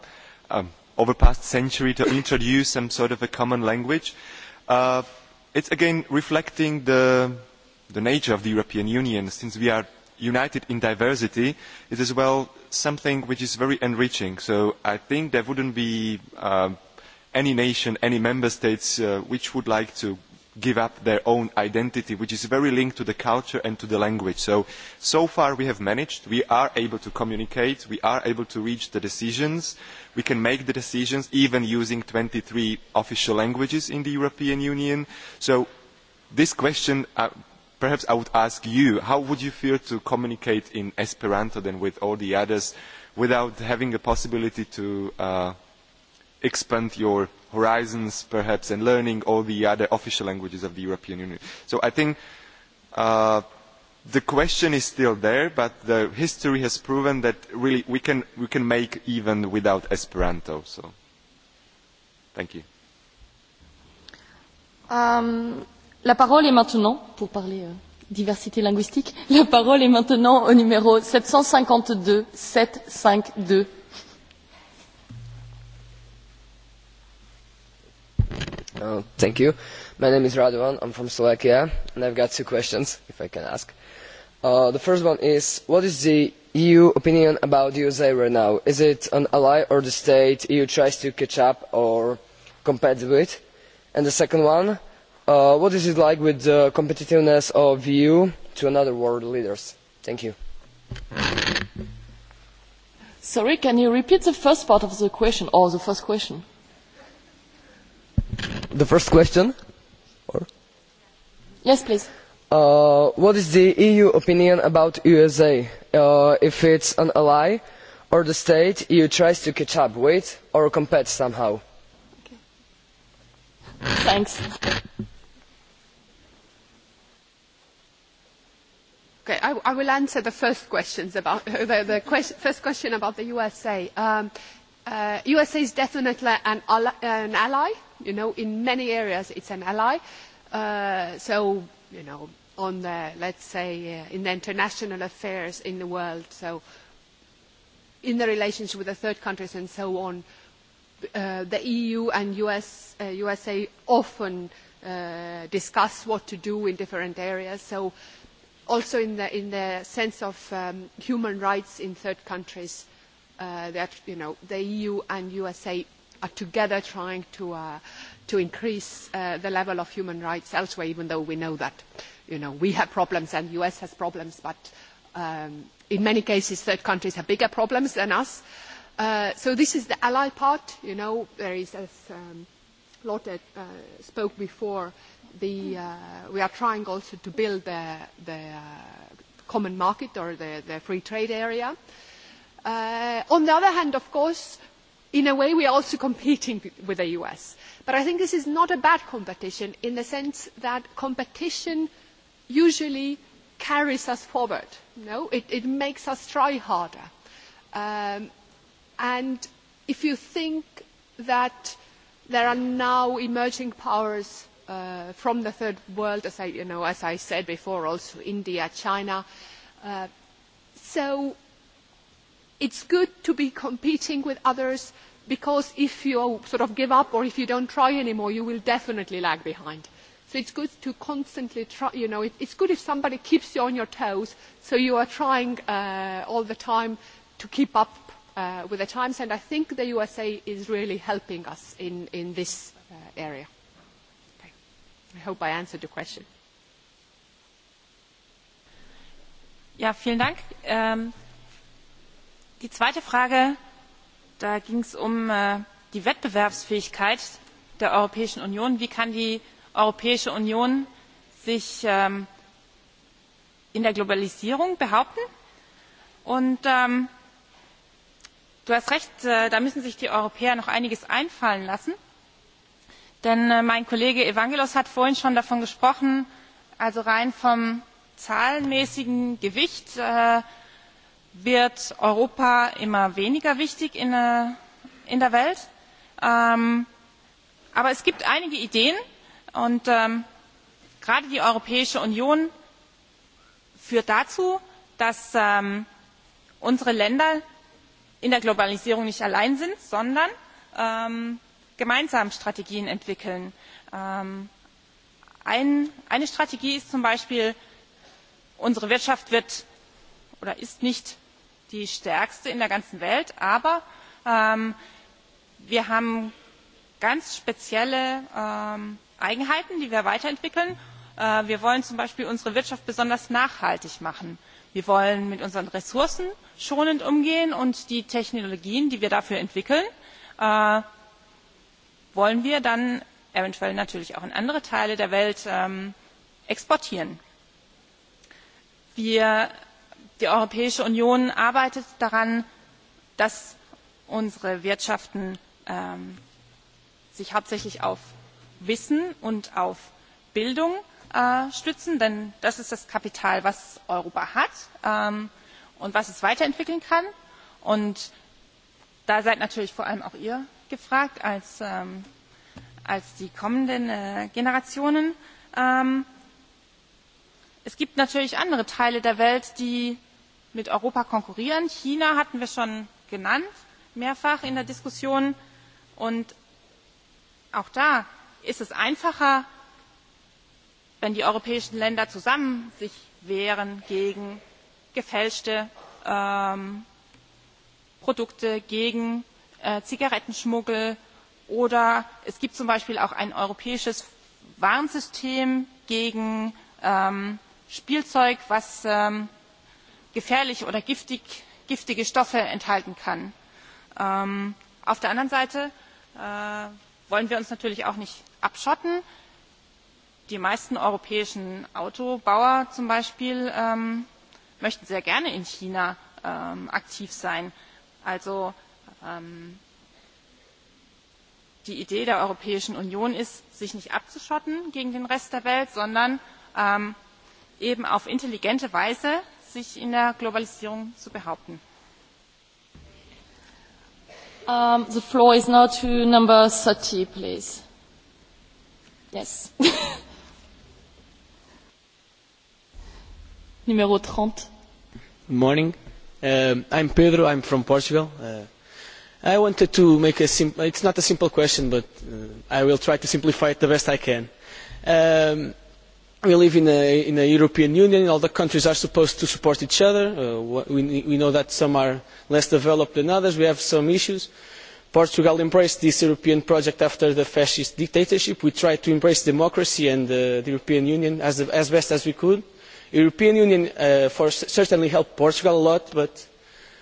the past century to introduce some sort of a common language. It is again reflecting the, nature of the European Union. Since we are united in diversity, it is well something which is very enriching. So I think there wouldn't be any nation, any member states which would like to give up their own identity, which is very linked to the culture and to the language. So, so far we have managed. We are able to communicate. We are able to reach the decisions. We can make the decisions even using twenty three official languages in the European Union. So this question, uh, perhaps I would ask you, how would you feel to communicate in Esperanto than with all the others without having the possibility to uh, expand your horizons perhaps and learning all the other official languages of the European Union. So I think uh, the question is still there, but the history has proven that really we can, we can make even without Esperanto. So thank you.
Um, la parole est maintenant, pour parler euh, diversité linguistique, la parole est maintenant au numéro 752, 752.
thank you. My name is Radovan. I'm from Slovakia, and I've got two questions, if I can ask. the first one is, what is the EU opinion about the USA right now? Is it an ally or the state EU tries to catch up or compete with? And the second one, uh what is it like with the competitiveness of the EU to another world leaders? Thank you.
Sorry, can you repeat the first part of the question, or the first question?
the first question? Or? Yes, please. Uh, what is the EU opinion about USA? Uh, if it's an ally or the state EU tries to catch up with or compete somehow? Thanks.
Okay, I, I will answer the first questions about the, the question, first question about the USA. Um, uh, USA is definitely an, an ally You know, in many areas it's an ally. Uh, so, you know, on the, let's say, uh, in the international affairs in the world, so in the relationship with the third countries and so on, uh, the EU and US, uh, USA often uh, discuss what to do in different areas. So also in the, in the sense of um, human rights in third countries, uh, that, you know, the EU and USA are together trying to, uh, to increase uh, the level of human rights elsewhere, even though we know that you know, we have problems and the US has problems, but um, in many cases third countries have bigger problems than us. Uh, so this is the ally part. You know, there is, as um, Lotte uh, spoke before, the, uh, we are trying also to build the, the uh, common market or the, the free trade area. Uh, on the other hand, of course, in a way we are also competing with the US. But I think this is not a bad competition in the sense that competition usually carries us forward. it, it makes us try harder. and if you think that there are now emerging powers from the third world, as I, you know, as I said before, also India, China, so it is good to be competing with others because if you sort of give up or if you do not try anymore, you will definitely lag behind. So it's good to constantly try, you know, it, it's good if somebody keeps you on your toes so you are trying uh, all the time to keep up uh, with the times. And I think the USA is really helping us in, in this uh, area. Okay. I hope
I answered your question. Ja, vielen Dank. Die zweite Frage, da ging es um die Wettbewerbsfähigkeit der Europäischen Union. Wie kann die Europäische Union sich in der Globalisierung behaupten? Und du hast recht, da müssen sich die Europäer noch einiges einfallen lassen. Denn mein Kollege Evangelos hat vorhin schon davon gesprochen, also rein vom zahlenmäßigen Gewicht wird Europa immer weniger wichtig in der Welt. aber es gibt einige Ideen und gerade die Europäische Union führt dazu, dass unsere Länder in der Globalisierung nicht allein sind, sondern gemeinsam Strategien entwickeln. eine Strategie ist zum Beispiel, unsere Wirtschaft wird oder ist nicht die stärkste in der ganzen Welt, aber wir haben ganz spezielle Eigenheiten, die wir weiterentwickeln. wir wollen zum Beispiel unsere Wirtschaft besonders nachhaltig machen. Wir wollen mit unseren Ressourcen schonend umgehen und die Technologien, die wir dafür entwickeln, wollen wir dann eventuell natürlich auch in andere Teile der Welt exportieren. Wir die europäische union arbeitet daran dass unsere wirtschaften sich hauptsächlich auf wissen und auf bildung stützen denn das ist das kapital das europa hat und das es weiterentwickeln kann. und da seid natürlich vor allem auch ihr gefragt als die kommenden generationen. es gibt natürlich andere teile der welt die mit europa konkurrieren. china hatten wir schon genannt mehrfach in der diskussion und auch da ist es einfacher wenn die europäischen länder zusammen sich wehren gegen gefälschte produkte gegen zigarettenschmuggel oder es gibt zum beispiel auch ein europäisches warnsystem gegen spielzeug das gefährliche oder giftige Stoffe enthalten kann. auf der anderen Seite wollen wir uns natürlich auch nicht abschotten. Die meisten europäischen Autobauer zum Beispiel möchten sehr gerne in China aktiv sein. Also die Idee der Europäischen Union ist, sich nicht abzuschotten gegen den Rest der Welt, sondern eben auf intelligente Weise sich in der Globalisierung zu behaupten. Um, the floor
is now to number 30, please. Yes.
Numero 30. Good Morning. Um, I'm Pedro. I'm from Portugal. Uh, I wanted to make a simple, it's not a simple question, but uh, I will try to simplify it the best I can. Um, we live in a, in a European Union, all the countries are supposed to support each other. we, we know that some are less developed than others, we have some issues. Portugal embraced this European project after the fascist dictatorship. We tried to embrace democracy and the European Union as, as best as we could. The European Union for, certainly helped Portugal a lot, but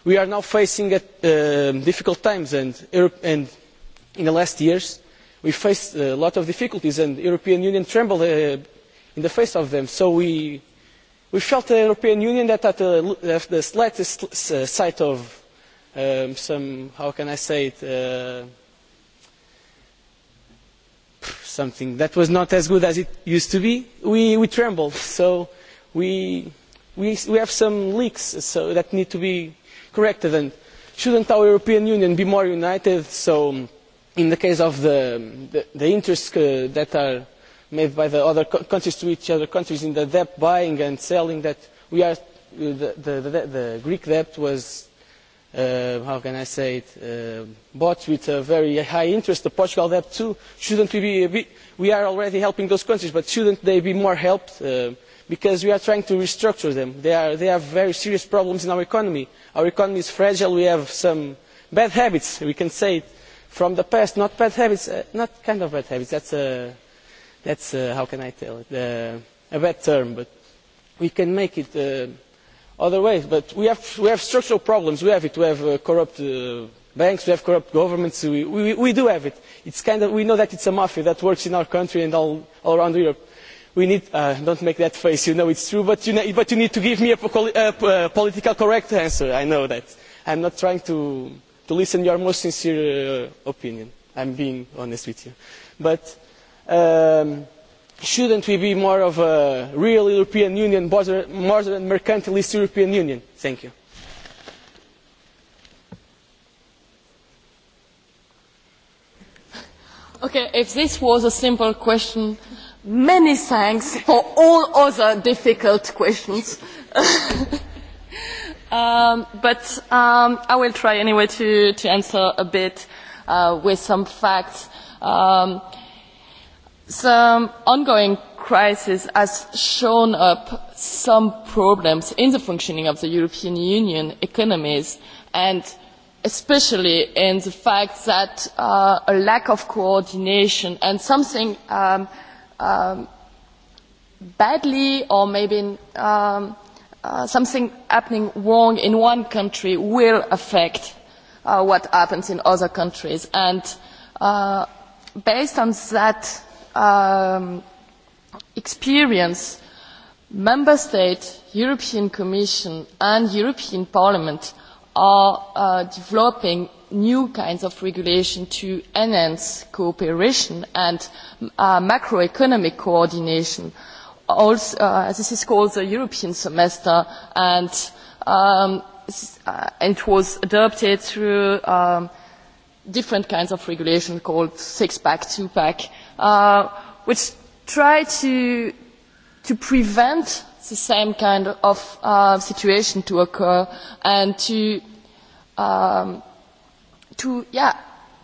we are now facing difficult times and, in the last years we faced a lot of difficulties and the European Union trembled in the face of them. So we, we felt a European Union that at the, at the slightest uh, sight of um, some, how can I say it, uh, something that was not as good as it used to be, we, we trembled. So we, we, we have some leaks so that need to be corrected. And shouldn't our European Union be more united? So in the case of the, the, the interests uh, that are made by the other countries to each other countries in the debt buying and selling that we are the, the, the Greek debt was uh, how can I say it uh, bought with a very high interest the Portugal debt too shouldn't we be a bit, we are already helping those countries but shouldn't they be more helped uh, because we are trying to restructure them they are they have very serious problems in our economy our economy is fragile we have some bad habits we can say it from the past not bad habits uh, not kind of bad habits that's a that's uh, how can I tell it uh, a bad term, but we can make it uh, other ways. But we have we have structural problems. We have it. We have uh, corrupt uh, banks. We have corrupt governments. We, we we do have it. It's kind of we know that it's a mafia that works in our country and all all around Europe. We need uh, don't make that face. You know it's true, but you know, but you need to give me a, a, a political correct answer. I know that. I'm not trying to to listen to your most sincere uh, opinion. I'm being honest with you, but shouldn't we be more of a real European Union more than a mercantilist European Union? Thank you.
Okay, if this was a simple question, many thanks for all other difficult questions. um, but um, I will try anyway to, to answer a bit uh, with some facts. Um, The ongoing crisis has shown up some problems in the functioning of the European Union economies and especially in the fact that a lack of coordination and something badly or maybe something happening wrong in one country will affect what happens in other countries. And based on that um, experience, member States, European Commission and European Parliament are uh, developing new kinds of regulation to enhance cooperation and uh, macroeconomic coordination. Also, uh, this is called the European semester and um, it was adopted through um, different kinds of regulation called six-pack, two-pack, which try to, to prevent the same kind of uh, situation from occurring and to, to yeah,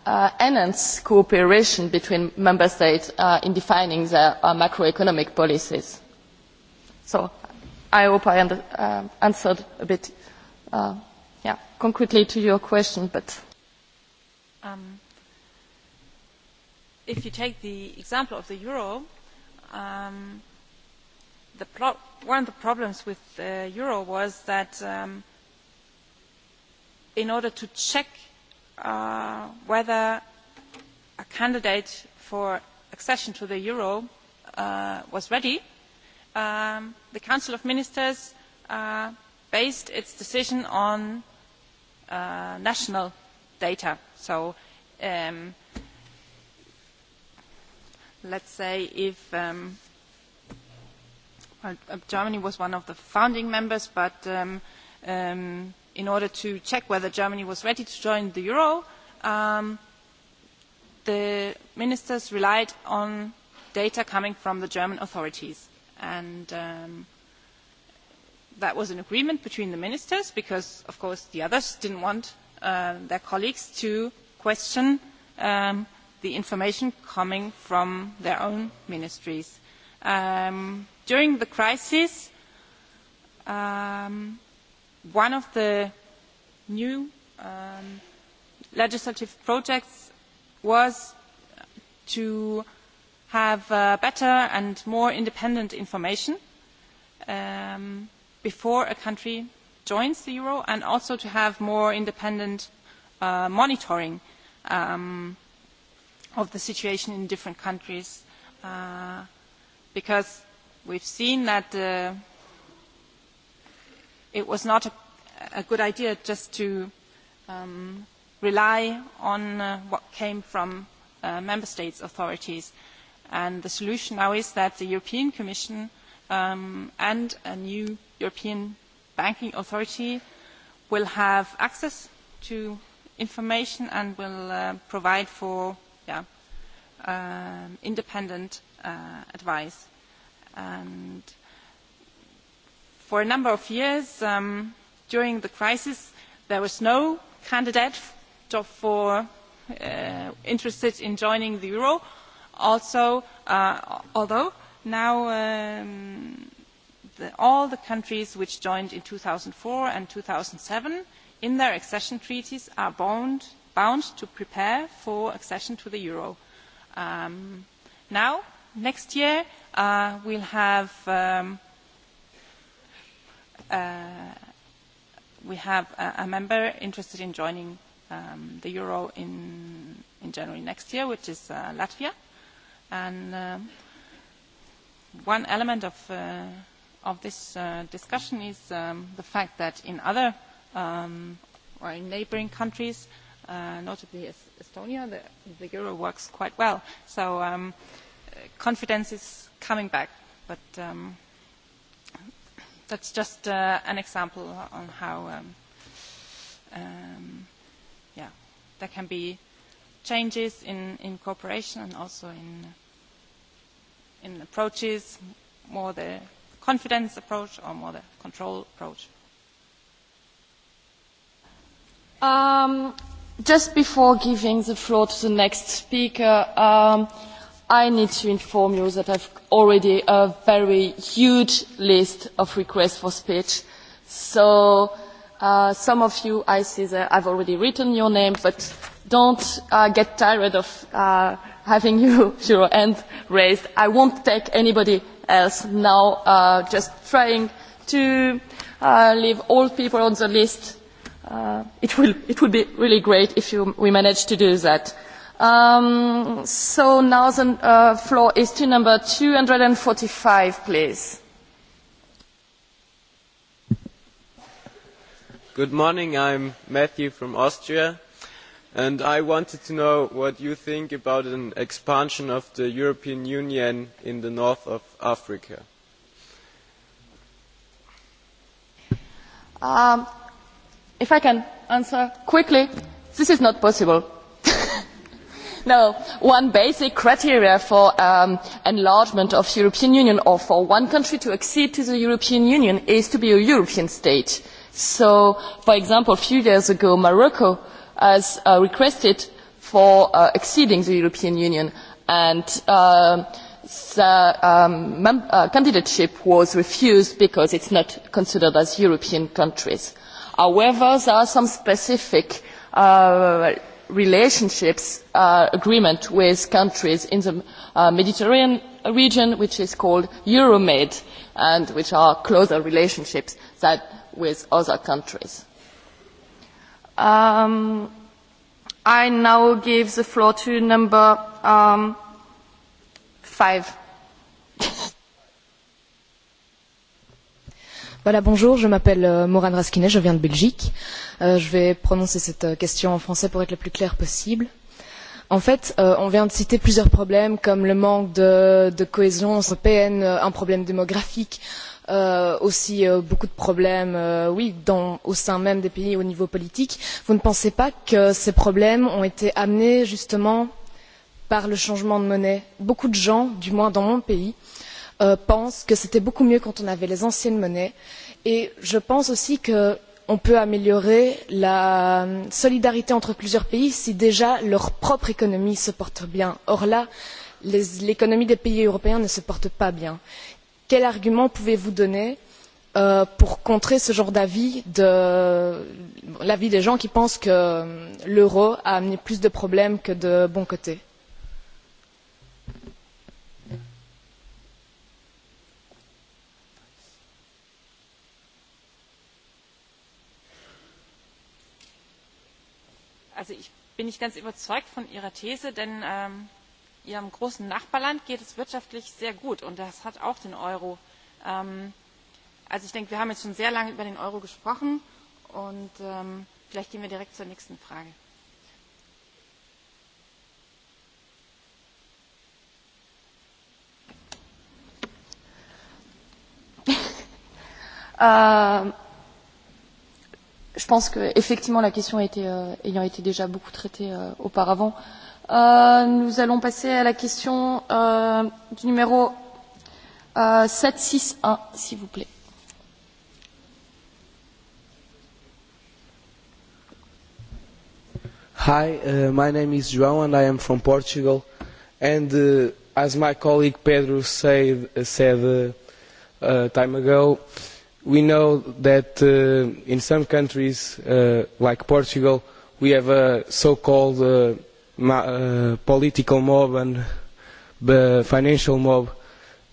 uh, enhance cooperation between member states uh, in defining their uh, macroeconomic policies. So I hope I under, answered a bit uh, yeah, concretely to your question, but
if you take the example of the euro, um, the pro- one of the problems with the euro was that um, in order to check uh, whether a candidate for accession to the euro uh, was ready, um, the Council of Ministers uh, based its decision on uh, national data. So um, let's say, if um, Germany was one of the founding members, but um, um, in order to check whether Germany was ready to join the euro, um, the ministers relied on data coming from the German authorities. And um, that was an agreement between the ministers because, of course, the others didn't want uh, their colleagues to question um, the information coming from their own ministries. during the crisis, one of the new legislative projects was to have better and more independent information before a country joins the euro and also to have more independent monitoring um, of the situation in different countries uh, because we've seen that uh, it was not a, a good idea just to um, rely on uh, what came from uh, member states authorities and the solution now is that the European Commission um, and a new European banking authority will have access to information and will uh, provide for yeah, um, independent uh, advice. And for a number of years um, during the crisis, there was no candidate for uh, interested in joining the euro. Also, uh, although now um, the, all the countries which joined in 2004 and 2007 in their accession treaties are bound bound to prepare for accession to the euro. Um, now, next year, uh, we'll have um, uh, we have a, a member interested in joining um, the euro in in January next year, which is uh, Latvia, and um, one element of uh, of this uh, discussion is um, the fact that in other um, or in neighbouring countries uh, notably Estonia, the, the euro works quite well. So um, confidence is coming back, but um, that's just uh, an example on how um, um, yeah, there can be changes in, in cooperation and also in, in approaches, more the confidence approach or more the control approach.
Um, Just before giving the floor to the next speaker, um, I need to inform you that I've already a very huge list of requests for speech. So uh, some of you, I see that I've already written your name, but don't uh, get tired of uh, having you, your hand raised. I won't take anybody else now, uh, just trying to uh, leave all people on the list it will it would be really great if you, we manage to do that. Um, so now the uh, floor is to number 245, please.
Good morning. I'm Matthew from Austria, and I wanted to know what you think about an expansion of the European Union in the north of Africa.
Um, if i can answer quickly this is not possible. no one basic criterion for enlargement of the european union or for one country to accede to the european union is to be a european state. so for example a few years ago morocco requested for acceding to the european union and the candidateship was refused because it is not considered as a european country however there are some specific relationships agreements with countries in the mediterranean region which is called euromed and which are closer relationships than with other countries. i now give the floor to number five.
Voilà, bonjour, je m'appelle Morane Raskinet, je viens de Belgique. je vais prononcer cette question en français pour être la plus claire possible. En fait, on vient de citer plusieurs problèmes comme le manque de, cohésion européenne, un problème démographique, aussi beaucoup de problèmes au sein même des pays au niveau politique. Vous ne pensez pas que ces problèmes ont été amenés justement par le changement de monnaie Beaucoup de gens, du moins dans mon pays, pensent que c'était beaucoup mieux quand on avait les anciennes monnaies et je pense aussi qu'on peut améliorer la solidarité entre plusieurs pays si déjà leur propre économie se porte bien. or là l'économie des pays européens ne se porte pas bien. quel argument pouvez vous donner pour contrer ce genre d'avis l'avis des gens qui pensent que l'euro a amené plus de problèmes que de bons côtés?
also ich bin nicht ganz überzeugt von Ihrer These, denn ähm, Ihrem großen Nachbarland geht es wirtschaftlich sehr gut und das hat auch den Euro. Ähm, also ich denke, wir haben jetzt schon sehr lange über den Euro gesprochen und ähm, vielleicht gehen wir direkt zur nächsten Frage.
Um, je pense que effectivement la question a été, euh, ayant été déjà beaucoup traitée euh, auparavant. Euh, nous allons passer à la question euh, du numéro euh, 761, s'il vous plaît.
Hi, uh, my name is João and I am from Portugal. And uh, as my colleague Pedro said, said uh, uh, time ago, uh, we know that in some countries like Portugal, we have a so-called political mob and the financial mob,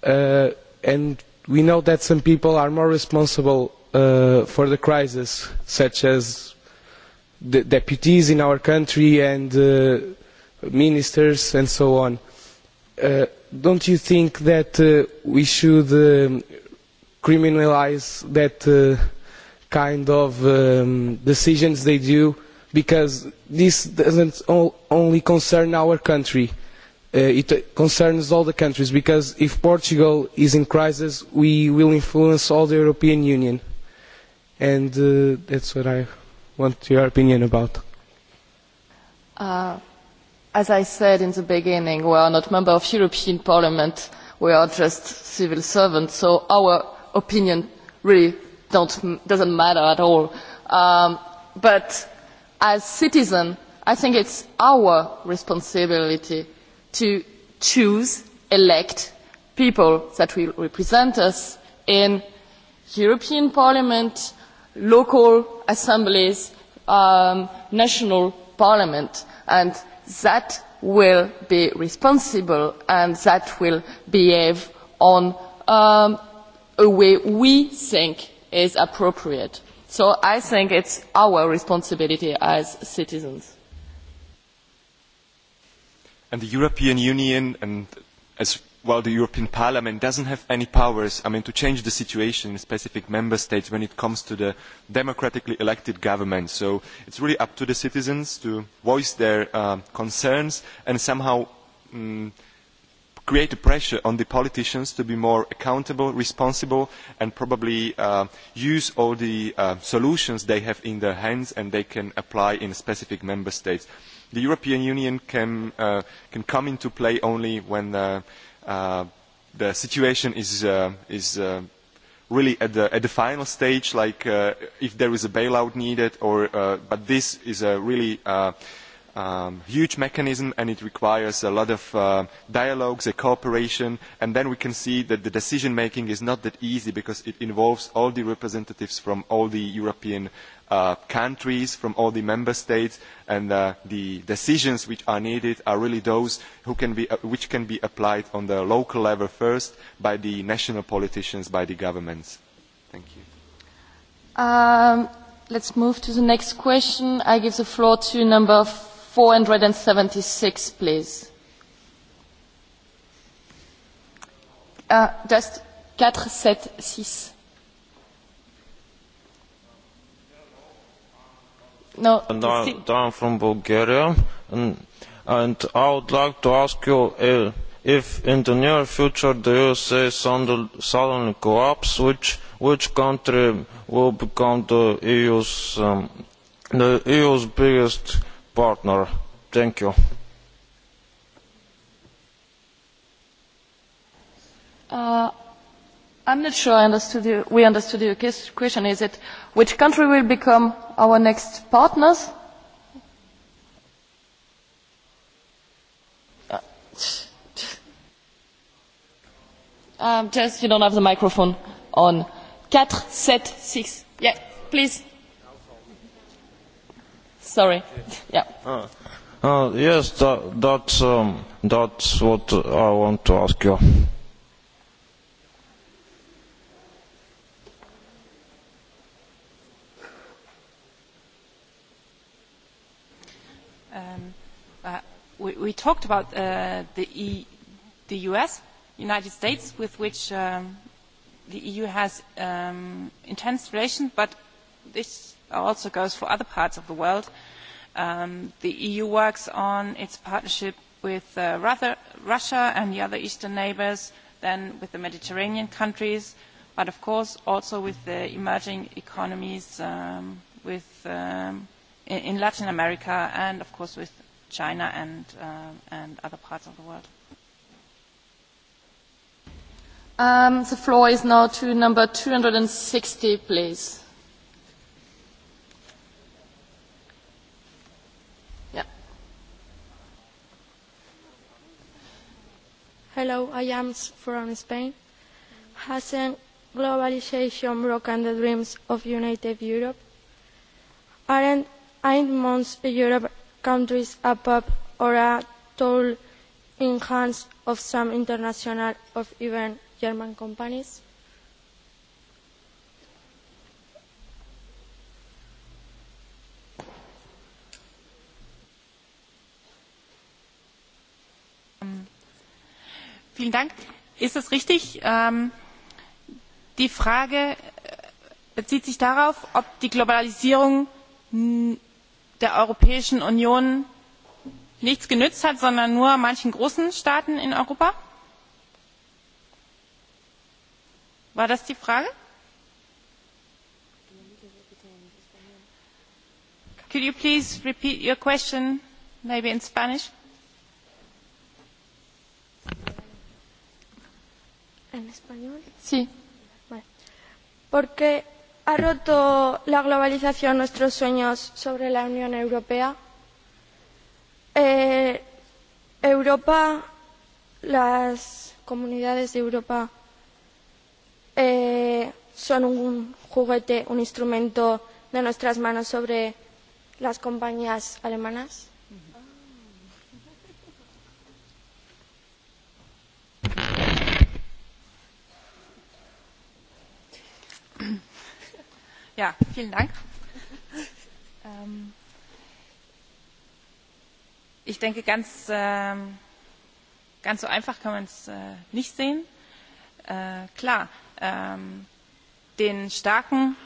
and we know that some people are more responsible for the crisis, such as the deputies in our country and ministers and so on. don't you think that we should criminalize that uh, kind of um, decisions they do because this doesn't all, only concern our country. Uh, it concerns all the countries because if Portugal is in crisis, we will influence all the European Union. And uh, that's what I want your opinion about.
Uh, as I said in the beginning, we are not members of European Parliament. We are just civil servants, so our opinion really does not matter at all. but as citizens, I think it is our responsibility to choose, elect people that will represent us in European Parliament, local assemblies, national parliament, and that will be responsible and that will behave on a way we think is appropriate. So I think it's our responsibility as citizens.
And the European Union and as well the European Parliament doesn't have any powers I mean, to change the situation in specific member states when it comes to the democratically elected government. So it's really up to the citizens to voice their uh, concerns and somehow create a pressure on the politicians to be more accountable, responsible, and probably use all the solutions they have in their hands and they can apply in specific member states. The European Union can, come into play only when the situation is, really at the, at the final stage, like if there is a bailout needed, or, but this is a really um, huge mechanism and it requires a lot of uh, dialogues and cooperation and then we can see that the decision making is not that easy because it involves all the representatives from all the European uh, countries, from all the member states and uh, the decisions which are needed are really those who can be, uh, which can be applied on the local level first by the national politicians, by the governments. Thank
you. Um, let's move to the next question. I give the floor to number four 476, please. Uh, just 476. No, I
I'm from Bulgaria, and, and I would like to ask you uh, if in the near future the USA suddenly collapse, which, which country will become the EU's, um, the EU's biggest partner. Thank you.
Uh, I'm not sure I understood you. we understood your question. Is it which country will become our next partners? Um, just you don't have the microphone on. 4, 7, 6. Yeah, please. Sorry. Yeah. Uh,
uh, yes, that, that's, um, that's what I want to ask you.
we, we talked about uh, the, e, the U.S., United States, with which um, the EU has um, intense relations, but this also goes for other parts of the world. the EU works on its partnership with Russia and the other eastern neighbours, then with the Mediterranean countries, but of course also with the emerging economies in Latin America and of course with China and, other parts of the world.
the floor is now to number 260, please.
Hello, I am from Spain. Hasn't globalization broken the dreams of united Europe? Aren't, aren't most Europe countries a pub or a toll in hands of some international or even German companies?
Ist es richtig? die Frage bezieht sich darauf, ob die Globalisierung der Europäischen Union nichts genützt hat, sondern nur manchen großen Staaten in Europa? War das die Frage? Could you please repeat your question, maybe in Spanish?
¿En español? Sí. Vale. ¿Por qué ha roto la globalización nuestros sueños sobre la Unión Europea? Eh, Europa, las comunidades de Europa eh, son un juguete, un instrumento de nuestras manos sobre las compañías alemanas.
Ja, vielen Dank. Ähm, ich denke, ganz, ähm, ganz so einfach kann man es äh, nicht sehen. Äh, klar, ähm, den starken,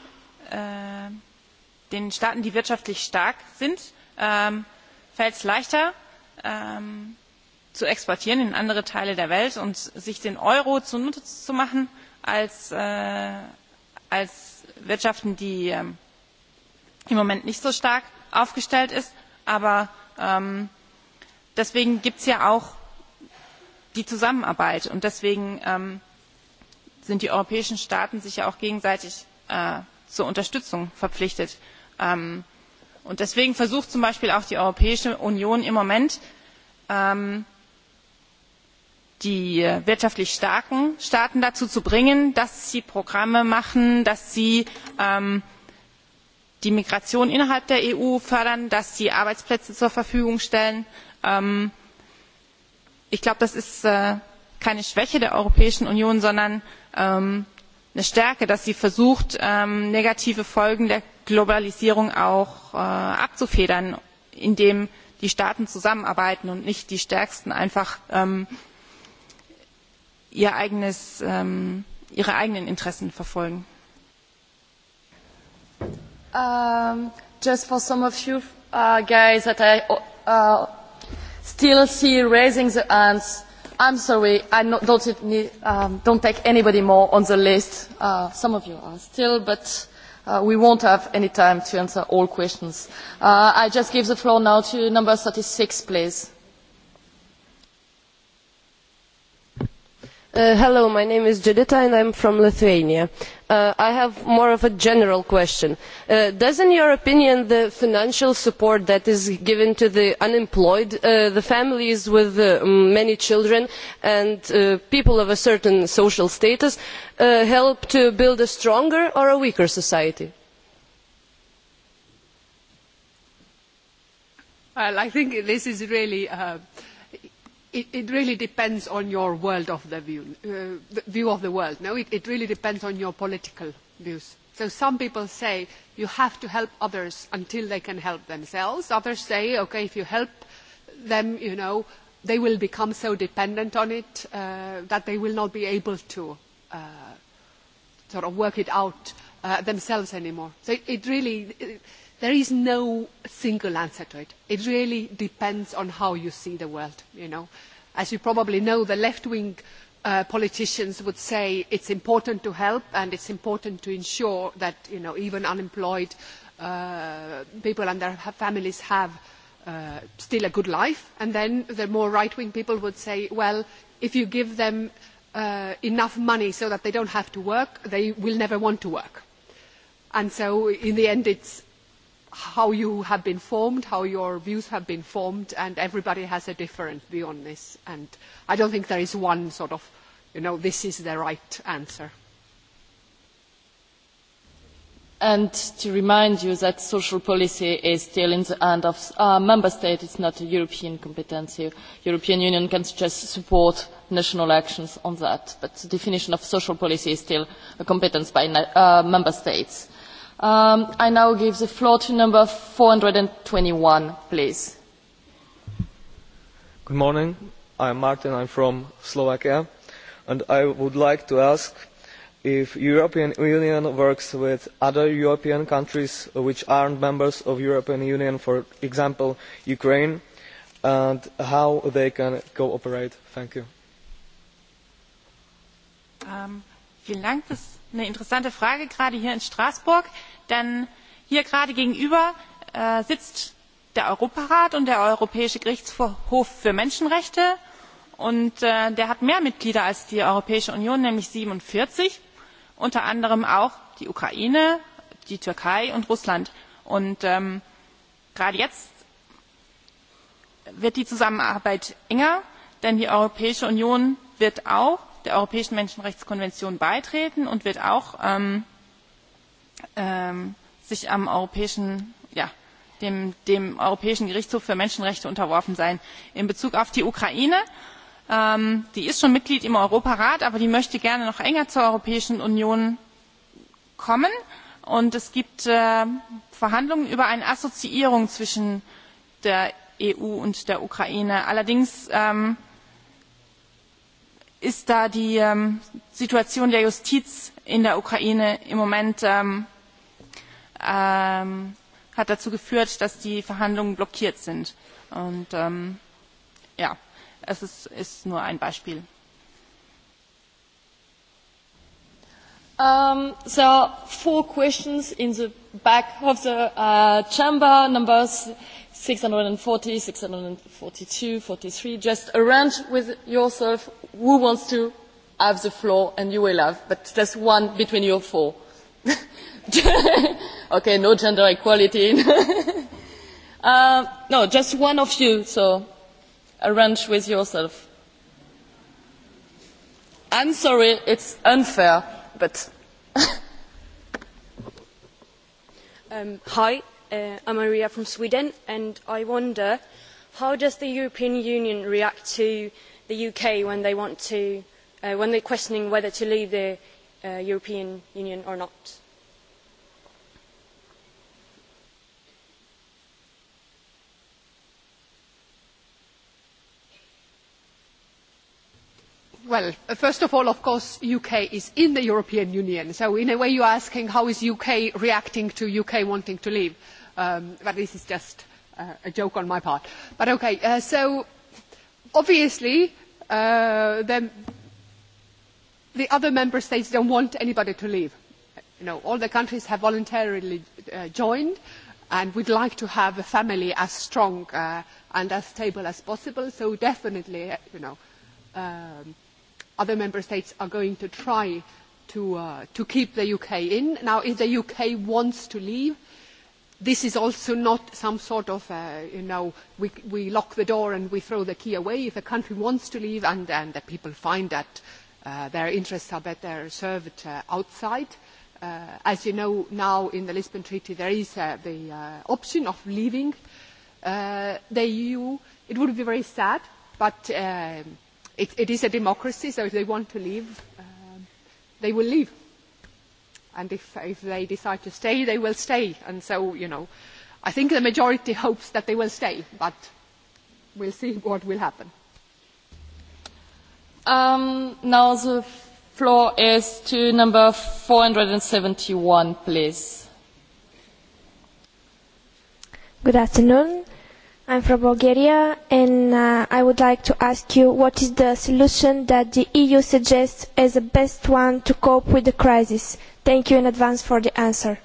äh, den Staaten, die wirtschaftlich stark sind, ähm, fällt es leichter, ähm, zu exportieren in andere Teile der Welt und sich den Euro zunutze zu machen als, äh, als Wirtschaften, die im Moment nicht so stark aufgestellt ist. Aber deswegen gibt es ja auch die Zusammenarbeit. Und deswegen sind die europäischen Staaten sich ja auch gegenseitig zur Unterstützung verpflichtet. und deswegen versucht zum Beispiel auch die Europäische Union im Moment, die wirtschaftlich starken Staaten dazu zu bringen, dass sie Programme machen, dass sie die Migration innerhalb der EU fördern, dass sie Arbeitsplätze zur Verfügung stellen. ich glaube, das ist keine Schwäche der Europäischen Union, sondern eine Stärke, dass sie versucht, negative Folgen der Globalisierung auch abzufedern, indem die Staaten zusammenarbeiten und nicht die Stärksten einfach ihr eigenes, ähm, ihre eigenen Interessen verfolgen.
Um,
just for some of you uh, guys that I uh, still see raising the hands, I'm sorry, I not, don't, need, um, don't take anybody more on the list. Uh, some of you are still, but uh, we won't have any time to answer all questions. Uh, I just give the floor now to number 36, please.
hello, my name is Judita and I am from Lithuania. I have more of a general question. does, in your opinion, the financial support that is given to the unemployed, the families with many children, and people of a certain social status help to build a stronger or a weaker society?
I think this is really. Uh, it, it really depends on your world of the view, uh, view of the world. No, it, it really depends on your political views. So some people say you have to help others until they can help themselves. Others say, okay, if you help them, you know, they will become so dependent on it uh, that they will not be able to uh, sort of work it out uh, themselves anymore. So it, it really. It, There is no single answer to it. It really depends on how you see the world. You know, as you probably know, the left-wing politicians would say it is important to help and it is important to ensure that even unemployed people and their families have still a good life. And then the more right-wing people would say, well, if you give them enough money so that they do not have to work, they will never want to work. And so in the end, it's how you have been formed, how your views have been formed, and everybody has a different view on this. And I don't think there is one sort of, you know, this is the right answer. And to remind you that social
policy is still in the hand of a member state, it's not a European competence. The European Union can just support national actions on that, but the definition of social policy is still a competence by member states Um, I now give the floor to number 421, please.
Good
morning. I'm Martin. I'm from Slovakia. And I would like to ask if European Union works with other European countries which aren't members of European Union, for example, Ukraine, and how they can cooperate. Thank you.
Um, vielen Dank. Das eine interessante Frage, gerade hier in Straßburg. Denn hier gerade gegenüber sitzt der Europarat und der Europäische Gerichtshof für Menschenrechte. Und der hat mehr Mitglieder als die Europäische Union, nämlich 47. Unter anderem auch die Ukraine, die Türkei und Russland. Und gerade jetzt wird die Zusammenarbeit enger, denn die Europäische Union wird auch der Europäischen Menschenrechtskonvention beitreten und wird auch ähm, ähm, sich am europäischen, ja, dem, dem Europäischen Gerichtshof für Menschenrechte unterworfen sein. In Bezug auf die Ukraine, ähm, die ist schon Mitglied im Europarat, aber die möchte gerne noch enger zur Europäischen Union kommen. Und es gibt äh, Verhandlungen über eine Assoziierung zwischen der EU und der Ukraine. Allerdings ähm, ist da die Situation der Justiz in der Ukraine im Moment hat dazu geführt, dass die Verhandlungen blockiert sind. Und ja, es ist, nur ein Beispiel.
four questions in the back of the chamber, numbers Six six hundred hundred and and forty, forty two, forty three, Just arrange with yourself who wants to have the floor and you will have, but just one between your four. okay, no gender equality. uh, no, just one of you, so arrange with yourself. I'm sorry, it's unfair, but.
um, hi, I'm Maria from Sweden, and I wonder how does the European Union react to the UK when they want to, when they're questioning whether to leave the European Union or not?
Well, first of all, of course, the UK is in the European Union. So in a way, you are asking how is UK reacting to UK wanting to leave. but this is just a joke on my part. But okay, so obviously the, other member states don't want anybody to leave. all the countries have voluntarily joined and would like to have a family as strong and as stable as possible. So definitely, you know, um, other member states are going to try to, keep the UK in. Now, if the UK wants to leave, this is also not some sort of, you know, we, we lock the door and we throw the key away. If a country wants to leave and, and the people find that their interests are better served outside, as you know now in the Lisbon Treaty there is the option of leaving the EU. It would be very sad, but it, it is a democracy, so if they want to leave, um, they will leave. And if, if they decide to stay, they will stay. And so, you know, I think the majority hopes that they will stay, but we'll see what will happen.
Um, now the floor is to number 471, please.
Good afternoon. I'm from Bulgaria, and uh, I would like to ask you what is the solution that the EU suggests as the best one to cope with the crisis? Thank you in advance for the answer.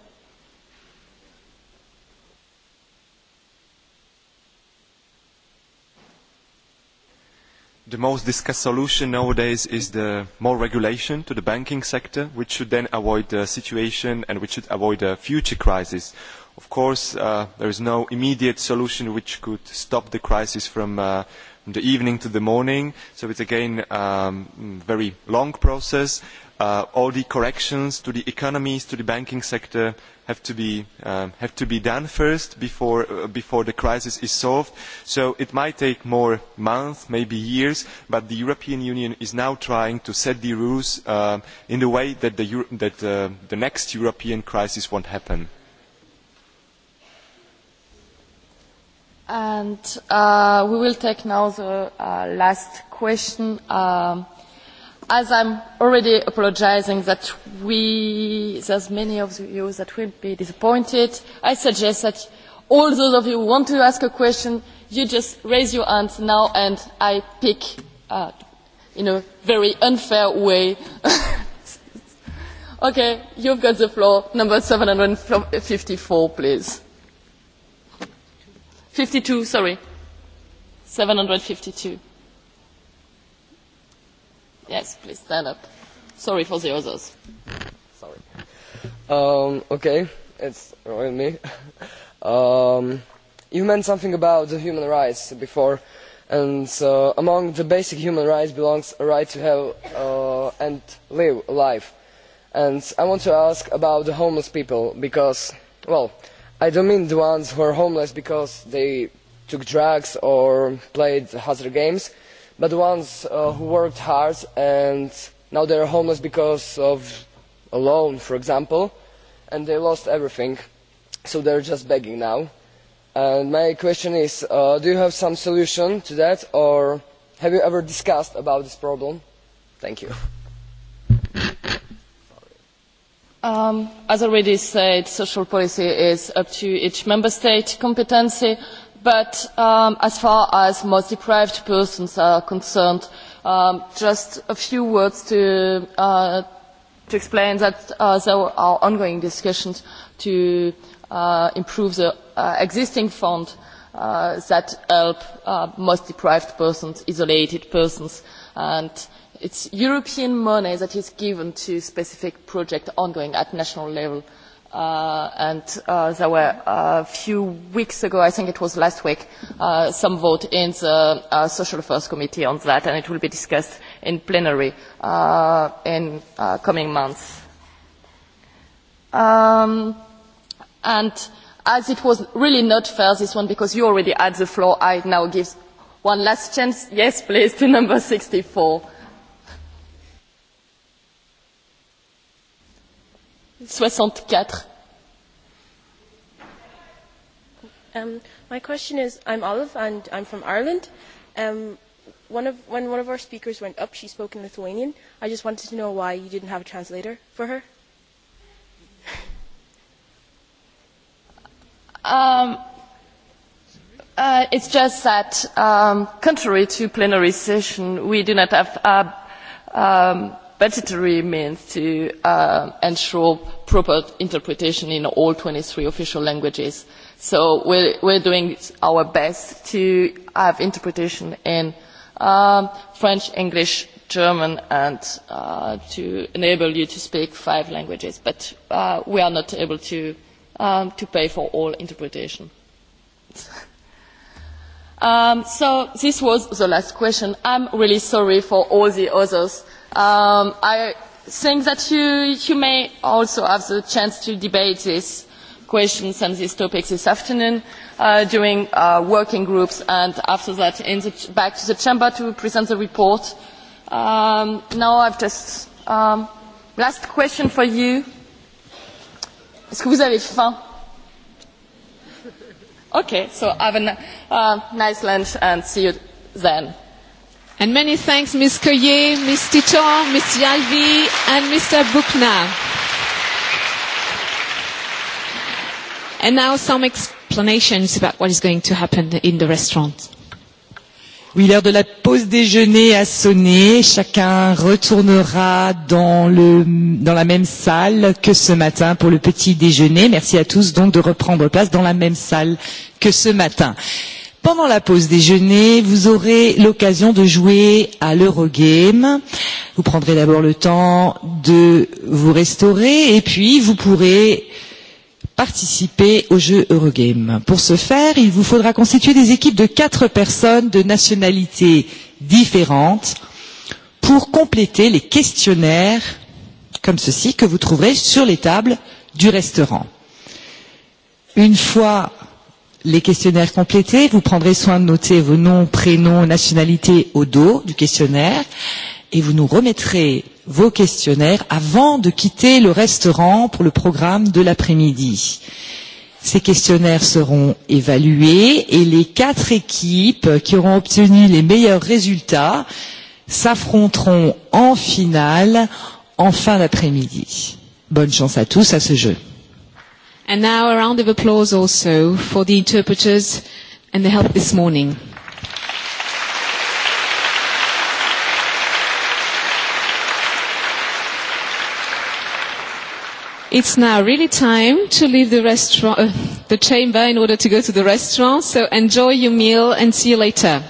The most discussed solution nowadays is the more regulation to the banking sector, which should then avoid the situation and which should avoid a future crisis Of course, there is no immediate solution which could stop the crisis from the evening to the morning. So it's again a very long process. all the corrections to the economies, to the banking sector have to be, have to be done first before, the crisis is solved. So it might take more months, maybe years, but the European Union is now trying to set the rules in the way that the next European crisis won't happen
And uh, we will take now the uh, last question. Um, as I'm already apologizing that we, there's many of you that will be disappointed, I suggest that all those of you who want to ask a question, you just raise your hands now and I pick uh, in a very unfair way. okay, you've got the floor, number 754, please fifty two sorry seven hundred and fifty two
yes please stand up sorry for the others sorry um okay it's really me um you meant something about the human rights before and uh, among the basic human rights belongs a right to have uh, and live a life and i want to ask about the homeless people because well I don't mean the ones who are homeless because they took drugs or played hazard games, but the ones who worked hard and now they are homeless because of a loan, for example, and they lost everything, so they are just begging now. And my question is, do you have some solution to that, or have you ever discussed about this problem? Thank you
as already said, social policy is up to each member state competency, but as far as most deprived persons are concerned, just a few words to, explain that there are ongoing discussions to improve the existing fund that help most deprived persons, isolated persons, and It is European money that is given to specific projects ongoing at national level. and there were a few weeks ago, I think it was last week, some vote in the Social Affairs Committee on that, and it will be discussed in plenary in the coming months. and as it was really not fair, this one, because you already had the floor, I now give one last chance, yes please, to number sixty four soixante quatre.
Um, My question is, I'm Olive and I'm from Ireland. Um, one of, when one of our speakers went up, she spoke in Lithuanian. I just wanted to know why you didn't have a translator for her.
Um, uh, it's just that, um, contrary to plenary session, we do not have uh, um, budgetary means to ensure proper interpretation in all twenty three official languages. So we're, we're doing our best to have interpretation in French, English, German, and to enable you to speak five languages. But we are not able to, to pay for all interpretation. so this was the last question. I'm really sorry for all the others Um, I think that you, you may also have the chance to debate these questions and these topics this afternoon uh, during uh, working groups and after that in the, back to the chamber to present the report. Um, now I've just... Um, last question for you. Est-ce que vous avez faim? Okay, so have a uh, nice lunch and see you then.
And many thanks, Ms. Coyer, Ms. Titon, Ms. Yalvi, and Mr. Buchna, And now some explanations about what is going to happen in the restaurant.
Oui, l'heure de la pause déjeuner a sonné. Chacun retournera dans, le, dans la même salle que ce matin pour le petit déjeuner. Merci à tous donc de reprendre place dans la même salle que ce matin. Pendant la pause déjeuner, vous aurez l'occasion de jouer à l'Eurogame. Vous prendrez d'abord le temps de vous restaurer et puis vous pourrez participer au jeu Eurogame. Pour ce faire, il vous faudra constituer des équipes de quatre personnes de nationalités différentes pour compléter les questionnaires comme ceci que vous trouverez sur les tables du restaurant. Une fois les questionnaires complétés. Vous prendrez soin de noter vos noms, prénoms, nationalités au dos du questionnaire et vous nous remettrez vos questionnaires avant de quitter le restaurant pour le programme de l'après-midi. Ces questionnaires seront évalués et les quatre équipes qui auront obtenu les meilleurs résultats s'affronteront en finale en fin d'après-midi. Bonne chance à tous à ce jeu.
And now a round of applause also for the interpreters and the help this morning. It's now really time to leave the restaurant, uh, the chamber in order to go to the restaurant. So enjoy your meal and see you later.